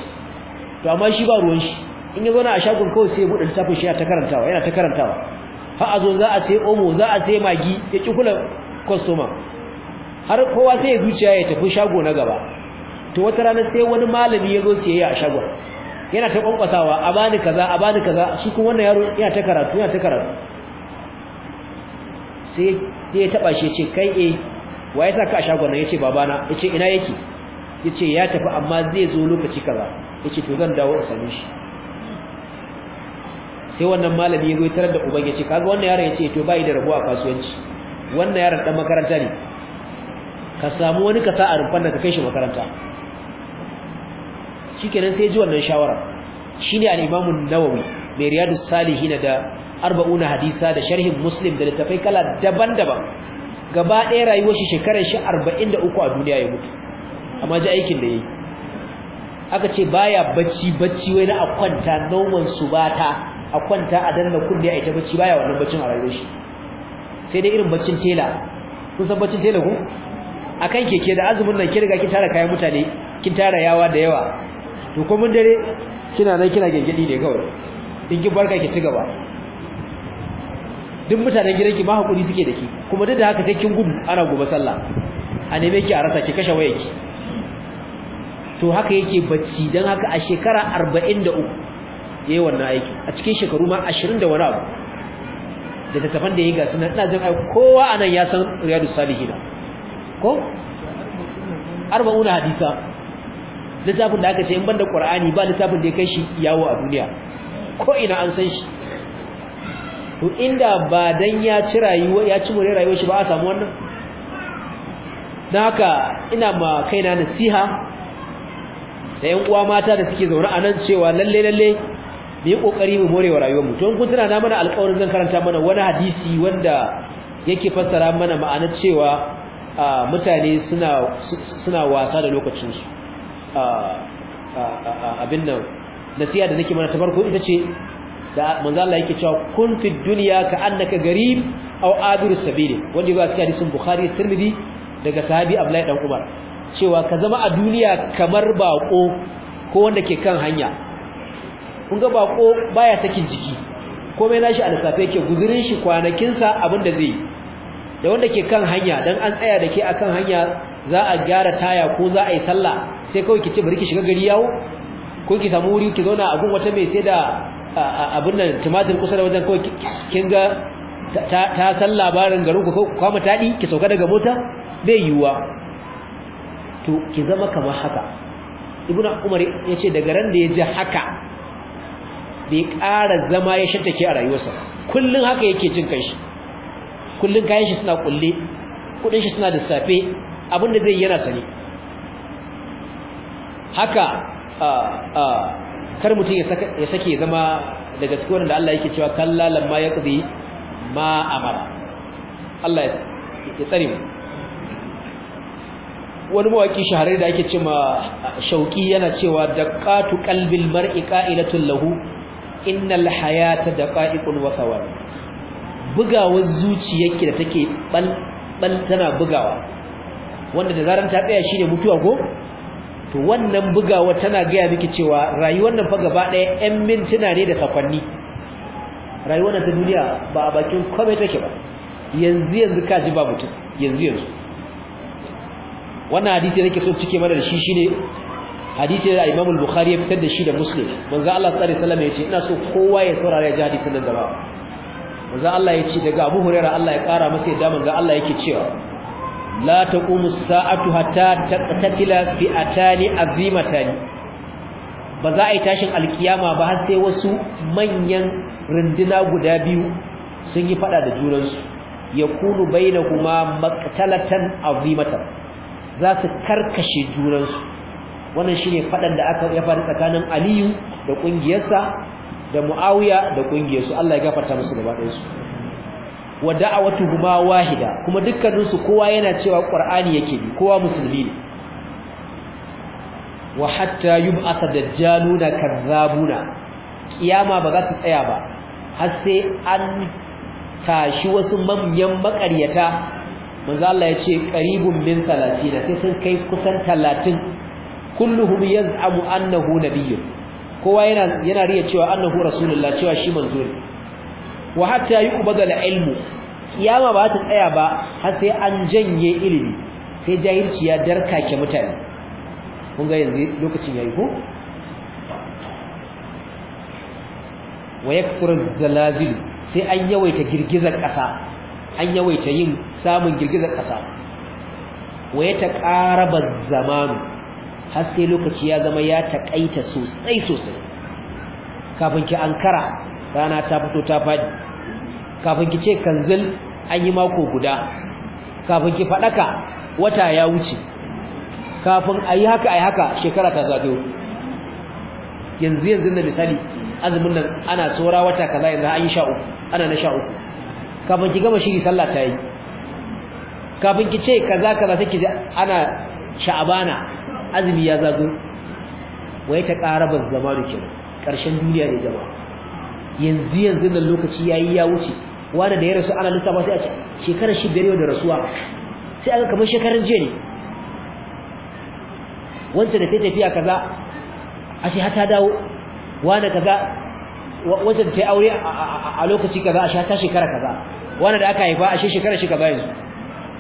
to amma shi ba ruwan shi in ya zo na a shagon kawai sai ya bude littafin shi ya ta karantawa yana ta karantawa fa a zo za a sai omo za a sai magi ya ki kula customer har kowa sai ya zuciya ya tafi shago na gaba to wata rana sai wani malami ya zo ya a shagon yana ta kwankwasawa a bani kaza a bani kaza shi kuma wannan yaro yana ta karatu yana ta karatu sai ya taba shi yace kai eh waye saka a shagon nan yace babana yace ina yake yace ya tafi amma zai zo lokaci kaza yace to zan dawo in same shi sai wannan malami ya zo tarar da uban yace kaga wannan yaron yace to bai da rabo a kasuwanci wannan yaron dan makaranta ne ka samu wani ka sa a rumfan da ka kai shi makaranta shikenan sai ji wannan shawara shine al-Imam an-Nawawi mai Riyadus Salihin da 40 hadisa da sharhin Muslim da littafai kala daban-daban gaba ɗaya rayuwar shi shekarar shi 43 a duniya ya mutu amma ji aikin da yayi aka ce baya bacci bacci wai na akwanta nauman subata a kwanta a danna kunne a ita bacci baya wannan baccin a rayuwar shi sai dai irin baccin tela kun san baccin tela ko akan keke da azumin nan ki riga kin tara kayan mutane kin tara yawa da yawa to ko mun dare kina nan kina gengedi ne kawai in ki barka ki ci gaba duk mutanen gidan ki ma hakuri suke da ki kuma duk da haka sai kin gudu ana gobe sallah a neme ki a rasa ki kashe ki to haka yake bacci dan haka a shekara 43 yayi wannan aiki a cikin shekaru ma 20 da wani abu da tattafan da ya ga suna ina jin kowa anan ya san riyadus salihin ko Arba'una hadisa littafin da aka ce in banda qur'ani ba littafin da ya kai shi yawo a duniya ko ina an san shi to inda ba dan ya ci rayuwa ya ci more rayuwar shi ba a samu wannan dan haka ina ma kaina nasiha da yan uwa mata da suke zaune anan cewa lalle lalle mu yi kokari mu morewa rayuwar mu to kun tana na mana alƙawarin zan karanta mana wani hadisi wanda yake fassara mana ma'anar cewa mutane suna suna wasa da lokacin su abin nan nasiha da nake mana ta farko ita ce da manzo Allah yake cewa kun fi dunya ka annaka garib aw abiru sabili wanda ba cikin hadisin bukhari tirmidhi daga sahabi abdullahi dan umar cewa ka zama a duniya kamar bako ko wanda ke kan hanya kun ga bako baya sakin jiki komai nashi a yake guzurin shi kwanakin sa abin da zai da wanda ke kan hanya dan an tsaya da ke akan hanya za a gyara taya ko za a yi sallah sai kawai ki ce bari ki shiga gari yawo ko ki samu wuri ki zauna a gun wata mai sai da abin nan tumatir kusa da wajen kawai kin ga ta san labarin garin ku kwama taɗi ki sauka daga mota bai yiwuwa to ki zama kamar haka ibn umar ya ce daga ran da ya ji haka bai ƙara zama ya ke a rayuwarsa kullum haka yake cin shi kullun kayan shi suna kulle kudin shi suna da safe, abunda zai yana sani haka kar mutum ya sake zama daga cikin wanda Allah yake cewa kalla lamma yaqdi ma amara Allah ya tsare mu wani mawaki shahararri da ake cewa shauki yana cewa daqatu qalbil mar'i qa'ilatul lahu innal hayata daqa'iqun wa thawab bugawar zuciyarki da take bal bal tana bugawa wanda da zaran ta tsaya shine mutuwa ko to wannan bugawa tana gaya miki cewa rayuwar nan fa gaba ɗaya ɗan mintuna ne da sakwanni rayuwar ta duniya ba a bakin komai take ba yanzu yanzu ka ji ba mutum yanzu yanzu wannan hadisi nake so cike mana da shi shine hadisi da Imam Bukhari ya fitar da shi da Muslim manzo Allah sallallahu alaihi wasallam ce, ina so kowa ya saurara ya ji hadisin nan gaba manzo Allah ya ce daga Abu Hurairah Allah ya kara masa daman manzo Allah yake cewa la taqumu sa'atu hatta taqtatila fi atani azimatani ba za a yi tashin alkiyama ba har sai wasu manyan runduna guda biyu sun yi fada da junansu yakunu bainahuma maqtalatan azimatan za su karkashe junansu wannan shine fadan da aka yafa tsakanin Aliyu da kungiyarsa da Muawiya da kungiyar su Allah ya gafarta musu gaba ɗaya su wa huma wahida kuma dukkanin su kowa yana cewa Qur'ani yake bi kowa musulmi ne wa hatta yub'atha dajjaluna kadzabuna kiyama ba za ta tsaya ba har sai an tashi wasu manyan makaryata manzo Allah ya ce qaribun min 30 sai sun kai kusan 30 kulluhum yaz'amu annahu nabiyyun kowa yana yana riya cewa annahu rasulullah cewa shi manzo ne wa hatta yuqbada al-ilmu kiyama ba ta tsaya ba har sai an janye ilimi sai jahilci ya darkake mutane kun ga yanzu lokacin yayi ko wa yakfuru zalazil sai an yawaita girgizar kasa an yawaita yin samun girgizar kasa wa yataqaraba zamanu har sai lokaci ya zama ya takaita sosai sosai kafin ki ankara rana ta fito ta fadi kafin ki ce kanzil an yi mako guda kafin ki fadaka wata ya wuce kafin ayi haka ayi haka shekara ta zagayo yanzu yanzu na misali azumin nan ana tsora wata kaza yanzu an yi sha uku ana na sha uku kafin ki gama shiri sallah ta yi kafin ki ce kaza kaza take ana sha'abana azumi ya zago wai ta karaba zamanu kenan karshen duniya ne zama? yanzu yanzu nan lokaci yayi ya wuce wanda da ya rasu ana lissafa sai a ce shekarar shi biyar da rasuwa sai aka kamar shekarar jiya ne wanda da ta tafiya kaza a shi ta dawo wanda kaza wajen ta aure a lokaci kaza a shi ta shekara kaza wanda da aka haifa shi shekarar shi kaza yanzu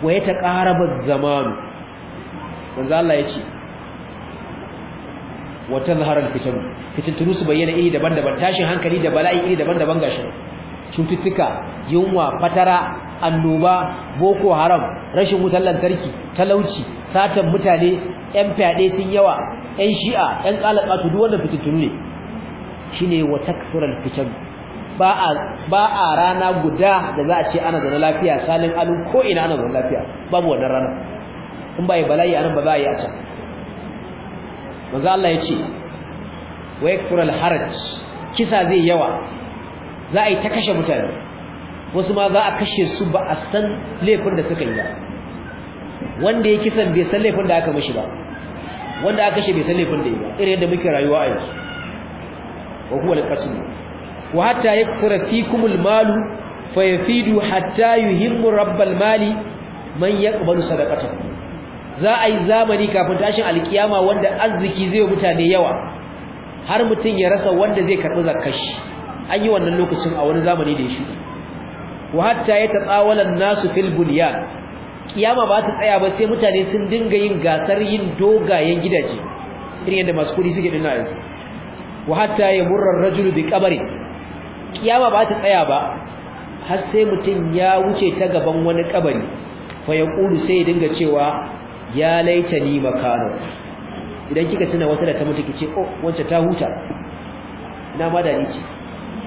wa ya karaba zamanu manzo Allah ya ce wata zaharar al-fitan turu su bayyana iri daban-daban tashin hankali da bala'i iri daban-daban gashi cututtuka yunwa fatara annoba boko haram rashin wutar lantarki talauci satan mutane yan fyaɗe sun yawa yan shi'a yan kalaka su duk wannan fitintunu ne shine wa wata fitan ba a ba a rana guda da za a ce ana zaune lafiya salin alu ko ina ana zaune lafiya babu wannan rana in ba yi bala'i anan ba za a yi a can manzo Allah yace wa yakfur al haraj kisa zai yawa za a yi ta kashe mutane wasu ma za a kashe su ba a san laifin da suka yi ba wanda ya kisan bai san laifin da aka mishi ba wanda aka kashe bai san laifin da yi ba irin yadda muke rayuwa a yanzu wa huwa al ne. wa hatta yakthura fikum al-mal fa yafidu hatta yuhimmu rabb al-mali man yaqbalu sadaqatahu za a yi zamani kafin tashin alkiyama wanda arziki zai mutane yawa har mutum ya rasa wanda zai karɓi zakashi an yi wannan lokacin a wani zamani da ya shuɗe wa hatta ya tsawala nasu fil bunyan kiyama ba ta tsaya ba sai mutane sun dinga yin gasar yin dogayen gidaje irin yadda masu kuɗi suke dinna yi wa hatta ya murra rajul bi qabri kiyama ba ta tsaya ba har sai mutum ya wuce ta gaban wani kabari fa ya sai ya dinga cewa ya laita ni makano idan kika tuna wata da ta mutu kice oh wacce ta huta ina ma da ni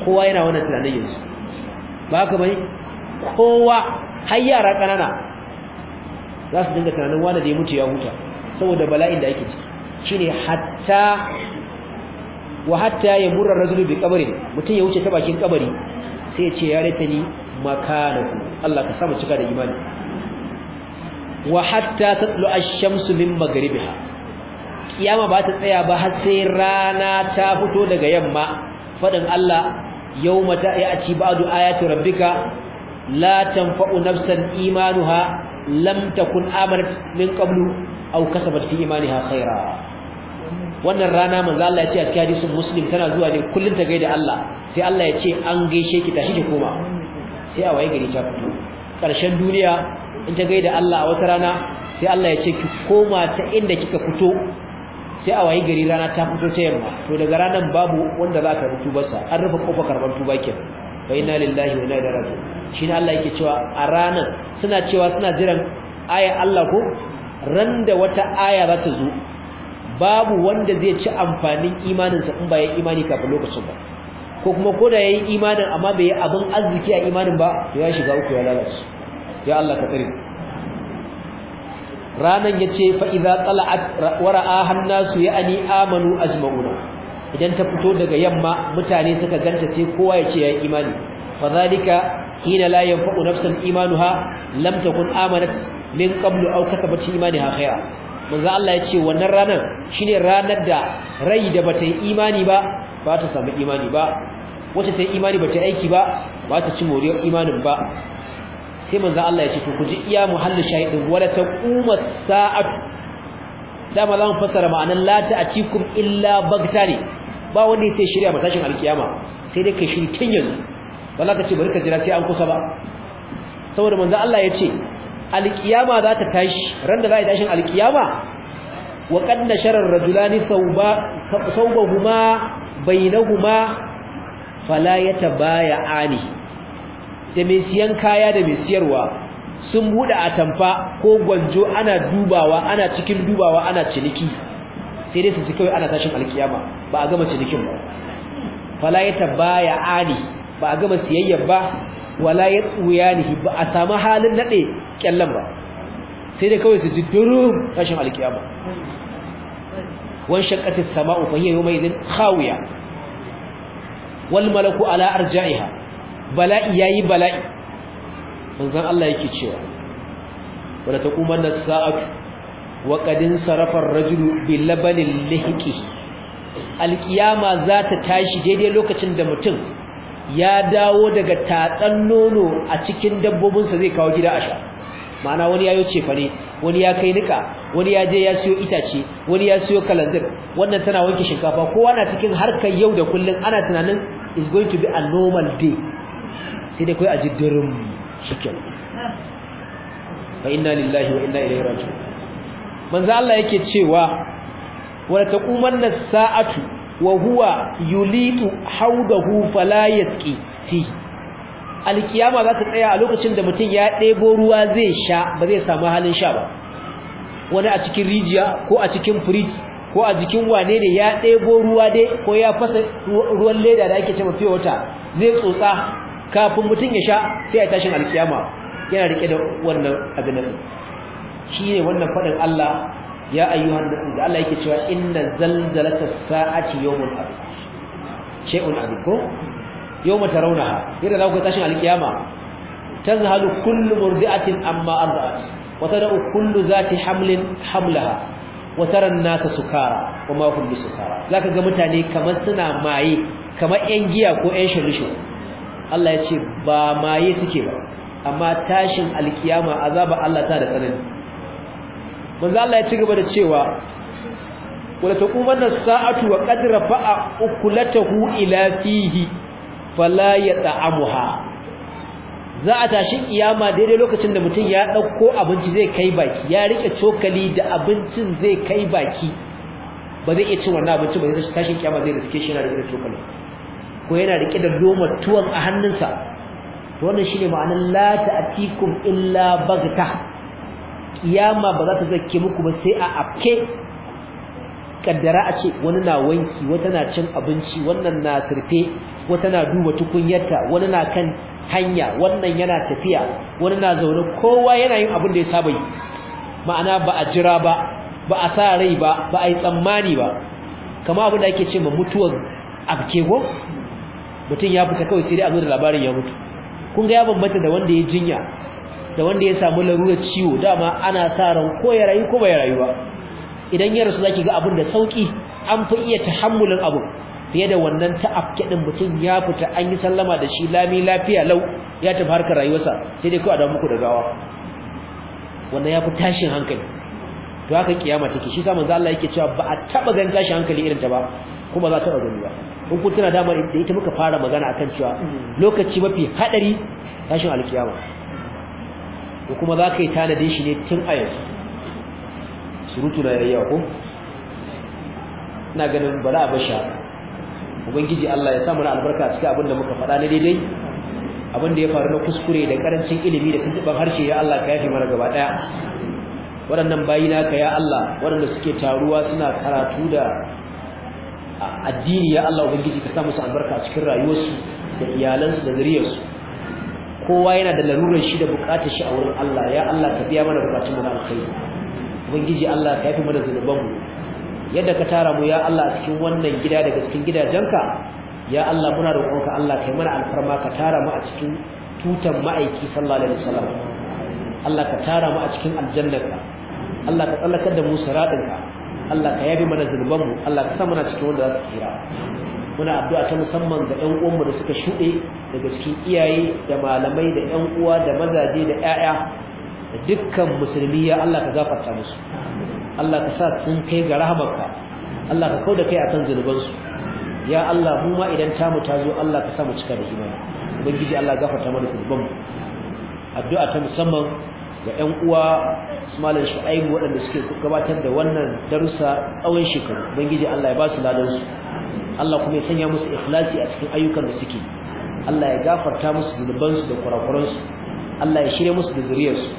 kowa yana wannan tunanin yanzu ba haka bane kowa har yara kanana za su dinga tunanin wani da ya mutu ya huta saboda bala'in da ake ciki shine hatta wa hatta ya burra rajulu bi qabrin mutun ya wuce ta bakin kabari sai ya ce ya laita laitani makano Allah ka samu cika da imani wa hatta tatlu ash-shamsu min maghribiha kiyama ba ta tsaya ba har sai rana ta fito daga yamma fadin Allah yawma ta ya'ti ba'du ayati rabbika la tanfa'u nafsan imanuha lam takun amanat min qablu aw kasabat fi imaniha khaira wannan rana manzo Allah ya ce a cikin hadisin muslim tana zuwa ne kullun ta gaida Allah sai Allah ya ce an gaishe ki tashi ki koma sai a waye gari ta fito karshen duniya in ta gaida Allah a wata rana sai Allah ya ce ki koma ta inda kika fito sai a wayi gari rana ta fito ta yamma to daga ranan babu wanda za ka rutu basa an rufe kofar karban tuba ke fa inna lillahi wa inna ilaihi raji'un shi ne Allah yake cewa a ranan suna cewa suna jiran aya Allah ko ran da wata aya za ta zo babu wanda zai ci amfanin imaninsa in ba ya imani kafin lokacin ba ko kuma ko da yayi imanin amma bai yi abin arziki a imanin ba To ya shiga uku ya lalace ya Allah ka tsare ranan yace fa idza tala'at wara'a hannasu ya'ani amanu ajma'una idan ta fito daga yamma mutane suka ganta sai kowa yace ya imani fa zalika hina la yanfa'u nafsan imanuha lam takun amanat min qablu aw kasabat imanaha khaira manzo Allah ce wannan ranar shine ranar da rai da bata yi imani ba ba ta samu imani ba wacce ta yi imani bata aiki ba ba ta ci moriyar imanin ba sai manzo Allah ya ce ku ji iya muhallin shahidin wala taquma sa'at dama zan fassara ma'anar la ta'atikum illa bagtani ba wanda sai shirya ba tashin alkiyama sai dai kai shiri tun yanzu ba za ka ce bari ka jira sai an kusa ba saboda manzo Allah ya ce alkiyama za ta tashi ran da za a tashin alkiyama wa qad nashara ar-rajulani thawba thawbahuma bainahuma fala yatabaya'ani da mai siyan kaya da mai siyarwa sun buɗe tamfa ko gwanjo ana dubawa ana cikin dubawa ana ciniki sai dai su ci kawai ana tashin alkiyama ba a gama cinikin ba fala ya tabaya ani ba a gama siyayyar ba wala ya tsuyani ba a samu halin nade kyallan ba sai dai kawai su ji duru tashin alkiyama wan shaqqatis sama'u fa hiya yawma idhin khawiya wal malaku ala arja'iha bala'i ya yi bala'i manzon Allah yake cewa kuma na sa'atu wa ƙadin sarrafar rajulu bil labanil alkiyama za ta tashi daidai lokacin da mutum ya dawo daga tatsan nono a cikin dabbobinsa zai kawo gida asha. ma'ana wani ya yi cefane wani ya kai nika wani ya je ya siyo itace wani ya siyo kalandir wannan tana wanke shinkafa kowa na cikin harkar yau da kullum ana tunanin is going to be a normal day sai dai kai a jiddirin shikin fa inna lillahi wa inna ilaihi raji'un manzo Allah yake cewa wa taqumanna sa'atu wa huwa yulitu haudahu fala yatqi fi alkiyama za ta tsaya a lokacin da mutum ya ɗebo ruwa zai sha ba zai samu halin sha ba wani a cikin rijiya ko a cikin fridge ko a jikin wane ne ya ɗebo ruwa dai ko ya fasa ruwan leda da ake cewa fiye wata zai tsotsa kafin mutum ya sha sai a tashin alkiyama yana rike da wannan abin nan shine wannan fadin Allah ya ayyuhan da Allah yake cewa inna zalzalata sa'ati yawmul abid shay'un abid ko yawma tarawnaha idan za ku tashin alkiyama tazhalu kullu murdi'atin amma arda'at wa tad'u kullu zati hamlin hamlaha wa tara an-nasa sukara wa ma hum bisukara zaka ga mutane kamar suna maye kamar yan giya ko yan shirishu Allah ya ce ba maye suke ba amma tashin alkiyama azaba Allah ta da tsanani manzo Allah ya ci gaba da cewa wala taqumanna sa'atu wa qad rafa'a ukulatahu ila fihi fala yata'amha za a tashi kiyama daidai lokacin da mutum ya dauko abinci zai kai baki ya rike cokali da abincin zai kai baki ba zai iya cin wannan abinci ba zai tashi kiyama zai riske shi yana da cokali ko yana rike da lomar tuwon a hannunsa to wannan shine ma'anar la ta'tikum illa bagta kiyama ba za ta zake muku ba sai a afke kaddara a ce wani na wanki wata na cin abinci wannan na turfe wata na duba tukunyarta wani na kan hanya wannan yana tafiya wani na zaune kowa yana yin abin da ya saba yi ma'ana ba a jira ba ba a sa rai ba ba a yi tsammani ba kama abin da ake ce ma mutuwar abkego mutum ya fita kawai sai dai a zo da labarin ya mutu kun ga ya bambanta da wanda ya jinya da wanda ya samu larurar ciwo dama ana sa ran ko ya rayu ko bai rayu ba idan ya rasu zaki ga abin da sauki an fi iya tahammulin abu fiye da wannan ta'afke din mutum ya fita an yi sallama da shi lami lafiya lau ya tafi harkar rayuwarsa sai dai kawai a damu ku da gawa wannan ya fi tashin hankali to haka kiyama take shi sa manzo Allah yake cewa ba a taba gan tashin hankali irin ta ba kuma za ta gani ba in kun tana damar da ita muka fara magana akan cewa lokaci mafi hadari tashin alkiyama ko kuma za ka yi tanadi shi ne tun a yanzu surutu na yayya ko ina ganin bari a basha ubangiji Allah ya sa mana albarka a cikin abin da muka faɗa na daidai abin da ya faru na kuskure da karancin ilimi da tuntuɓar harshe ya Allah ka yafe mana gaba ɗaya waɗannan bayi naka ya Allah waɗanda suke taruwa suna karatu da addini ya Allah ubangiji ka sa musu albarka a cikin rayuwarsu da iyalansu da zuriyarsu kowa yana da larurar shi da bukatar shi a wurin Allah ya Allah ka biya mana bukatun mana na alkhairi ubangiji Allah ka yafi mana zunuban mu yadda ka tara mu ya Allah a cikin wannan gida daga cikin gidajenka ya Allah muna roƙonka Allah kai mana alfarma ka tara mu a cikin tutan ma'aiki sallallahu alaihi wasallam Allah ka tara mu a cikin aljannarka Allah ka tsallakar da mu saradinka. Allah ka yabi mana mu. Allah ka sa muna cikin wanda za su tsira muna addu'a ta musamman ga ƴan uwanmu da suka shuɗe daga cikin iyaye da malamai da ƴan uwa da mazaje da ƴaƴa da dukkan musulmi ya Allah ka gafarta musu Allah ka sa sun kai ga rahmarka Allah ka kauda kai akan su. ya Allah mu ma idan tamu ta zo Allah ka sa mu cika da imani ubangiji Allah gafarta mana mu. addu'a ta musamman ga ƴan uwa malam shu'aibu waɗanda suke gabatar da wannan darussa tsawon shekaru ubangiji Allah ya ba su ladan Allah kuma ya sanya musu ikhlasi a cikin ayyukan da suke Allah ya gafarta musu zunuban su da kurakuran su Allah ya shirya musu da zuriyar su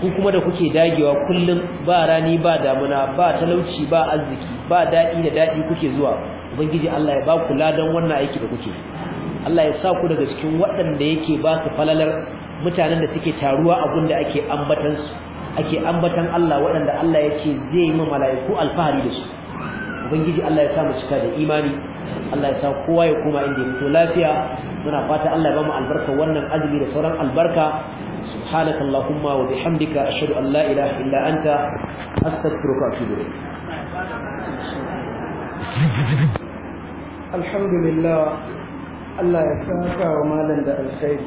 ku kuma da kuke dagewa kullum ba rani ba damuna ba talauci ba arziki ba daɗi da daɗi kuke zuwa ubangiji Allah ya ba ku ladan wannan aiki da kuke Allah ya sa ku daga cikin waɗanda yake ba su falalar mutanen da suke taruwa a gunda ake ambatansu ake ambatan Allah waɗanda Allah ya ce zai yi mala'iku alfahari da su ubangiji Allah ya sa mu cika da imani Allah ya sa kowa ya koma inda ya fito lafiya muna fata Allah ya ba albarka wannan azumi da sauran albarka subhanaka allahumma wa bihamdika ashhadu an la ilaha illa anta astaghfiruka wa atubu alhamdulillah Allah ya saka wa malam da alkhairi